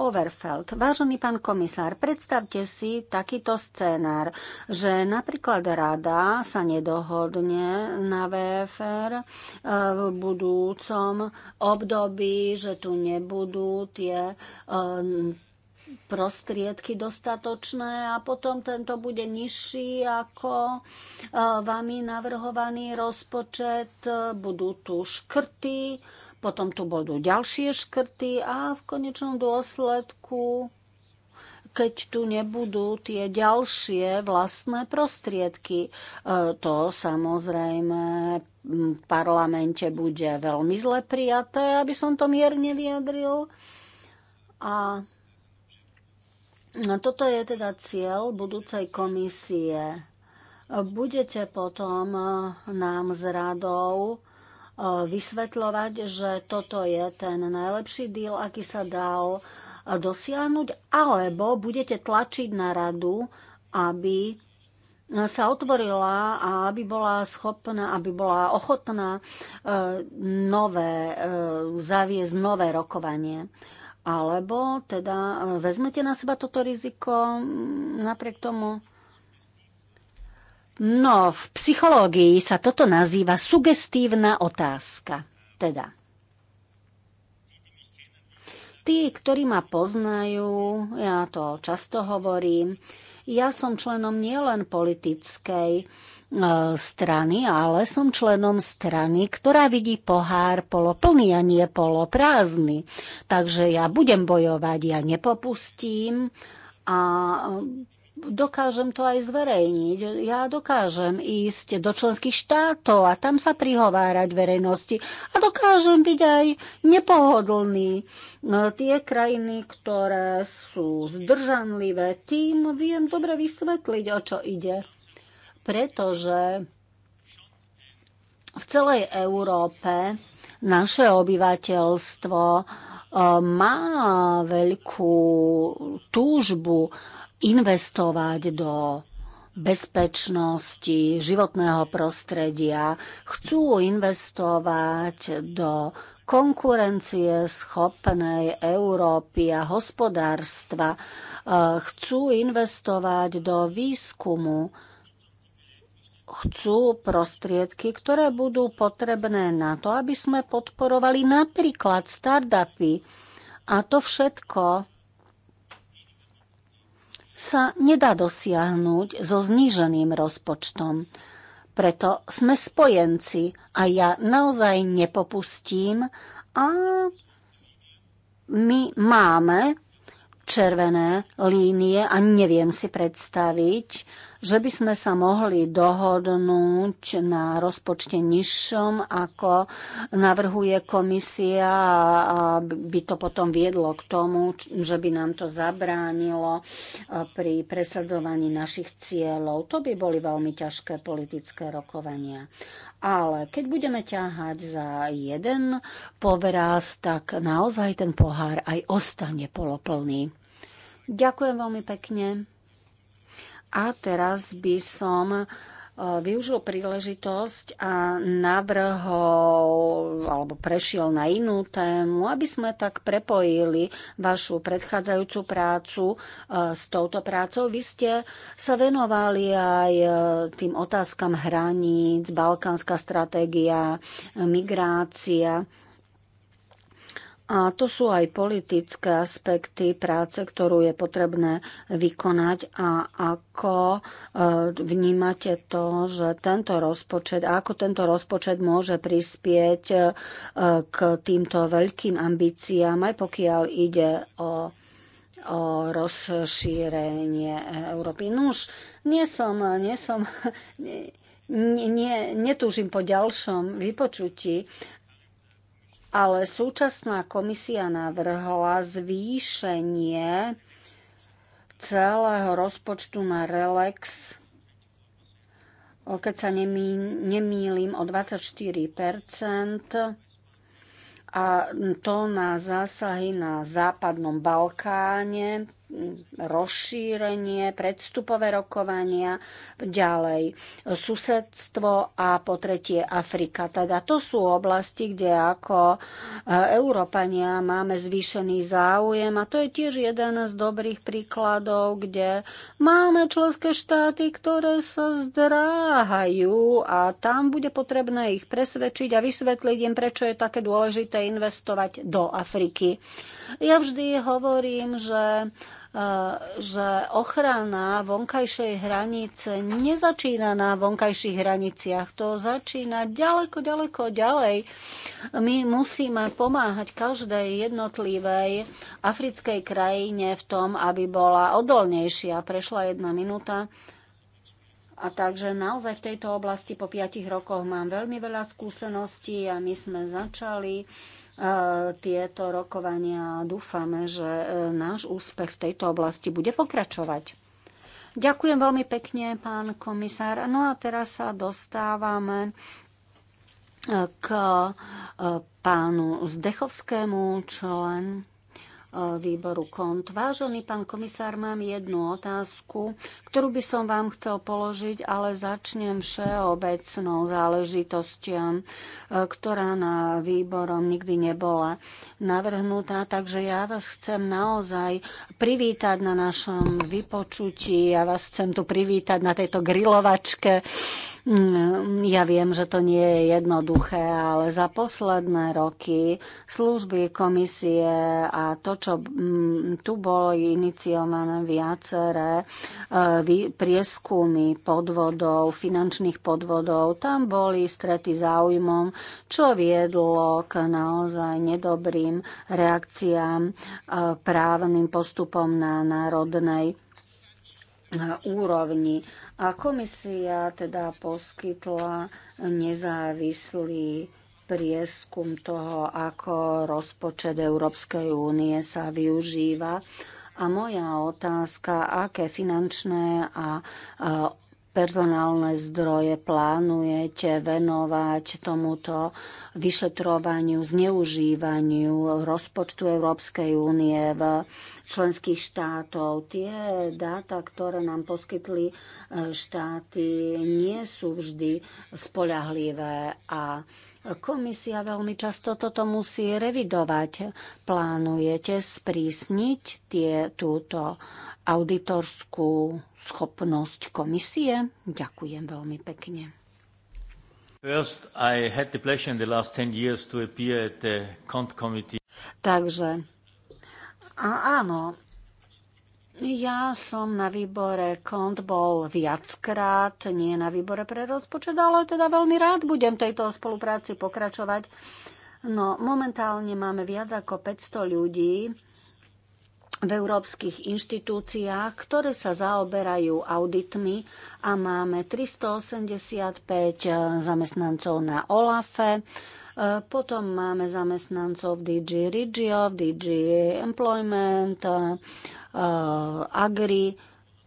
Overfeld. Vážený pán komisár, predstavte si takýto scénar, že napríklad rada sa nedohodne na VFR v budúcom období, že tu nebudú tie prostriedky dostatočné a potom tento bude nižší ako eh, vami navrhovaný rozpočet. Budú tu škrty, potom tu budú ďalšie škrty a v konečnom dôsledku keď tu nebudú tie ďalšie vlastné prostriedky. Eh, to samozrejme hm, v parlamente bude veľmi zle prijaté, aby som to mierne vyjadril. A No, toto je teda cieľ budúcej komisie. Budete potom e, nám s radou e, vysvetľovať, že toto je ten najlepší deal, aký sa dal e, dosiahnuť, alebo budete tlačiť na radu, aby sa otvorila a aby bola schopná, aby bola ochotná nové, zaviesť nové rokovanie. Alebo teda e, vezmete na seba toto riziko napriek tomu? No, v psychológii sa toto nazýva sugestívna otázka. Teda, tí, ktorí ma poznajú, ja to často hovorím, ja som členom nielen politickej E, strany, ale som členom strany, ktorá vidí pohár poloplný a nie poloprázdny. Takže ja budem bojovať, ja nepopustím a e, dokážem to aj zverejniť. Ja dokážem ísť do členských štátov a tam sa prihovárať verejnosti a dokážem byť aj nepohodlný. No, tie krajiny, ktoré sú zdržanlivé, tým viem dobre vysvetliť, o čo ide pretože v celej Európe naše obyvateľstvo e, má veľkú túžbu investovať do bezpečnosti, životného prostredia, chcú investovať do konkurencie schopnej Európy a hospodárstva, e, chcú investovať do výskumu, chcú prostriedky, ktoré budú potrebné na to, aby sme podporovali napríklad startupy. A to všetko sa nedá dosiahnuť so zníženým rozpočtom. Preto sme spojenci a ja naozaj nepopustím a my máme červené línie a neviem si predstaviť, že by sme sa mohli dohodnúť na rozpočte nižšom, ako navrhuje komisia a by to potom viedlo k tomu, že by nám to zabránilo e, pri presadzovaní našich cieľov. To by boli veľmi ťažké politické rokovania. Ale keď budeme ťahať za jeden povraz, tak naozaj ten pohár aj ostane poloplný. Ďakujem veľmi pekne. A teraz by som e, využil príležitosť a navrhol alebo prešiel na inú tému, aby sme tak prepojili vašu predchádzajúcu prácu e, s touto prácou. Vy ste sa venovali aj e, tým otázkam hraníc, balkánska stratégia, migrácia. A to sú aj politické aspekty práce, ktorú je potrebné vykonať a ako e, vnímate to, že tento rozpočet, ako tento rozpočet môže prispieť e, k týmto veľkým ambíciám, aj pokiaľ ide o o rozšírenie Európy. No už nie som, nie som, nie, nie, netúžim po ďalšom vypočutí ale súčasná komisia navrhla zvýšenie celého rozpočtu na Relax, keď sa nemý, nemýlim, o 24 a to na zásahy na západnom Balkáne, rozšírenie, predstupové rokovania, ďalej susedstvo a po tretie Afrika. Teda to sú oblasti, kde ako e, Európania máme zvýšený záujem a to je tiež jeden z dobrých príkladov, kde máme členské štáty, ktoré sa zdráhajú a tam bude potrebné ich presvedčiť a vysvetliť im, prečo je také dôležité investovať do Afriky. Ja vždy hovorím, že E, že ochrana vonkajšej hranice nezačína na vonkajších hraniciach. To začína ďaleko, ďaleko ďalej. My musíme pomáhať každej jednotlivej africkej krajine v tom, aby bola odolnejšia. Prešla jedna minúta. A takže naozaj v tejto oblasti po piatich rokoch mám veľmi veľa skúseností a my sme začali uh, E, tieto rokovania a dúfame, že e, náš úspech v tejto oblasti bude pokračovať. Ďakujem veľmi pekne, pán komisár. No a teraz sa dostávame e, k pánu Zdechovskému, člen výboru KONT. Vážený pán komisár, mám jednu otázku, ktorú by som vám chcel položiť, ale začnem všeobecnou záležitosťou, ktorá na výborom nikdy nebola navrhnutá. Takže ja vás chcem naozaj privítať na našom vypočutí. Ja vás chcem tu privítať na tejto grilovačke Mm, ja viem, že to nie je jednoduché, ale za posledné roky služby komisie a to, čo mm, tu bolo iniciované viaceré e, prieskumy podvodov, finančných podvodov, tam boli strety záujmom, čo viedlo k naozaj nedobrým reakciám e, právnym postupom na národnej e, úrovni. A komisia teda poskytla nezávislý prieskum toho, ako rozpočet Európskej únie sa využíva. A moja otázka, aké finančné a personálne zdroje plánujete venovať tomuto vyšetrovaniu, zneužívaniu rozpočtu Európskej únie v členských štátov. Tie dáta, ktoré nám poskytli e, štáty, nie sú vždy spoľahlivé a komisia veľmi často toto musí revidovať. Plánujete sprísniť tie, túto auditorskú schopnosť komisie? Ďakujem veľmi pekne. First, I had the pleasure in the last 10 years to appear at the Cont Committee. Takže, a áno, ja som na výbore kont bol viackrát, nie na výbore pre rozpočet, ale teda veľmi rád budem tejto spolupráci pokračovať. No, momentálne máme viac ako 500 ľudí, v európskych inštitúciách, ktoré sa zaoberajú auditmi a máme 385 eh, zamestnancov na OLAFE, eh, potom máme zamestnancov v DG Regio, v DG Employment, eh, Agri,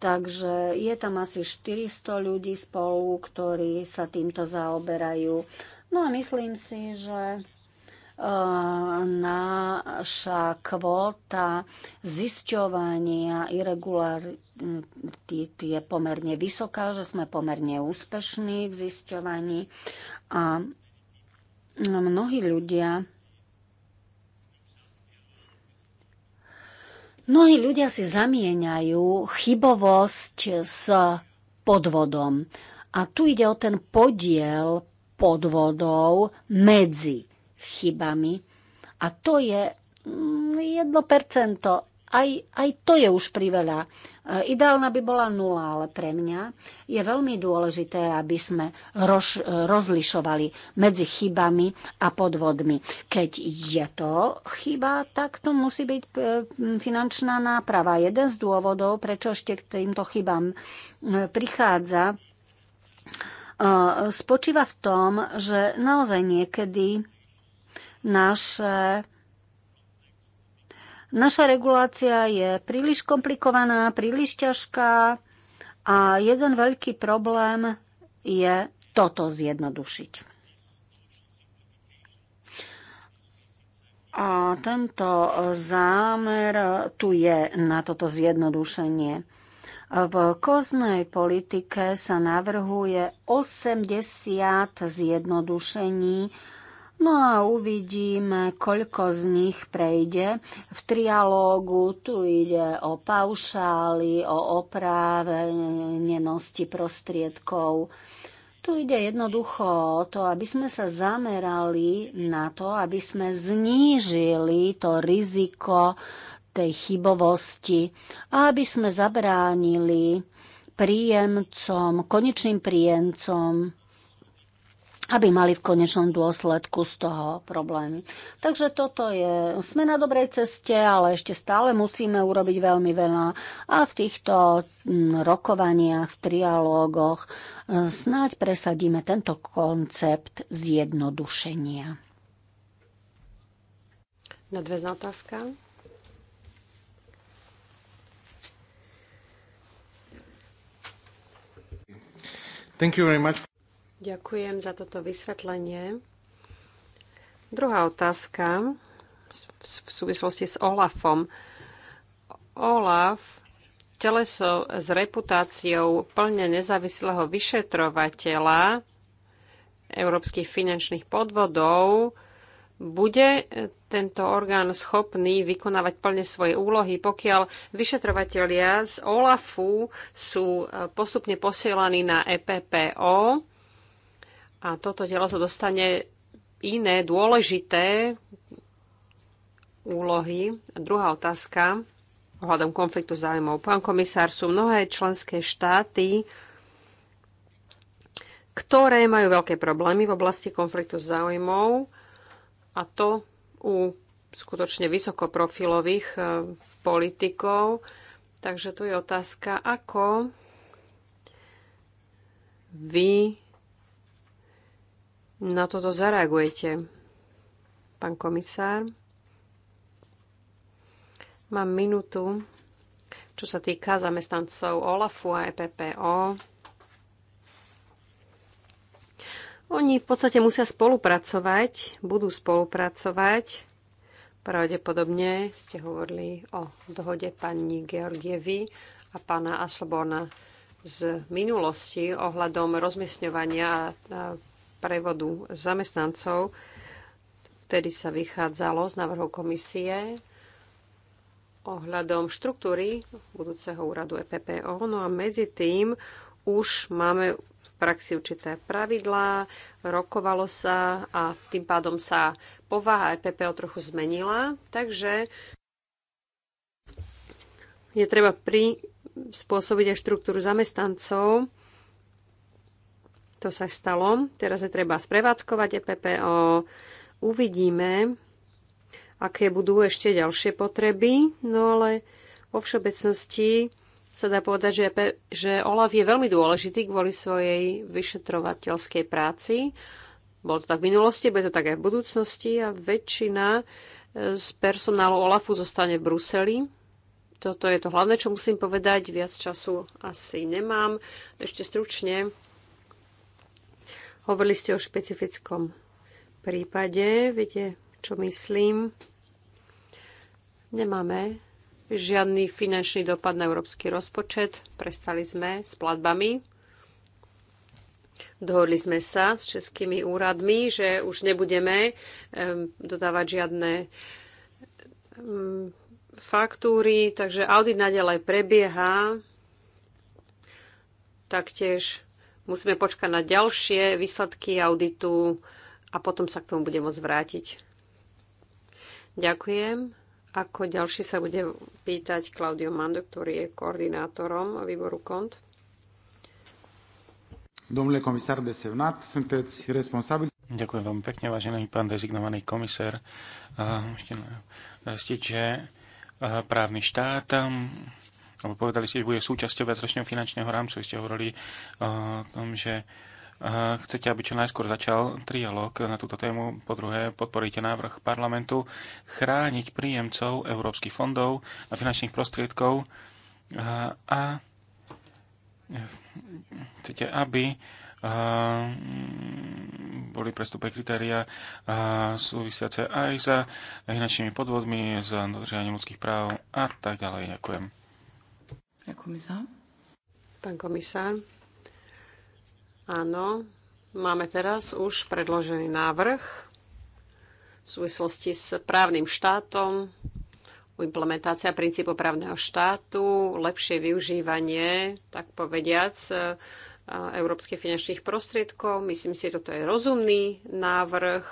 takže je tam asi 400 ľudí spolu, ktorí sa týmto zaoberajú. No a myslím si, že Eh, naša kvóta zisťovania irregularity je pomerne vysoká, že sme pomerne úspešní v zisťovaní a mnohí ľudia Mnohí ľudia si zamieňajú chybovosť s podvodom. A tu ide o ten podiel podvodov medzi chybami. A to je 1%. Mm, aj, aj to je už priveľa. E, ideálna by bola nula, ale pre mňa je veľmi dôležité, aby sme roz, e, rozlišovali medzi chybami a podvodmi. Keď je to chyba, tak to musí byť e, finančná náprava. Jeden z dôvodov, prečo ešte k týmto chybám prichádza, spočíva v tom, že naozaj niekedy naše Naša regulácia je príliš komplikovaná, príliš ťažká a jeden veľký problém je toto zjednodušiť. A tento zámer tu je na toto zjednodušenie. V koznej politike sa navrhuje 80 zjednodušení No a uvidíme, koľko z nich prejde. V trialógu tu ide o paušály, o oprávnenosti prostriedkov. Tu ide jednoducho o to, aby sme sa zamerali na to, aby sme znížili to riziko tej chybovosti a aby sme zabránili príjemcom, konečným príjemcom aby mali v konečnom dôsledku z toho problémy. Takže toto je, sme na dobrej ceste, ale ešte stále musíme urobiť veľmi veľa a v týchto mm, rokovaniach, v trialógoch e, snáď presadíme tento koncept zjednodušenia. Nadväzná otázka. Thank you very much. Ďakujem za toto vysvetlenie. Druhá otázka v súvislosti s Olafom. Olaf teleso s reputáciou plne nezávislého vyšetrovateľa európskych finančných podvodov bude tento orgán schopný vykonávať plne svoje úlohy, pokiaľ vyšetrovatelia z OLAFu sú postupne posielaní na EPPO a toto telo sa dostane iné dôležité úlohy. A druhá otázka ohľadom konfliktu zájmov. Pán komisár, sú mnohé členské štáty, ktoré majú veľké problémy v oblasti konfliktu záujmov a to u skutočne vysokoprofilových e, politikov. Takže tu je otázka, ako vy na toto zareagujete, pán komisár. Mám minútu, čo sa týka zamestnancov OLAFu a EPPO. Oni v podstate musia spolupracovať, budú spolupracovať. Pravdepodobne ste hovorili o dohode pani Georgievi a pána Asobona z minulosti ohľadom rozmiestňovania a prevodu zamestnancov. Vtedy sa vychádzalo z návrhu komisie ohľadom štruktúry budúceho úradu EPPO. No a medzi tým už máme v praxi určité pravidlá, rokovalo sa a tým pádom sa povaha EPPO trochu zmenila. Takže je treba prispôsobiť aj štruktúru zamestnancov to sa stalo. Teraz je treba sprevádzkovať EPPO. Uvidíme, aké budú ešte ďalšie potreby. No ale vo všeobecnosti sa dá povedať, že, e že OLAF je veľmi dôležitý kvôli svojej vyšetrovateľskej práci. Bolo to tak v minulosti, bude to tak aj v budúcnosti a väčšina e, z personálu OLAFu zostane v Bruseli, toto je to hlavné, čo musím povedať. Viac času asi nemám. Ešte stručne Hovorili ste o špecifickom prípade, viete, čo myslím. Nemáme žiadny finančný dopad na európsky rozpočet. Prestali sme s platbami. Dohodli sme sa s českými úradmi, že už nebudeme dodávať žiadne faktúry, takže audit nadalej prebieha. Taktiež musíme počkať na ďalšie výsledky auditu a potom sa k tomu bude môcť vrátiť. Ďakujem. Ako ďalší sa bude pýtať Claudio Mando, ktorý je koordinátorom výboru KONT. Domnule komisár desemnat, sunteți responsabil. Ďakujem veľmi pekne, vážený pán dezignovaný komisár. Môžete že právny štát alebo povedali ste, že bude súčasťou viacročného finančného rámcu. Ste hovorili uh, o tom, že uh, chcete, aby čo najskôr začal trialog na túto tému. Po druhé, podporíte návrh parlamentu chrániť príjemcov európskych fondov a finančných prostriedkov uh, a chcete, aby boli prestupné kritéria súvisiace aj s finančnými podvodmi, za dodržiavaním ľudských práv a tak ďalej. Ďakujem. Pán komisár. Áno, máme teraz už predložený návrh v súvislosti s právnym štátom, implementácia princípu právneho štátu, lepšie využívanie, tak povediac, e, európskych finančných prostriedkov. Myslím si, že toto je rozumný návrh,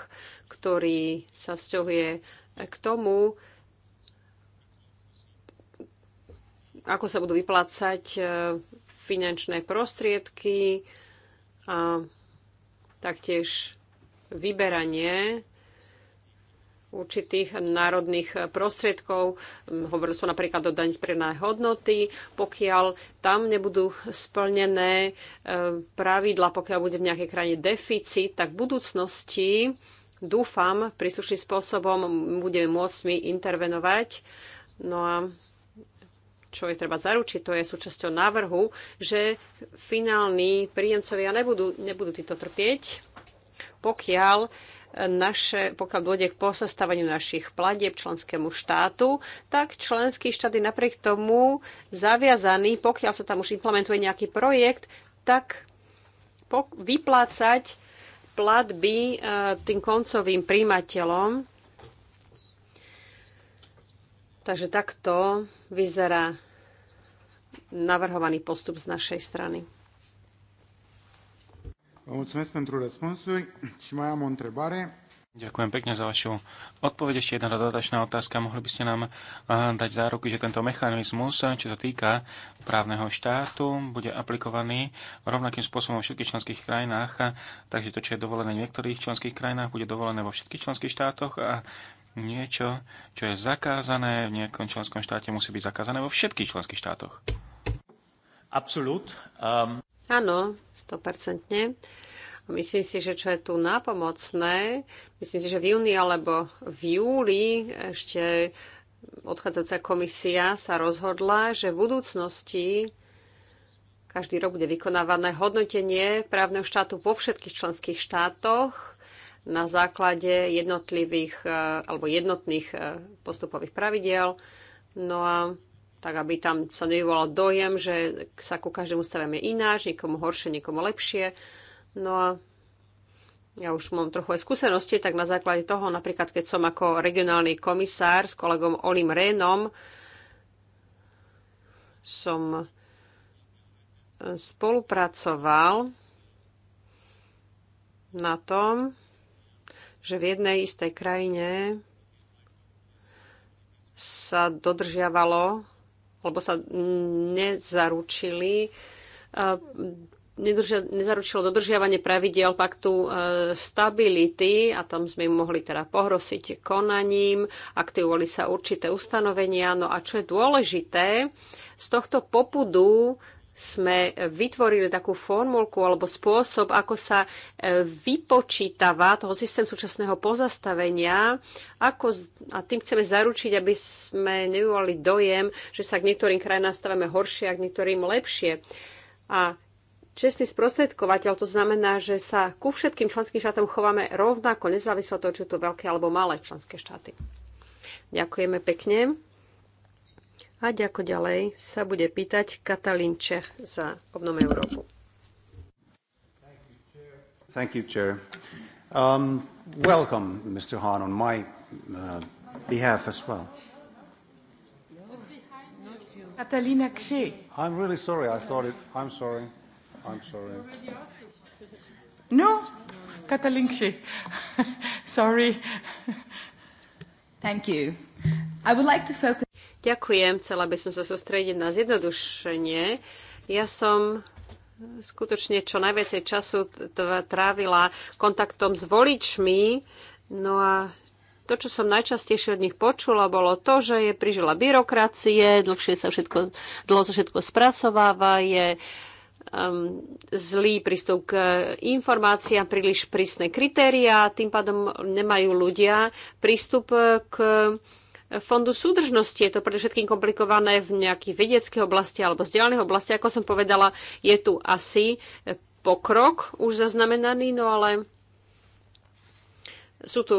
ktorý sa vzťahuje k tomu, ako sa budú vyplácať e, finančné prostriedky a taktiež vyberanie určitých národných prostriedkov. Mm, hovorili sme napríklad o daň z hodnoty. Pokiaľ tam nebudú splnené e, pravidla, pokiaľ bude v nejakej krajine deficit, tak v budúcnosti dúfam, príslušným spôsobom budeme môcť my intervenovať. No a čo je treba zaručiť, to je súčasťou návrhu, že finálni príjemcovia nebudú, nebudú títo trpieť, pokiaľ naše, pokiaľ dôjde k posastavaniu našich platieb členskému štátu, tak členský štát je napriek tomu zaviazaný, pokiaľ sa tam už implementuje nejaký projekt, tak vyplácať platby e, tým koncovým príjimateľom Takže takto vyzerá navrhovaný postup z našej strany. mulțumesc pentru răspunsuri și mai am o întrebare. Ďakujem pekne za vašu odpoveď. Ešte jedna dodatočná otázka. Mohli by ste nám eh, dať záruky, že tento mechanizmus, eh, čo sa týka právneho štátu, bude aplikovaný rovnakým spôsobom vo všetkých členských krajinách. Eh, takže to, čo je dovolené v niektorých členských krajinách, bude dovolené vo všetkých členských štátoch a niečo, čo je zakázané v nejakom členskom štáte, musí byť zakázané vo všetkých členských štátoch. Absolút. Um... Áno, 100%. Myslím si, že čo je tu nápomocné, myslím si, že v júni alebo v júli ešte odchádzajúca komisia sa rozhodla, že v budúcnosti každý rok bude vykonávané hodnotenie právneho štátu vo všetkých členských štátoch na základe jednotlivých e, alebo jednotných e, postupových pravidiel. No a tak, aby tam sa nevyvolal dojem, že sa ku každému stavíme ináč, niekomu horšie, niekomu lepšie. No a ja už mám trochu aj skúsenosti, tak na základe toho, napríklad keď som ako regionálny komisár s kolegom Olim Rénom, som e, spolupracoval na tom, že v jednej istej krajine sa dodržiavalo, alebo sa nezaručili, e, nedržia, nezaručilo dodržiavanie pravidiel paktu e, stability a tam sme im mohli teda pohrosiť konaním, aktivovali sa určité ustanovenia. No a čo je dôležité, z tohto popudu sme vytvorili takú formulku alebo spôsob, ako sa e, vypočítava toho systém súčasného pozastavenia ako, a tým chceme zaručiť, aby sme nevyvolali dojem, že sa k niektorým krajinám stávame horšie a k niektorým lepšie. A čestný sprostredkovateľ, to znamená, že sa ku všetkým členským štátom chováme rovnako, nezávisle od toho, či to veľké alebo malé členské štáty. Ďakujeme pekne. A ďako ďalej sa bude pýtať Katalín Čech za Obnom Európu. Thank you, Chair. Um, welcome, Mr. Hahn, on my uh, behalf as well. Catalina Xe. I'm really sorry. I thought it. I'm sorry. I'm sorry. No, Catalina Xe. sorry. Thank you. I would like to focus. Ďakujem, chcela by som sa sústrediť na zjednodušenie. Ja som skutočne čo najviacej času trávila kontaktom s voličmi, no a to, čo som najčastejšie od nich počula, bolo to, že je prižila byrokracie, dlhšie sa všetko, dlho sa všetko spracováva, je um, zlý prístup k informáciám, príliš prísne kritériá, tým pádom nemajú ľudia prístup k fondu súdržnosti. Je to predovšetkým komplikované v nejakých vedeckých oblasti alebo vzdialených oblasti. Ako som povedala, je tu asi pokrok už zaznamenaný, no ale sú tu,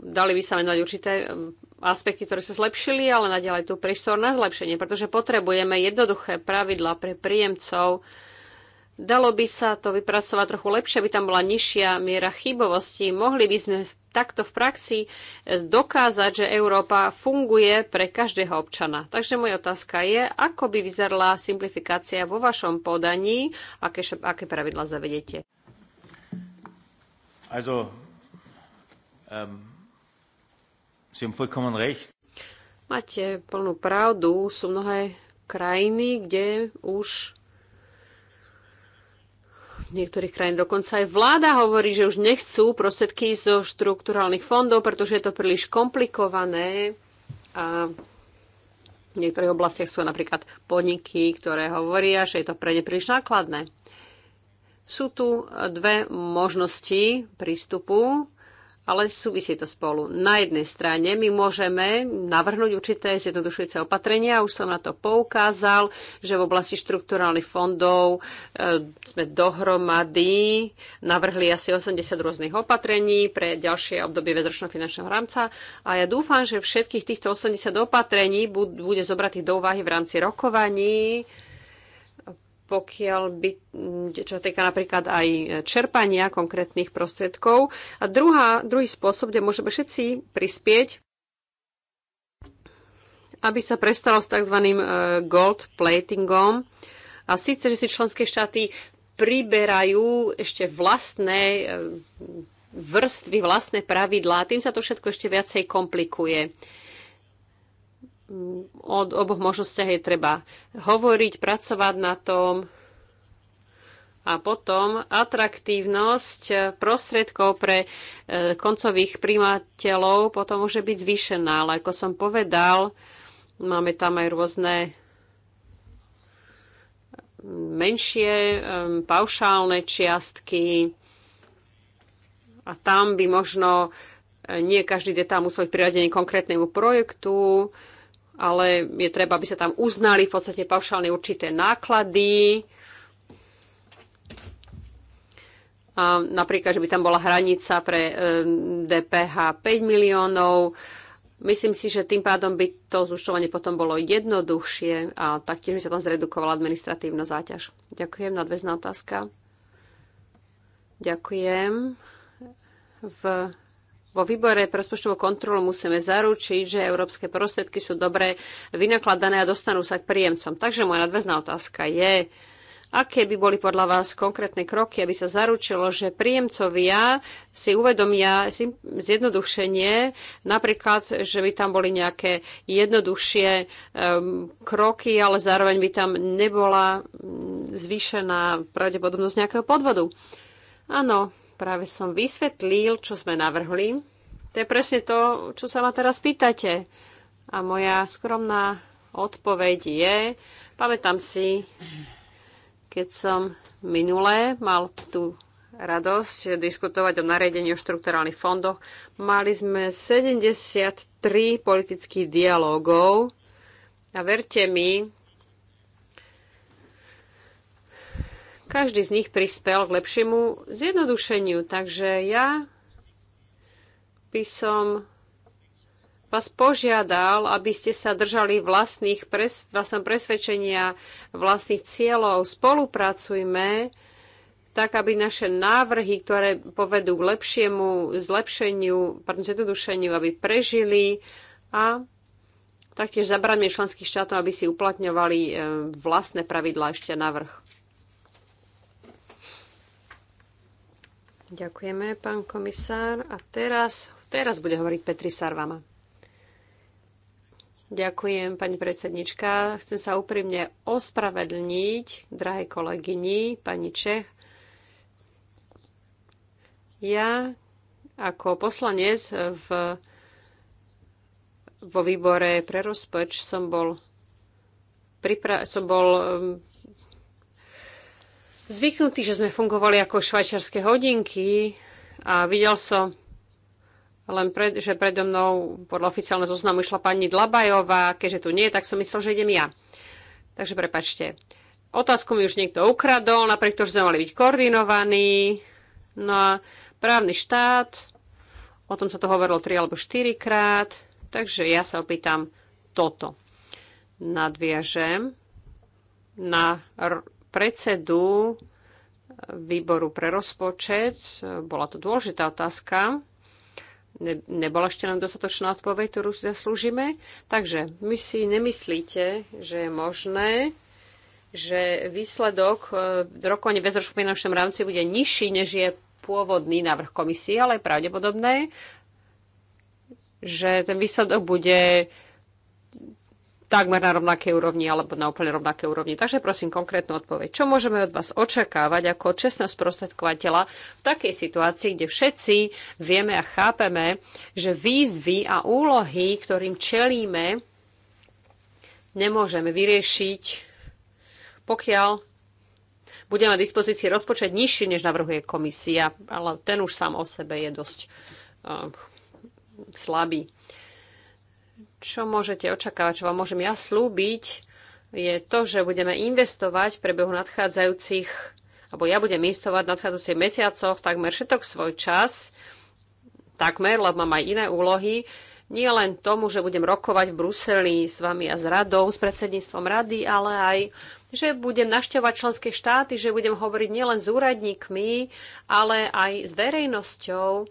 dali by sa menovať určité um, aspekty, ktoré sa zlepšili, ale naďalej tu priestor na zlepšenie, pretože potrebujeme jednoduché pravidla pre príjemcov. Dalo by sa to vypracovať trochu lepšie, aby tam bola nižšia miera chybovosti. Mohli by sme v takto v praxi e, dokázať, že Európa funguje pre každého občana. Takže moja otázka je, ako by vyzerala simplifikácia vo vašom podaní, aké, aké pravidla zavedete? Also, um, Sie haben vollkommen recht. Máte plnú pravdu, sú mnohé krajiny, kde už niektorých krajín dokonca aj vláda hovorí, že už nechcú prostriedky zo štrukturálnych fondov, pretože je to príliš komplikované. A v niektorých oblastiach sú napríklad podniky, ktoré hovoria, že je to pre ne príliš nákladné. Sú tu dve možnosti prístupu ale súvisí to spolu. Na jednej strane my môžeme navrhnúť určité zjednodušujúce opatrenia, už som na to poukázal, že v oblasti štrukturálnych fondov e, sme dohromady navrhli asi 80 rôznych opatrení pre ďalšie obdobie väzročného finančného rámca a ja dúfam, že všetkých týchto 80 opatrení bude zobratých do úvahy v rámci rokovaní pokiaľ by, čo sa týka napríklad aj čerpania konkrétnych prostriedkov. A druhá, druhý spôsob, kde môžeme všetci prispieť, aby sa prestalo s tzv. E, gold platingom. A síce, že si členské štáty priberajú ešte vlastné e, vrstvy, vlastné pravidlá, tým sa to všetko ešte viacej komplikuje o oboch možnostiach je treba hovoriť, pracovať na tom. A potom atraktívnosť prostriedkov pre e, koncových primateľov potom môže byť zvýšená. Ale ako som povedal, máme tam aj rôzne menšie e, paušálne čiastky a tam by možno e, nie každý detail musel byť priradený konkrétnemu projektu, ale je treba, aby sa tam uznali v podstate paušálne určité náklady. A napríklad, že by tam bola hranica pre e, DPH 5 miliónov. Myslím si, že tým pádom by to zúčtovanie potom bolo jednoduchšie a taktiež by sa tam zredukovala administratívna záťaž. Ďakujem, nadväzná otázka. Ďakujem. V vo výbore pre rozpočtovú kontrolu musíme zaručiť, že európske prostriedky sú dobre vynakladané a dostanú sa k príjemcom. Takže moja nadväzná otázka je, aké by boli podľa vás konkrétne kroky, aby sa zaručilo, že príjemcovia si uvedomia zjednodušenie, napríklad, že by tam boli nejaké jednoduchšie um, kroky, ale zároveň by tam nebola mm, zvýšená pravdepodobnosť nejakého podvodu. Áno, Práve som vysvetlil, čo sme navrhli. To je presne to, čo sa ma teraz pýtate. A moja skromná odpoveď je, pamätám si, keď som minulé mal tú radosť diskutovať o nariadení o štrukturálnych fondoch, mali sme 73 politických dialogov a verte mi, Každý z nich prispel k lepšiemu zjednodušeniu, takže ja by som vás požiadal, aby ste sa držali vlastných pres, vlastného presvedčenia, vlastných cieľov. Spolupracujme tak, aby naše návrhy, ktoré povedú k lepšiemu zlepšeniu, pardon, zjednodušeniu, aby prežili a taktiež zabranie členských štátov, aby si uplatňovali e, vlastné pravidlá ešte navrh. Ďakujeme, pán komisár. A teraz, teraz bude hovoriť Petri Sarvama. Ďakujem, pani predsednička. Chcem sa úprimne ospravedlniť drahej kolegyni, pani Čech. Ja ako poslanec v, vo výbore pre rozpoč som bol, pripra- som bol zvyknutí, že sme fungovali ako švajčiarske hodinky a videl som len pred, že predo mnou podľa oficiálneho zoznamu išla pani Dlabajová, keďže tu nie, tak som myslel, že idem ja. Takže prepačte. Otázku mi už niekto ukradol, napriek tomu, že sme mali byť koordinovaní. No a právny štát, o tom sa to hovorilo 3 alebo 4 krát, takže ja sa opýtam toto. Nadviažem na predsedu výboru pre rozpočet. Bola to dôležitá otázka. Ne, nebola ešte nám dostatočná odpoveď, ktorú si zaslúžime. Takže my si nemyslíte, že je možné, že výsledok e, v rokovania v finančnom rámci bude nižší, než je pôvodný návrh komisie, ale je pravdepodobné, že ten výsledok bude takmer na rovnakej úrovni alebo na úplne rovnakej úrovni. Takže prosím konkrétnu odpoveď. Čo môžeme od vás očakávať ako čestného sprostredkovateľa v takej situácii, kde všetci vieme a chápeme, že výzvy a úlohy, ktorým čelíme, nemôžeme vyriešiť, pokiaľ bude na dispozícii rozpočet nižší, než navrhuje komisia, ale ten už sám o sebe je dosť uh, slabý čo môžete očakávať, čo vám môžem ja slúbiť, je to, že budeme investovať v prebehu nadchádzajúcich, alebo ja budem investovať v nadchádzajúcich mesiacoch takmer všetok svoj čas, takmer, lebo mám aj iné úlohy, nie len tomu, že budem rokovať v Bruseli s vami a s radou, s predsedníctvom rady, ale aj, že budem našťovať členské štáty, že budem hovoriť nielen s úradníkmi, ale aj s verejnosťou,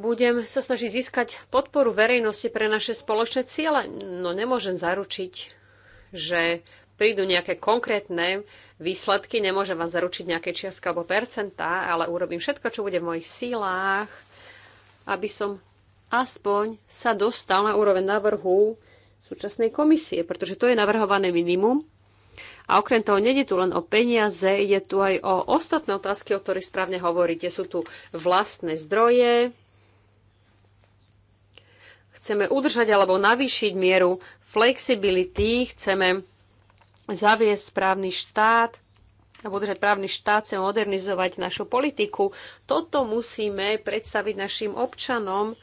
budem sa snažiť získať podporu verejnosti pre naše spoločné ciele. No nemôžem zaručiť, že prídu nejaké konkrétne výsledky, nemôžem vám zaručiť nejaké čiastka alebo percentá, ale urobím všetko, čo bude v mojich sílách, aby som aspoň sa dostal na úroveň návrhu súčasnej komisie, pretože to je navrhované minimum. A okrem toho, nede tu len o peniaze, je tu aj o ostatné otázky, o ktorých správne hovoríte. Sú tu vlastné zdroje, chceme udržať alebo navýšiť mieru flexibility, chceme zaviesť právny štát a udržať právny štát, chceme modernizovať našu politiku. Toto musíme predstaviť našim občanom.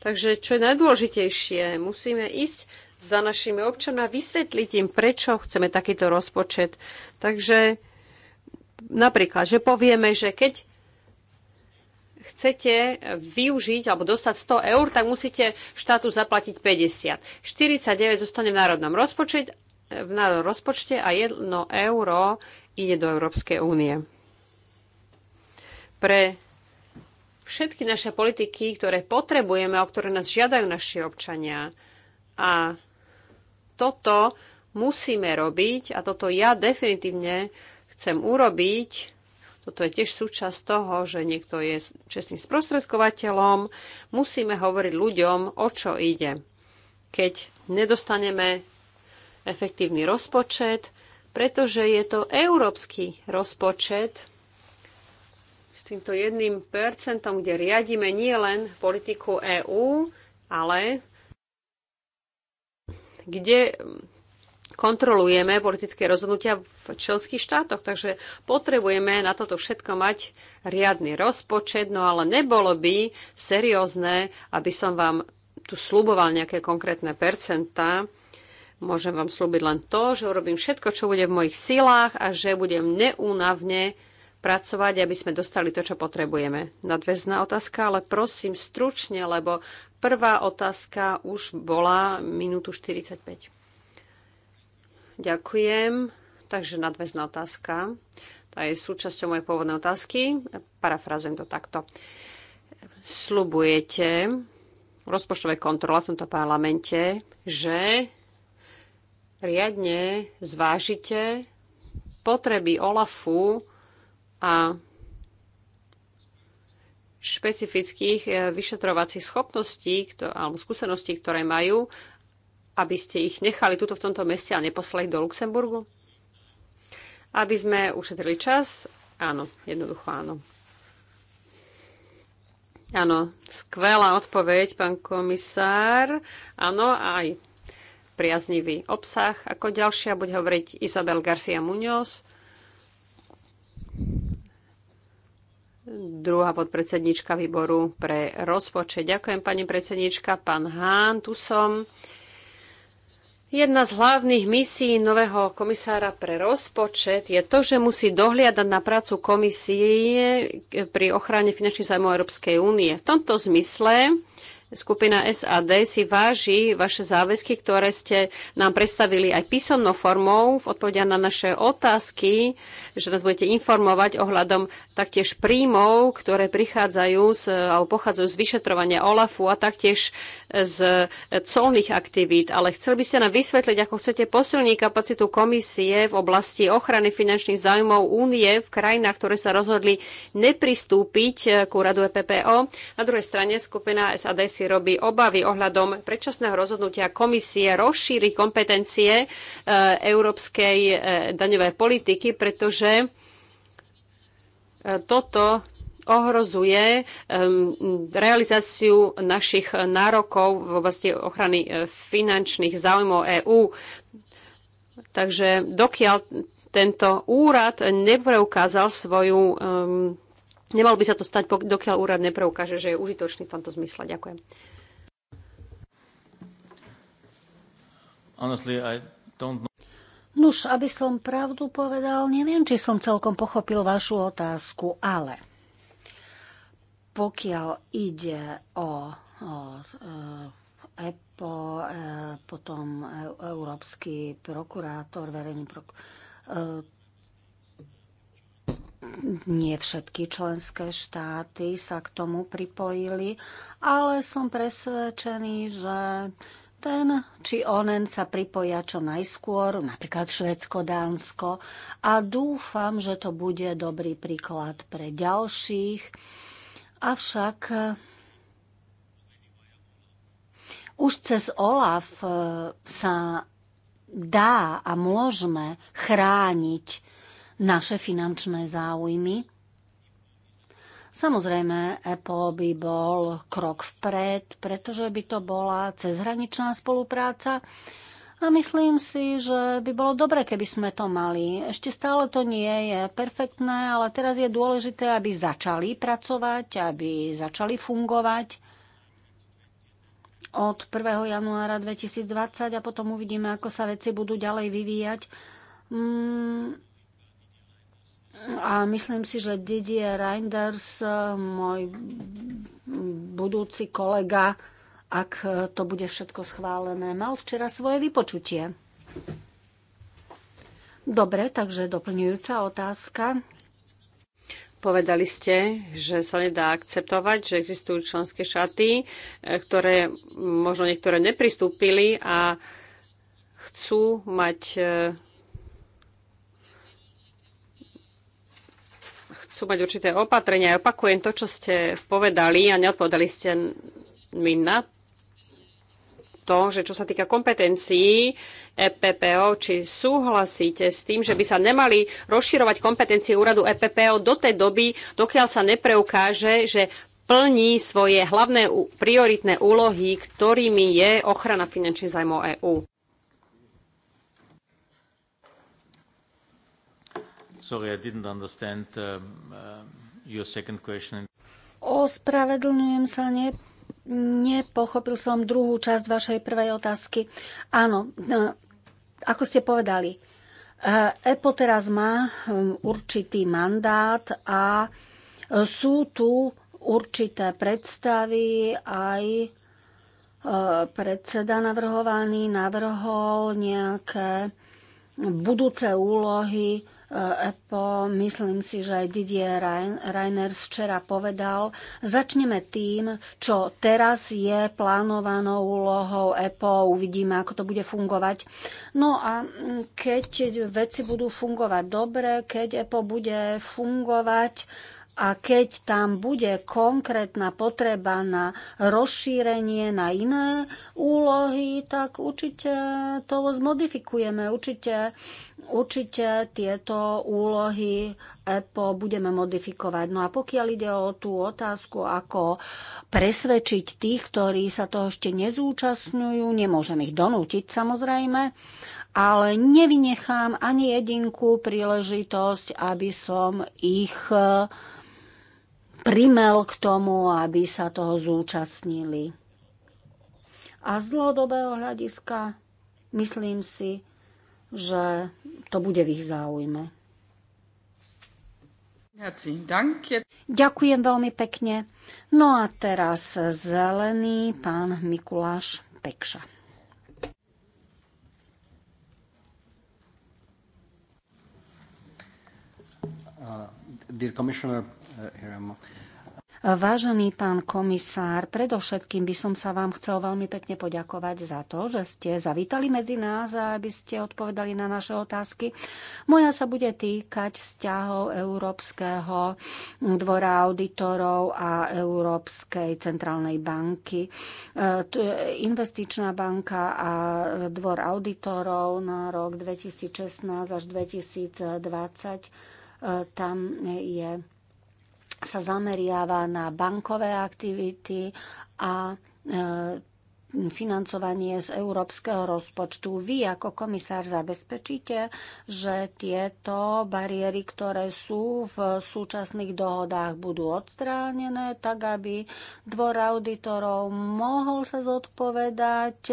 Takže čo je najdôležitejšie, musíme ísť za našimi občanmi a vysvetliť im, prečo chceme takýto rozpočet. Takže napríklad, že povieme, že keď chcete využiť alebo dostať 100 eur, tak musíte štátu zaplatiť 50. 49 zostane v národnom rozpočte, v národnom rozpočte a 1 euro ide do Európskej únie. Pre všetky naše politiky, ktoré potrebujeme, o ktoré nás žiadajú naši občania. A toto musíme robiť a toto ja definitívne chcem urobiť toto je tiež súčasť toho, že niekto je čestným sprostredkovateľom. Musíme hovoriť ľuďom, o čo ide. Keď nedostaneme efektívny rozpočet, pretože je to európsky rozpočet s týmto jedným percentom, kde riadíme nie len politiku EÚ, ale kde kontrolujeme politické rozhodnutia v členských štátoch, takže potrebujeme na toto všetko mať riadny rozpočet, no ale nebolo by seriózne, aby som vám tu sluboval nejaké konkrétne percentá. Môžem vám slúbiť len to, že urobím všetko, čo bude v mojich silách a že budem neúnavne pracovať, aby sme dostali to, čo potrebujeme. Nadväzná otázka, ale prosím stručne, lebo prvá otázka už bola minútu 45. Ďakujem. Takže nadväzná otázka. To je súčasťou mojej pôvodnej otázky. Parafrazujem to takto. Slubujete rozpočtové kontrole v tomto parlamente, že riadne zvážite potreby OLAFu a špecifických eh, vyšetrovacích schopností alebo skúseností, ktoré majú aby ste ich nechali tuto v tomto meste a neposlali do Luxemburgu? Aby sme ušetrili čas? Áno, jednoducho áno. Áno, skvelá odpoveď, pán komisár. Áno, aj priaznivý obsah. Ako ďalšia bude hovoriť Isabel Garcia Muñoz, druhá podpredsednička výboru pre rozpočet. Ďakujem, pani predsednička, pán Hán, tu som. Jedna z hlavných misií nového komisára pre rozpočet je to, že musí dohliadať na prácu komisie pri ochrane finančných zájmov Európskej únie. V tomto zmysle Skupina SAD si váži vaše záväzky, ktoré ste nám predstavili aj písomnou formou v odpovedia na naše otázky, že nás budete informovať ohľadom taktiež príjmov, ktoré prichádzajú z, alebo pochádzajú z vyšetrovania OLAFu a taktiež z colných aktivít. Ale chceli by ste nám vysvetliť, ako chcete posilniť kapacitu komisie v oblasti ochrany finančných záujmov únie v krajinách, ktoré sa rozhodli nepristúpiť k úradu EPPO. Na druhej strane skupina SAD si si robí obavy ohľadom predčasného rozhodnutia komisie rozšíri kompetencie e, európskej e, daňovej politiky, pretože e, toto ohrozuje realizáciu našich nárokov v oblasti ochrany finančných záujmov EÚ. Takže dokiaľ tento úrad nepreukázal svoju um, Nemalo by sa to stať, dokiaľ úrad nepreukáže, že je užitočný v tomto zmysle. Ďakujem. Honestly, I don't know. Nuž, aby som pravdu povedal, neviem, či som celkom pochopil vašu otázku, ale pokiaľ ide o, o e, EPO, e, potom e, Európsky prokurátor, verejný prokurátor, e, nie všetky členské štáty sa k tomu pripojili, ale som presvedčený, že ten či onen sa pripoja čo najskôr, napríklad Švedsko, Dánsko a dúfam, že to bude dobrý príklad pre ďalších. Avšak eh, už cez OLAF eh, sa dá a môžeme chrániť naše finančné záujmy. Samozrejme, Apple by bol krok vpred, pretože by to bola cezhraničná spolupráca. A myslím si, že by bolo dobre, keby sme to mali. Ešte stále to nie je perfektné, ale teraz je dôležité, aby začali pracovať, aby začali fungovať od 1. januára 2020 a potom uvidíme, ako sa veci budú ďalej vyvíjať. Mm a myslím si, že Didier Reinders, eh, môj budúci kolega, ak eh, to bude všetko schválené, mal včera svoje vypočutie. Dobre, takže doplňujúca otázka. Povedali ste, že sa nedá akceptovať, že existujú členské šaty, eh, ktoré možno niektoré nepristúpili a chcú mať sú mať určité opatrenia. Ja opakujem to, čo ste povedali a neodpovedali ste mi na to, že čo sa týka kompetencií EPPO, či súhlasíte s tým, že by sa nemali rozširovať kompetencie úradu EPPO do tej doby, dokiaľ sa nepreukáže, že plní svoje hlavné prioritné úlohy, ktorými je ochrana finančných zájmov EÚ. Sorry, I didn't understand um, uh, your second question. Ospravedlňujem sa, ne, nepochopil som druhú časť vašej prvej otázky. Áno, ako ste povedali, uh, EPO teraz má um, určitý mandát a sú tu určité predstavy aj uh, predseda navrhovaný navrhol nejaké budúce úlohy EPO, eh, myslím si, že aj Didier Reiners včera povedal, začneme tým, čo teraz je plánovanou úlohou EPO, uvidíme, ako to bude fungovať. No a mm, keď veci budú fungovať dobre, keď EPO bude fungovať, a keď tam bude konkrétna potreba na rozšírenie na iné úlohy, tak určite to zmodifikujeme. Určite, určite tieto úlohy EPO budeme modifikovať. No a pokiaľ ide o tú otázku, ako presvedčiť tých, ktorí sa toho ešte nezúčastňujú, nemôžem ich donútiť samozrejme, ale nevynechám ani jedinku príležitosť, aby som ich primel k tomu, aby sa toho zúčastnili. A z dlhodobého hľadiska myslím si, že to bude v ich záujme. Ďakujem veľmi pekne. No a teraz zelený pán Mikuláš Pekša. Uh, dear Commissioner, Vážený pán komisár, predovšetkým by som sa vám chcel veľmi pekne poďakovať za to, že ste zavítali medzi nás a aby ste odpovedali na naše otázky. Moja sa bude týkať vzťahov Európskeho dvora auditorov a Európskej centrálnej banky. E, investičná banka a dvor auditorov na rok 2016 až 2020 e, tam je sa zameriava na bankové aktivity a e, financovanie z európskeho rozpočtu. Vy ako komisár zabezpečíte, že tieto bariéry, ktoré sú v súčasných dohodách, budú odstránené, tak aby dvor auditorov mohol sa zodpovedať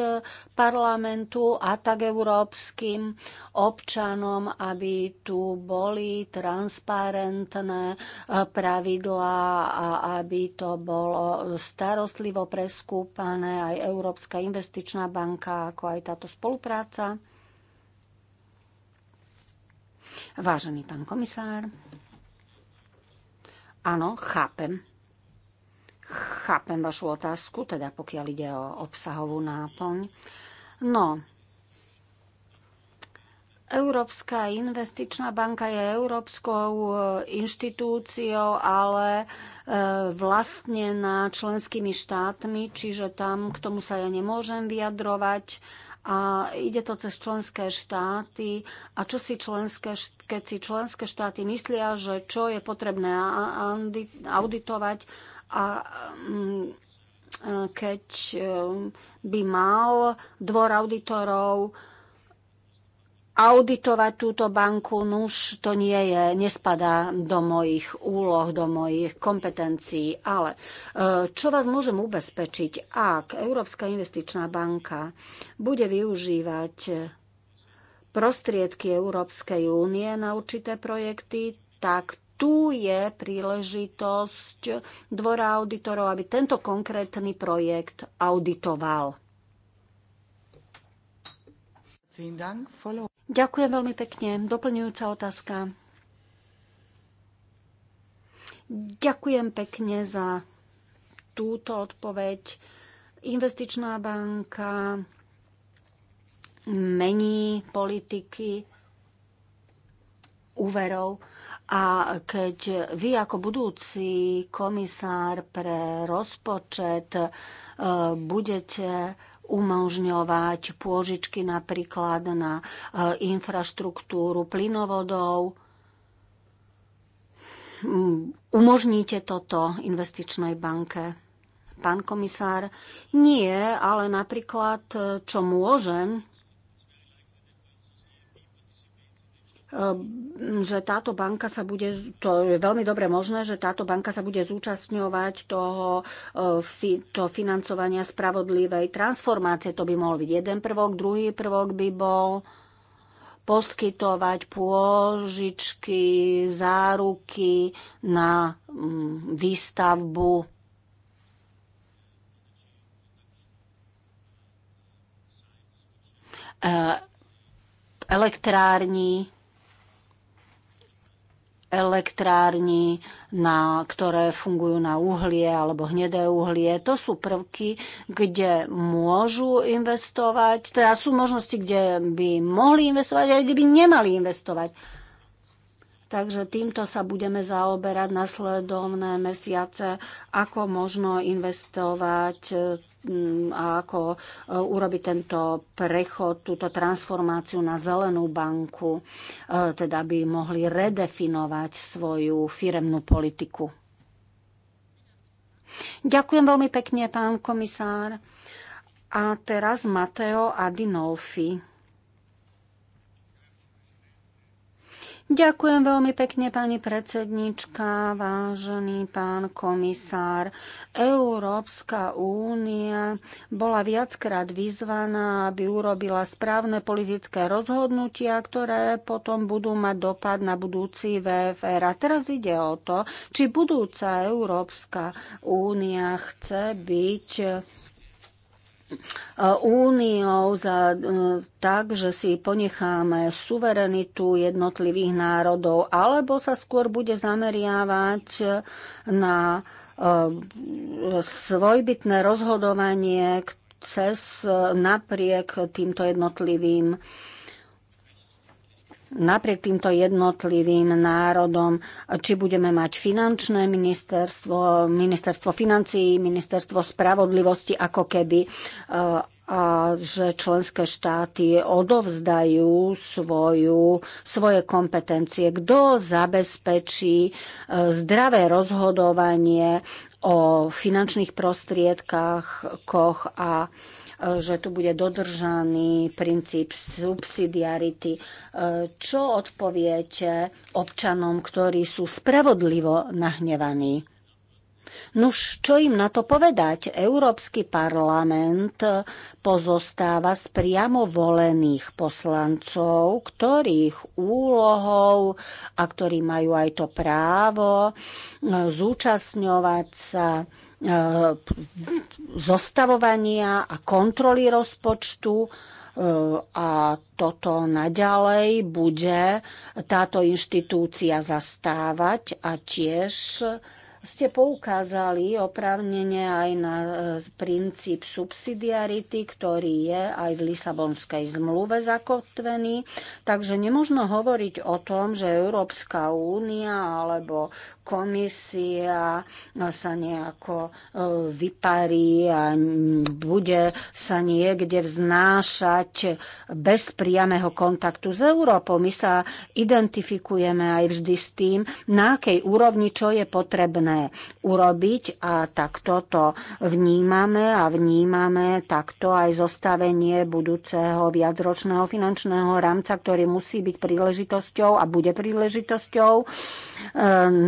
parlamentu a tak európskym občanom, aby tu boli transparentné eh, pravidlá a aby to bolo starostlivo preskúpané aj európskym Európska investičná banka, ako aj táto spolupráca. Vážený pán komisár, áno, chápem. Chápem vašu otázku, teda pokiaľ ide o obsahovú náplň. No, Európska investičná banka je európskou e, inštitúciou, ale e, vlastne na členskými štátmi, čiže tam k tomu sa ja nemôžem vyjadrovať a ide to cez členské štáty a čo si členské, keď si členské štáty myslia, že čo je potrebné auditovať a mm, e, keď by mal dvor auditorov auditovať túto banku, nuž to nie je, nespadá do mojich úloh, do mojich kompetencií, ale e, čo vás môžem ubezpečiť, ak Európska investičná banka bude využívať prostriedky Európskej únie na určité projekty, tak tu je príležitosť dvora auditorov, aby tento konkrétny projekt auditoval. Ďakujem veľmi pekne. Doplňujúca otázka. Ďakujem pekne za túto odpoveď. Investičná banka mení politiky úverov a keď vy ako budúci komisár pre rozpočet eh, budete umožňovať pôžičky napríklad na eh, infraštruktúru plynovodov. Mm, umožníte toto investičnej banke? Pán komisár, nie, ale napríklad, eh, čo môžem, Ehm, že táto banka sa bude, to je veľmi dobre možné, že táto banka sa bude zúčastňovať toho, e, to financovania spravodlivej transformácie. To by mohol byť jeden prvok, druhý prvok by bol poskytovať pôžičky, záruky na mm, výstavbu e, elektrární elektrárni, na, ktoré fungujú na uhlie alebo hnedé uhlie. To sú prvky, kde môžu investovať, teda sú možnosti, kde by mohli investovať aj kde by nemali investovať. Takže týmto sa budeme zaoberať nasledovné mesiace, ako možno investovať mm, a ako e, urobiť tento prechod, túto transformáciu na zelenú banku, e, teda by mohli redefinovať svoju firemnú politiku. Ďakujem veľmi pekne, pán komisár. A teraz Mateo Adinolfi. Ďakujem veľmi pekne, pani predsednička, vážený pán komisár. Európska únia bola viackrát vyzvaná, aby urobila správne politické rozhodnutia, ktoré potom budú mať dopad na budúci VFR. A teraz ide o to, či budúca Európska únia chce byť Eh, úniou za, eh, tak, že si ponecháme suverenitu jednotlivých národov, alebo sa skôr bude zameriavať na eh, svojbytné rozhodovanie cez napriek týmto jednotlivým napriek týmto jednotlivým národom, či budeme mať finančné ministerstvo, ministerstvo financií, ministerstvo spravodlivosti, ako keby e, a že členské štáty odovzdajú svoju, svoje kompetencie. Kto zabezpečí e, zdravé rozhodovanie o finančných prostriedkách, koch a že tu bude dodržaný princíp subsidiarity. E, čo odpoviete občanom, ktorí sú spravodlivo nahnevaní? Nuž, čo im na to povedať? Európsky parlament pozostáva z priamo volených poslancov, ktorých úlohou a ktorí majú aj to právo e, zúčastňovať sa e, zostavovania a kontroly rozpočtu e, a toto naďalej bude táto inštitúcia zastávať a tiež ste poukázali oprávnene aj na e, princíp subsidiarity, ktorý je aj v Lisabonskej zmluve zakotvený. Takže nemôžno hovoriť o tom, že Európska únia alebo komisia sa nejako e, vyparí a bude sa niekde vznášať bez priameho kontaktu s Európou. My sa identifikujeme aj vždy s tým, na akej úrovni čo je potrebné možné urobiť a takto to vnímame a vnímame takto aj zostavenie budúceho viacročného finančného rámca, ktorý musí byť príležitosťou a bude príležitosťou e,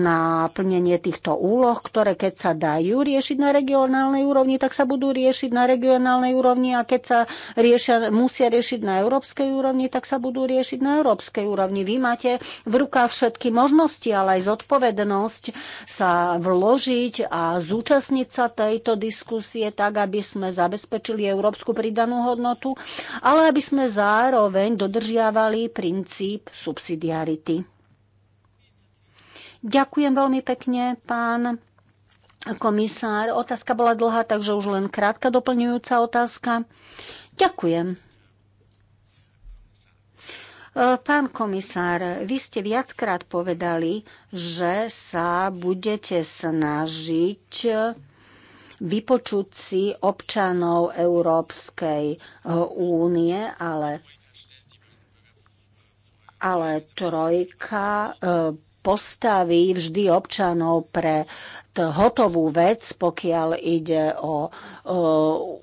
na plnenie týchto úloh, ktoré keď sa dajú riešiť na regionálnej úrovni, tak sa budú riešiť na regionálnej úrovni a keď sa riešia, musia riešiť na európskej úrovni, tak sa budú riešiť na európskej úrovni. Vy máte v rukách všetky možnosti, ale aj zodpovednosť sa vložiť a zúčastniť sa tejto diskusie tak, aby sme zabezpečili európsku pridanú hodnotu, ale aby sme zároveň dodržiavali princíp subsidiarity. Ďakujem veľmi pekne, pán komisár. Otázka bola dlhá, takže už len krátka doplňujúca otázka. Ďakujem. Eh, pán komisár, vy ste viackrát povedali, že sa budete snažiť eh, vypočuť si občanov Európskej eh, únie, ale ale trojka postaví vždy občanov pre hotovú vec, pokiaľ ide o, o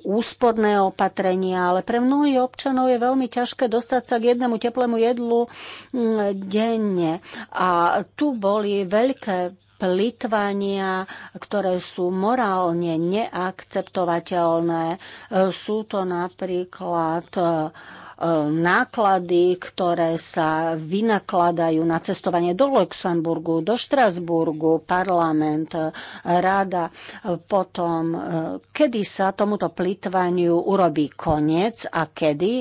úsporné opatrenia, ale pre mnohých občanov je veľmi ťažké dostať sa k jednému teplému jedlu mm, denne. A tu boli veľké plitvania, ktoré sú morálne neakceptovateľné. E, sú to napríklad e, E, náklady, ktoré sa vynakladajú na cestovanie do Luxemburgu, do Štrasburgu, parlament, e, rada, e, potom kedy sa tomuto plitvaniu urobí koniec a kedy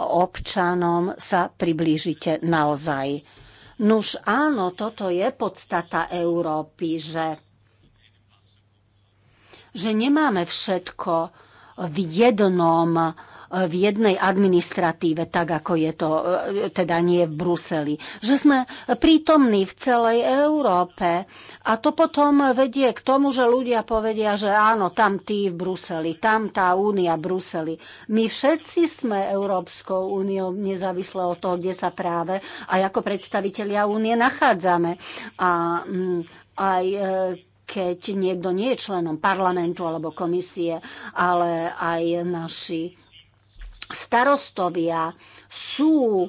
občanom sa priblížite naozaj. Nuž áno, toto je podstata Európy, že, že nemáme všetko v jednom v jednej administratíve, tak ako je to e, teda nie v Bruseli. Že sme prítomní v celej Európe a to potom vedie k tomu, že ľudia povedia, že áno, tam tí v Bruseli, tam tá únia v Bruseli. My všetci sme Európskou úniou nezávisle od toho, kde sa práve a ako predstavitelia únie nachádzame. A mm, aj e, keď niekto nie je členom parlamentu alebo komisie, ale aj naši starostovia sú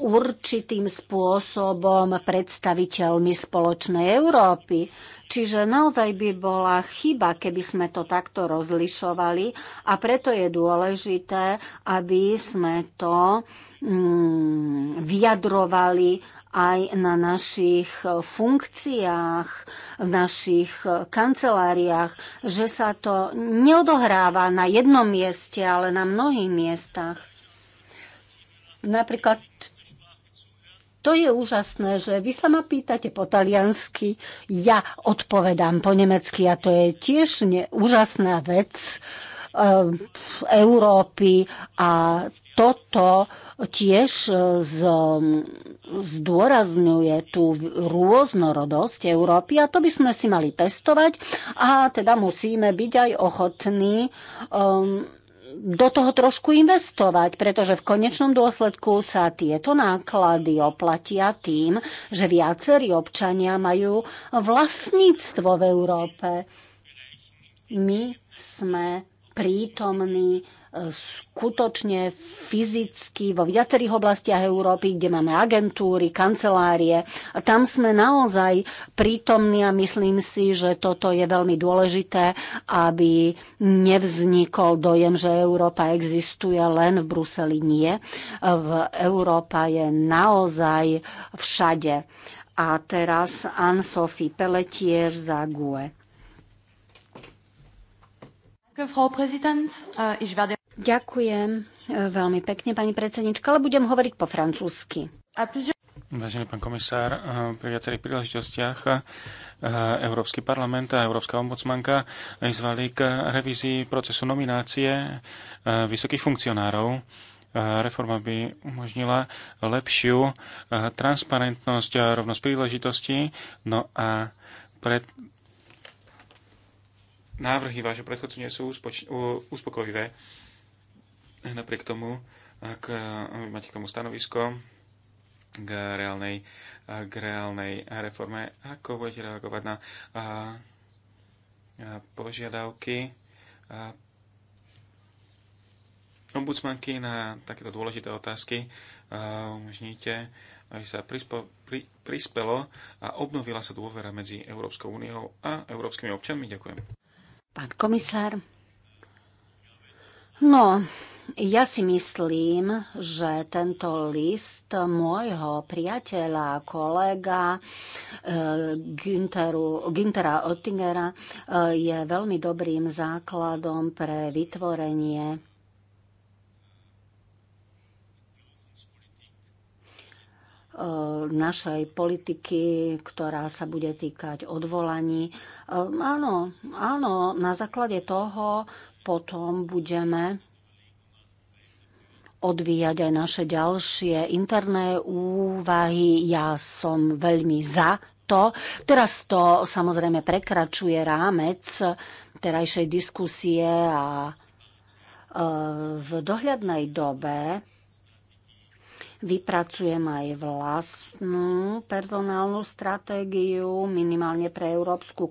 určitým spôsobom predstaviteľmi spoločnej Európy. Čiže naozaj by bola chyba, keby sme to takto rozlišovali a preto je dôležité, aby sme to mm, vyjadrovali aj na našich e, funkciách, v našich e, kanceláriách, že sa to neodohráva na jednom mieste, ale na mnohých miestach. Napríklad to je úžasné, že vy sa ma pýtate po taliansky, ja odpovedám po nemecky a to je tiež ne, úžasná vec, Eh, Európy a toto tiež eh, zdôrazňuje tú rôznorodosť Európy a to by sme si mali pestovať a teda musíme byť aj ochotní ehm, do toho trošku investovať, pretože v konečnom dôsledku sa tieto náklady oplatia tým, že viacerí občania majú vlastníctvo v Európe. My sme prítomní e, skutočne fyzicky vo viacerých oblastiach Európy, kde máme agentúry, kancelárie. A tam sme naozaj prítomní a myslím si, že toto je veľmi dôležité, aby nevznikol dojem, že Európa existuje len v Bruseli. Nie. E, v Európa je naozaj všade. A teraz Anne-Sophie Pelletier za GUE. Äh, Ďakujem äh, veľmi pekne, pani predsednička, ale budem hovoriť po francúzsky. Vážený pán komisár, äh, pri viacerých príležitostiach Európsky parlament a Európska ombudsmanka vyzvali k revízii procesu nominácie vysokých funkcionárov. Reforma by umožnila lepšiu transparentnosť a rovnosť príležitosti. no a pred, návrhy vášho predchodcu nie sú uspokojivé. Napriek tomu, ak eh, máte k tomu stanovisko, k reálnej, eh, k reálnej reforme, ako budete reagovať na a, eh, a požiadavky a ombudsmanky na takéto dôležité otázky. A umožníte, aby sa prispo, pri, prispelo a obnovila sa dôvera medzi Európskou úniou a európskymi občanmi. Ďakujem. Pán komisár. No, ja si myslím, že tento list môjho priateľa a kolega eh, Günteru, Güntera Oettingera eh, je veľmi dobrým základom pre vytvorenie Eh, našej politiky, ktorá sa bude týkať odvolaní. Eh, áno, áno, na základe toho potom budeme odvíjať aj naše ďalšie interné úvahy. Ja som veľmi za to. Teraz to samozrejme prekračuje rámec terajšej diskusie a eh, v dohľadnej dobe Vypracujem aj vlastnú personálnu stratégiu, minimálne pre Európsku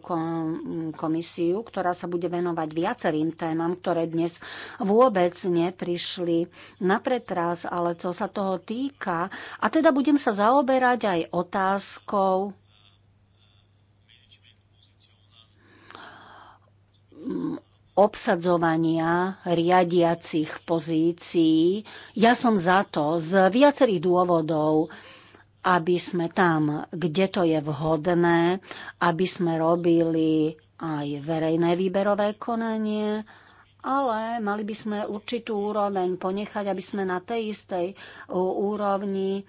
komisiu, ktorá sa bude venovať viacerým témam, ktoré dnes vôbec neprišli na pretras, ale co sa toho týka. A teda budem sa zaoberať aj otázkou obsadzovania riadiacich pozícií. Ja som za to z viacerých dôvodov, aby sme tam, kde to je vhodné, aby sme robili aj verejné výberové konanie, ale mali by sme určitú úroveň ponechať, aby sme na tej istej úrovni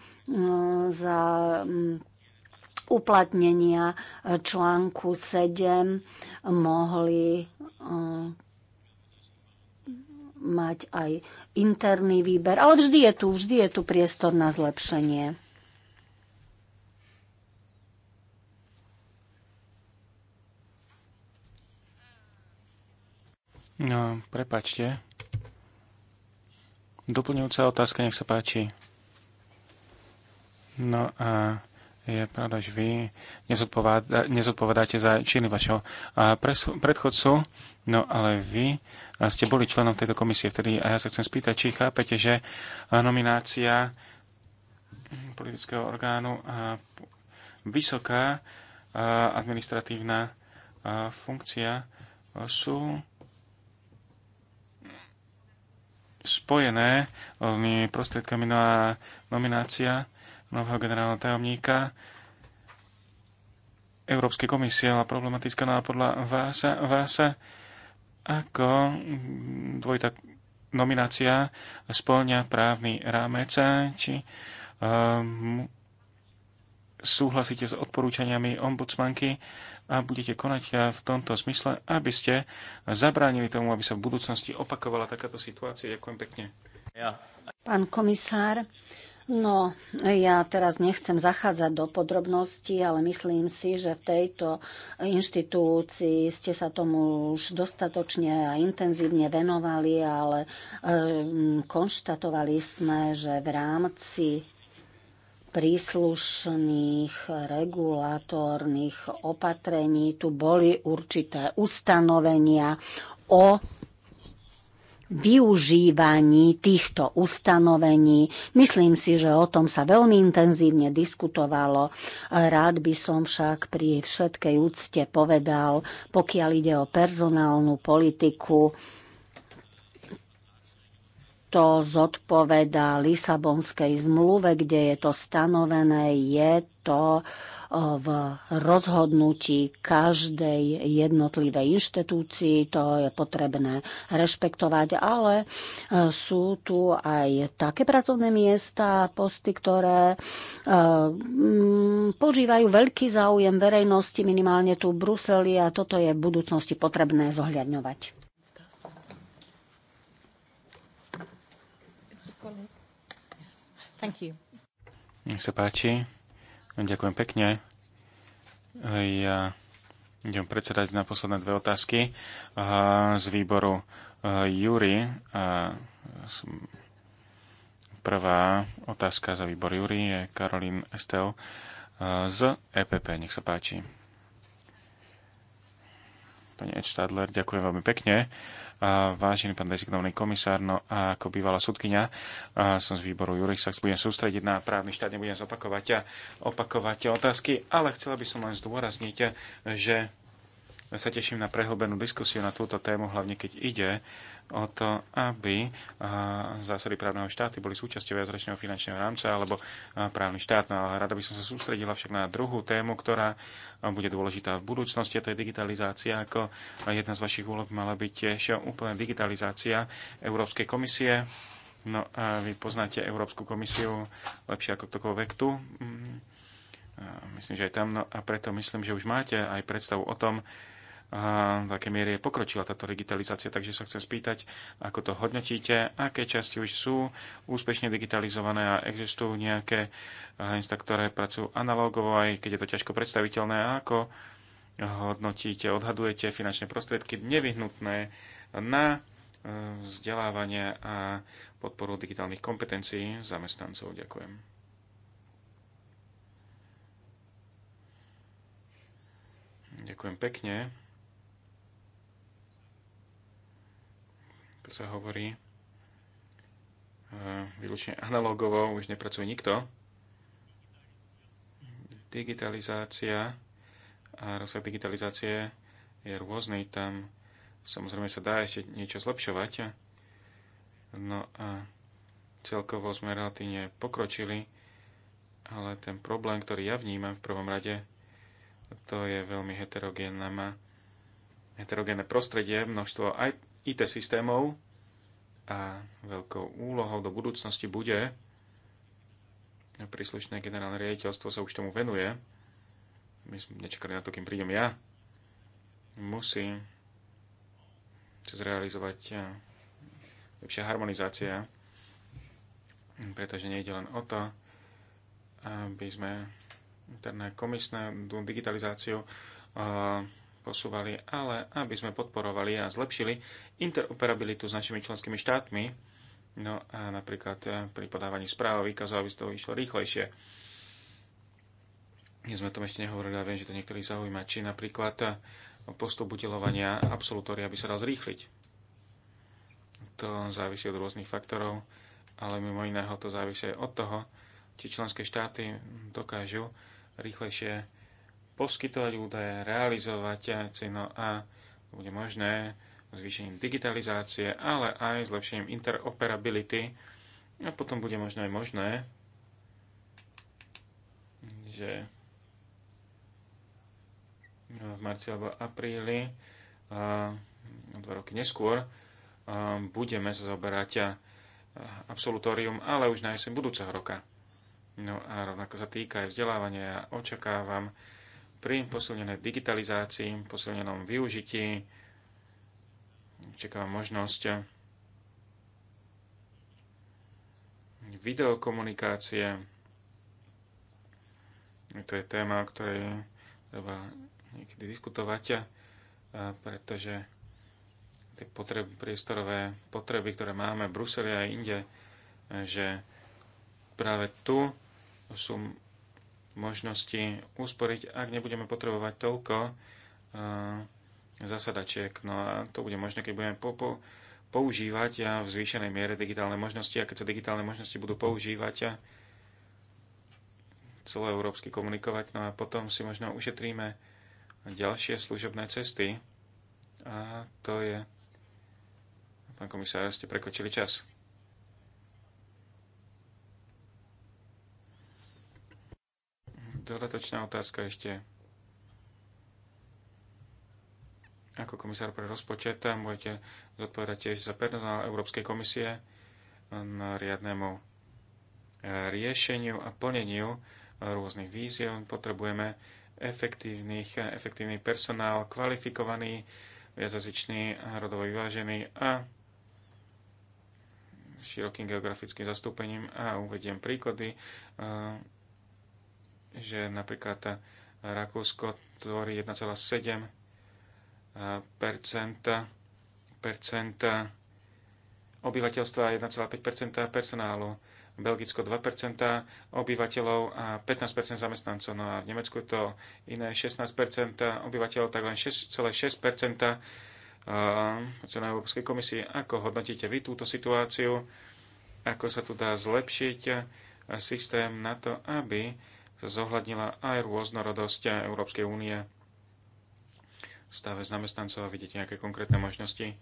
za hm, uplatnenia e, článku 7 mohli e, mať aj interný výber, ale vždy je tu, vždy je tu priestor na zlepšenie. No, prepačte. Doplňujúca otázka, nech sa páči. No a je pravda, že vy nezodpovedá, nezodpovedáte za činy vašho predchodcu, no ale vy ste boli členom tejto komisie vtedy a ja sa chcem spýtať, či chápete, že nominácia politického orgánu a vysoká administratívna funkcia sú spojené prostriedkami no a nominácia nového generálneho tajomníka Európskej komisie, bola problematická no a podľa vás, vás ako dvojitá nominácia spĺňa právny rámec, či um, súhlasíte s odporúčaniami ombudsmanky a budete konať v tomto zmysle, aby ste zabránili tomu, aby sa v budúcnosti opakovala takáto situácia. Ďakujem pekne. Ja. Pán komisár, No, ja teraz nechcem zachádzať do podrobností, ale myslím si, že v tejto inštitúcii ste sa tomu už dostatočne a intenzívne venovali, ale um, konštatovali sme, že v rámci príslušných regulatórnych opatrení tu boli určité ustanovenia o využívaní týchto ustanovení. Myslím si, že o tom sa veľmi intenzívne diskutovalo. Rád by som však pri všetkej úcte povedal, pokiaľ ide o personálnu politiku, to zodpovedá Lisabonskej zmluve, kde je to stanovené, je to uh, v rozhodnutí každej jednotlivej inštitúcii. To je potrebné rešpektovať, ale e, sú tu aj také pracovné miesta, posty, ktoré e, požívajú veľký záujem verejnosti, minimálne tu v Bruseli a toto je v budúcnosti potrebné zohľadňovať. Thank you. Nech sa páči. Ďakujem pekne. Ja idem predsedať na posledné dve otázky z výboru e, Júri. Prvá otázka za výbor Júri je Karolín Estel e, z EPP. Nech sa páči. Pani Edstadler, ďakujem veľmi pekne vážený pán dezignovaný komisár, no a ako bývalá sudkynia, som z výboru Jurich, sa budem sústrediť na právny štát, nebudem zopakovať a opakovať otázky, ale chcela by som len zdôrazniť, že sa teším na prehlbenú diskusiu na túto tému, hlavne keď ide o to, aby zásady právneho štáty boli súčasťou viacročného finančného rámca alebo právny štát. No, ale rada by som sa sústredila však na druhú tému, ktorá bude dôležitá v budúcnosti, a to je digitalizácia. Ako jedna z vašich úloh mala byť tiež úplná digitalizácia Európskej komisie. No a vy poznáte Európsku komisiu lepšie ako ktokoľvek tu. Mm. Myslím, že aj tam. No a preto myslím, že už máte aj predstavu o tom, v akej miere je pokročila táto digitalizácia. Takže sa chcem spýtať, ako to hodnotíte, aké časti už sú úspešne digitalizované a existujú nejaké eh, miesta, ktoré pracujú analogovo, aj keď je to ťažko predstaviteľné, a ako hodnotíte, odhadujete finančné prostriedky nevyhnutné na eh, vzdelávanie a podporu digitálnych kompetencií zamestnancov. Ďakujem. Ďakujem pekne. sa hovorí e, výlučne analogovo, už nepracuje nikto. Digitalizácia a rozsah digitalizácie je rôzny, tam samozrejme sa dá ešte niečo zlepšovať. No a celkovo sme relatívne pokročili, ale ten problém, ktorý ja vnímam v prvom rade, to je veľmi heterogénne prostredie, množstvo aj IT systémov a veľkou úlohou do budúcnosti bude, príslušné generálne riaditeľstvo sa už tomu venuje, my sme nečakali na to, kým prídem ja, musí zrealizovať eh, lepšia harmonizácia, pretože nejde len o to, aby sme interné komisné digitalizáciu eh, posúvali, ale aby sme podporovali a zlepšili interoperabilitu s našimi členskými štátmi. No a napríklad eh, pri podávaní správ výkazov, aby to išlo rýchlejšie. My sme o tom ešte nehovorili a viem, že to niektorých zaujíma, či napríklad eh, postup udelovania absolutória by sa dal zrýchliť. To závisí od rôznych faktorov, ale mimo iného to závisí aj od toho, či členské štáty dokážu rýchlejšie poskytovať údaje, realizovať ceno a bude možné zvýšením digitalizácie, ale aj zlepšením interoperability a potom bude možno aj možné, že v marci alebo apríli o dva roky neskôr budeme sa zoberať absolutórium, ale už na jeseň budúceho roka. No a rovnako sa týka aj vzdelávania. Ja očakávam, pri posilnenej digitalizácii, posilnenom využití. Čaká možnosť videokomunikácie. To je téma, o ktorej treba niekedy diskutovať, pretože tie potreby, priestorové potreby, ktoré máme v Bruseli a inde, že práve tu sú možnosti usporiť, ak nebudeme potrebovať toľko eh, zasadačiek. No a to bude možné, keď budeme po, po, používať a v zvýšenej miere digitálne možnosti a keď sa digitálne možnosti budú používať a celoeurópsky komunikovať, no a potom si možno ušetríme ďalšie služobné cesty a to je... Pán komisár, ste prekočili čas. dodatočná otázka ešte. Ako komisár pre rozpočet tam budete zodpovedať tiež za personál Európskej komisie na riadnemu eh, riešeniu a plneniu rôznych víziev. Potrebujeme efektívnych, efektívny personál, kvalifikovaný, viazazyčný, rodovo vyvážený a širokým geografickým zastúpením a uvediem príklady eh, že napríklad Rakúsko tvorí 1,7 eh, percenta obyvateľstva a 1,5 personálu. Belgicko 2 obyvateľov a 15 zamestnancov. No a v Nemecku je to iné 16 obyvateľov, tak len 6,6 eh, na Európskej komisii. Ako hodnotíte vy túto situáciu? Ako sa tu dá zlepšiť eh, systém na to, aby sa zohľadnila aj rôznorodosť Európskej únie v stave zamestnancov a vidíte nejaké konkrétne možnosti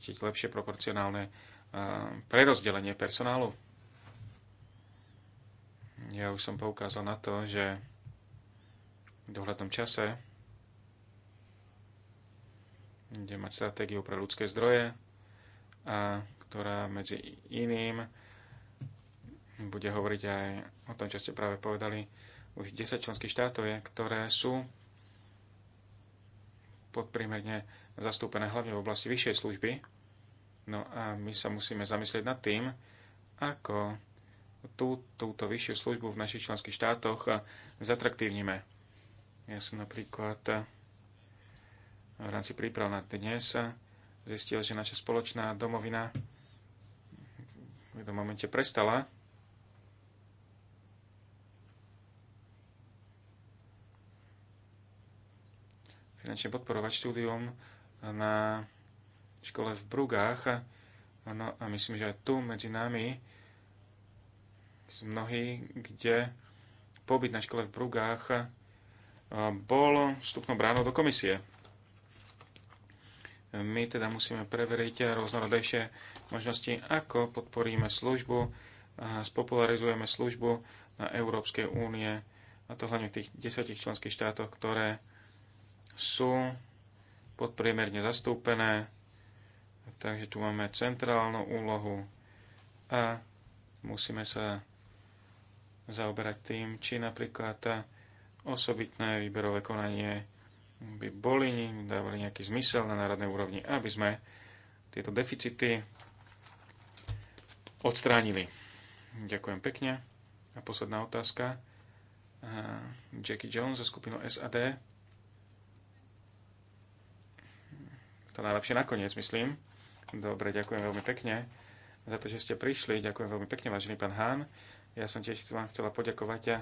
zistiť lepšie proporcionálne prerozdelenie personálu. Ja už som poukázal na to, že v dohľadnom čase bude mať stratégiu pre ľudské zdroje, a ktorá medzi iným bude hovoriť aj o tom, čo ste práve povedali. Už 10 členských štátov je, ktoré sú podprímerne zastúpené hlavne v oblasti vyššej služby. No a my sa musíme zamyslieť nad tým, ako tú, túto vyššiu službu v našich členských štátoch zatraktívnime. Ja som napríklad v rámci príprav na dnes zistil, že naša spoločná domovina v jednom momente prestala finančne podporovať štúdium na škole v Brugách. No a myslím, že aj tu medzi nami sú mnohí, kde pobyt na škole v Brugách bol vstupnou bránou do komisie. My teda musíme preveriť rôznorodejšie možnosti, ako podporíme službu a spopularizujeme službu na Európskej únie, a to hlavne v tých desiatich členských štátoch, ktoré sú podpriemerne zastúpené, takže tu máme centrálnu úlohu a musíme sa zaoberať tým, či napríklad tá osobitné výberové konanie by boli, dávali nejaký zmysel na národnej úrovni, aby sme tieto deficity odstránili. Ďakujem pekne. A posledná otázka. Jackie Jones za skupinu SAD. to najlepšie nakoniec, myslím. Dobre, ďakujem veľmi pekne za to, že ste prišli. Ďakujem veľmi pekne, vážený pán Hán. Ja som tiež vám chcela poďakovať eh,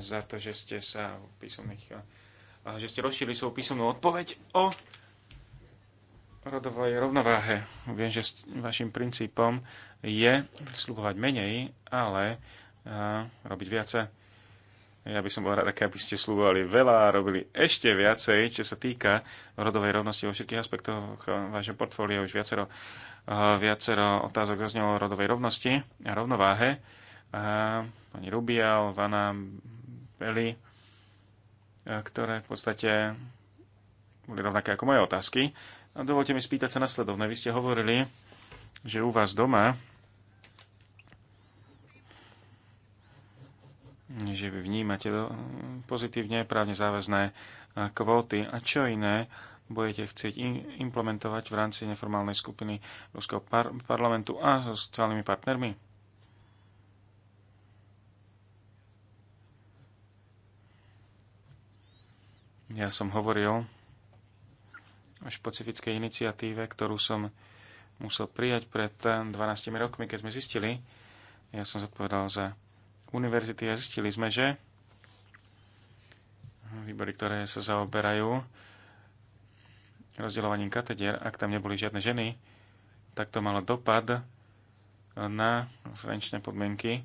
za to, že ste sa písomných, písomných, eh, eh, že ste rozšírili svoju písomnú odpoveď o rodovej rovnováhe. Viem, že vašim princípom je slubovať menej, ale robiť viacej ja by som bol rád, aby ste slúbovali veľa a robili ešte viacej, čo sa týka rodovej rovnosti vo všetkých aspektoch vášho portfólia. Už viacero, eh, viacero otázok zaznelo o rodovej rovnosti a rovnováhe. A pani Rubial, Vana, Beli, eh, ktoré v podstate boli rovnaké ako moje otázky. A dovolte mi spýtať sa nasledovne. Vy ste hovorili, že u vás doma že vy vnímate pozitívne právne záväzné eh, kvóty a čo iné budete chcieť implementovať v rámci neformálnej skupiny Ruského par- parlamentu a so sociálnymi partnermi? Ja som hovoril o špecifickej iniciatíve, ktorú som musel prijať pred 12 eh, rokmi, keď sme zistili, ja som zodpovedal za univerzity a zistili sme, že výbory, ktoré sa zaoberajú rozdeľovaním katedier, ak tam neboli žiadne ženy, tak to malo dopad na finančné podmienky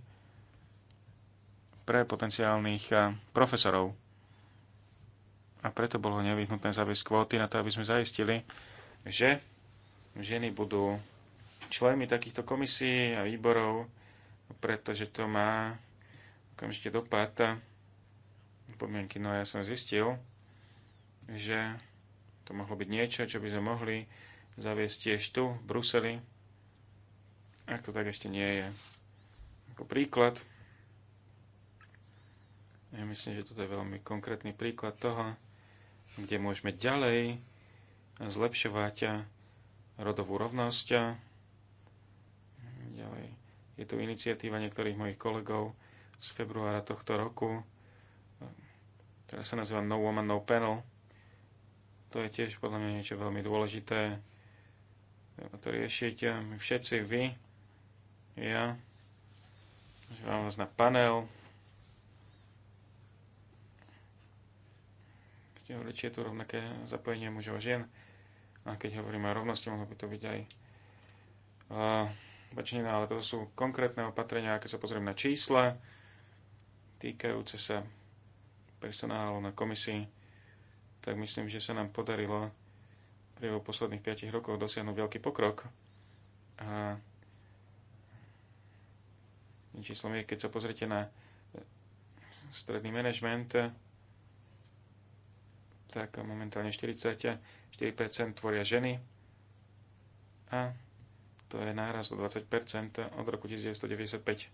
pre potenciálnych profesorov. A preto bolo nevyhnutné zaviesť kvóty na to, aby sme zaistili, že ženy budú členmi takýchto komisí a výborov, pretože to má okamžite páta podmienky. No a ja som zistil, že to mohlo byť niečo, čo by sme mohli zaviesť tiež tu, v Bruseli, ak to tak ešte nie je. Ako príklad, ja myslím, že toto je veľmi konkrétny príklad toho, kde môžeme ďalej zlepšovať rodovú rovnosť. Ďalej je tu iniciatíva niektorých mojich kolegov z februára tohto roku, ktorá sa nazýva No Woman, No Panel. To je tiež podľa mňa niečo veľmi dôležité. Treba to riešiť. My všetci, vy, ja, Žívam vás na panel. Ste hovorili, či je tu rovnaké zapojenie mužov a žien. A keď hovoríme o rovnosti, mohlo by to byť aj uh, bačnina, no, ale to sú konkrétne opatrenia, keď sa pozriem na čísla, týkajúce sa personálu na komisii, tak myslím, že sa nám podarilo pri posledných 5 rokov dosiahnuť veľký pokrok. A číslom je, keď sa pozrite na stredný manažment, tak momentálne 44% tvoria ženy a to je náraz o 20% od roku 1995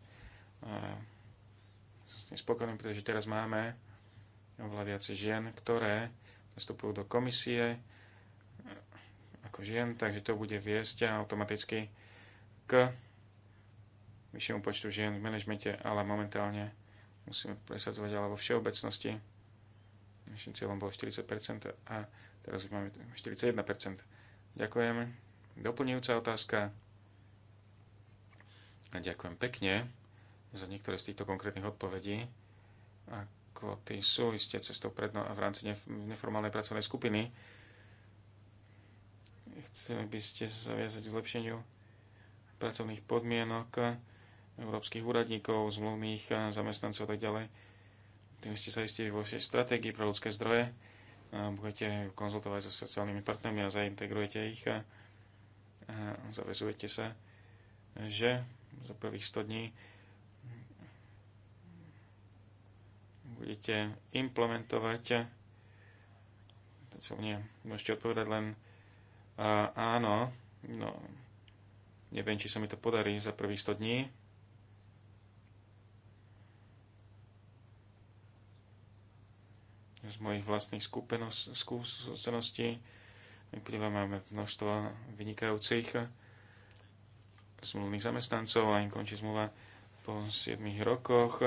tým spokojným, pretože teraz máme oveľa viac žien, ktoré nastupujú do komisie e, ako žien, takže to bude viesť automaticky k vyššiemu počtu žien v manažmente, ale momentálne musíme presadzovať alebo všeobecnosti. Našim cieľom bolo 40% a teraz už máme 41%. Ďakujem. Doplňujúca otázka. A ďakujem pekne za niektoré z týchto konkrétnych odpovedí. ako tí sú ste cestou predno v rámci neformálnej pracovnej skupiny. Chceli by ste sa zaviazať k zlepšeniu pracovných podmienok európskych úradníkov, zmluvných eh, zamestnancov a tak ďalej. Tým ste sa istili vo vašej stratégii pre ľudské zdroje. Eh, budete konzultovať so sociálnymi partnermi a zaintegrujete ich a, eh, a zavezujete sa, že za prvých 100 dní budete implementovať, nie, môžete odpovedať len uh, áno, no, neviem, či sa mi to podarí za prvých 100 dní. Z mojich vlastných skúseností vyplýva máme množstvo vynikajúcich zmluvných zamestnancov a im končí zmluva po 7 rokoch.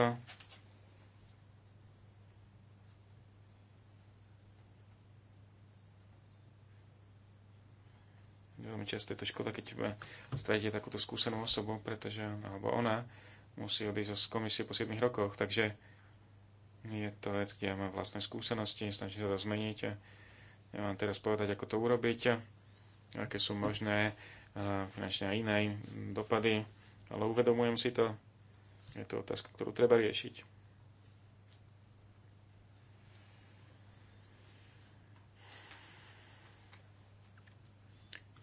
Veľmi často je to škoda, keď stratíte takúto skúsenú osobu, pretože alebo ona musí odísť z komisie po 7 rokoch, takže je to vec, kde ja mám vlastné skúsenosti, snažím sa to zmeniť. Ja vám teraz povedať, ako to urobiť, aké sú možné finančne a iné dopady, ale uvedomujem si to. Je to otázka, ktorú treba riešiť.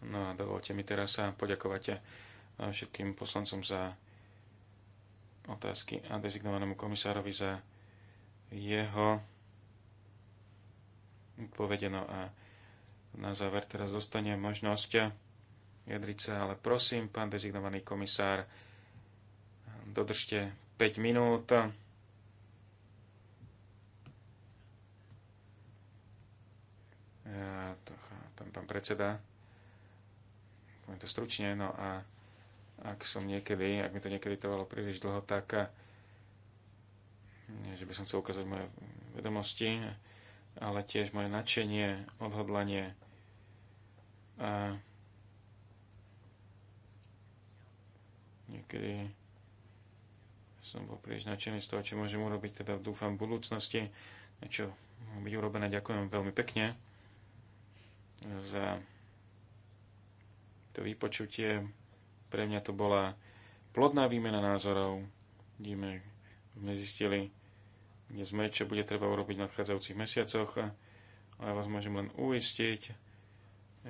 No a dovolte mi teraz sa poďakovať eh, všetkým poslancom za otázky a dezignovanému komisárovi za jeho povedeno a na záver teraz dostane možnosť eh, jadriť sa, ale prosím, pán dezignovaný komisár, dodržte 5 minút. Ja to chápem, pán predseda poviem to stručne, no a ak som niekedy, ak mi to niekedy trvalo príliš dlho, tak eh, nie, že by som chcel ukázať moje vedomosti, ale tiež moje nadšenie, odhodlanie a niekedy som bol príliš nadšený z toho, čo môžem urobiť, teda dúfam v budúcnosti, čo byť urobené. Ďakujem veľmi pekne za to vypočutie. Pre mňa to bola plodná výmena názorov. Vidíme, sme zistili, kde sme, čo bude treba urobiť v nadchádzajúcich mesiacoch. ale ja vás môžem len uistiť,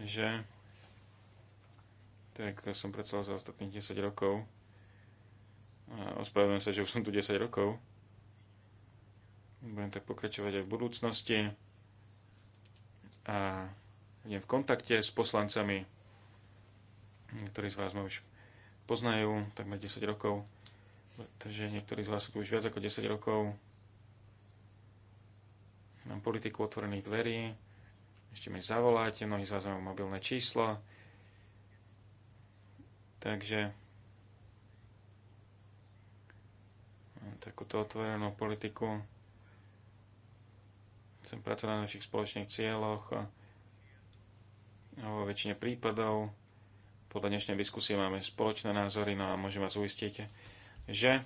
že tak som predstavol za ostatných 10 rokov. A ospravedlňujem sa, že už som tu 10 rokov. Budem tak pokračovať aj v budúcnosti. A budem v kontakte s poslancami Niektorí z vás ma už poznajú takmer 10 rokov, Takže niektorí z vás sú tu už viac ako 10 rokov. Mám politiku otvorených dverí, ešte mi zavoláte, mnohí z vás majú mobilné číslo. Takže takúto otvorenú politiku. Chcem pracovať na našich spoločných cieľoch a vo väčšine prípadov podľa dnešnej diskusie máme spoločné názory, no a môžem vás uistiť, že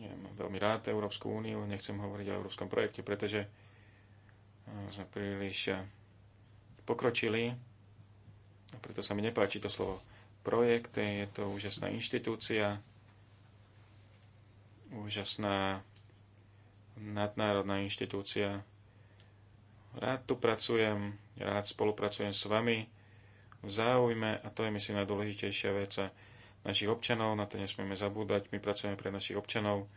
ja mám veľmi rád Európsku úniu, nechcem hovoriť o európskom projekte, pretože eh, sme príliš eh, pokročili a preto sa mi nepáči to slovo projekt, je to úžasná inštitúcia, úžasná nadnárodná inštitúcia. Rád tu pracujem, rád spolupracujem s vami v záujme, a to je myslím najdôležitejšia vec našich občanov, na to nesmieme zabúdať, my pracujeme pre našich občanov.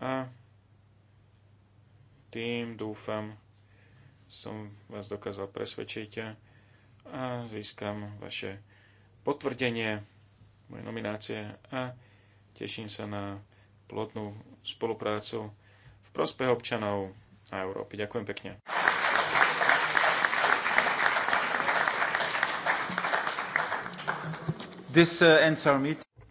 A tým dúfam, som vás dokázal presvedčiť a získam vaše potvrdenie mojej nominácie a teším sa na plodnú spoluprácu v prospech občanov na Európy. Ďakujem pekne. This uh, ends our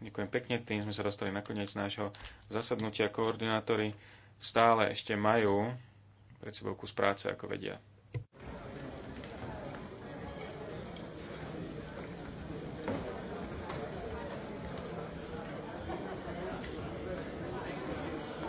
Ďakujem pekne, tým sme sa dostali na koniec nášho zasadnutia. Koordinátori stále ešte majú pred sebou kus práce, ako vedia.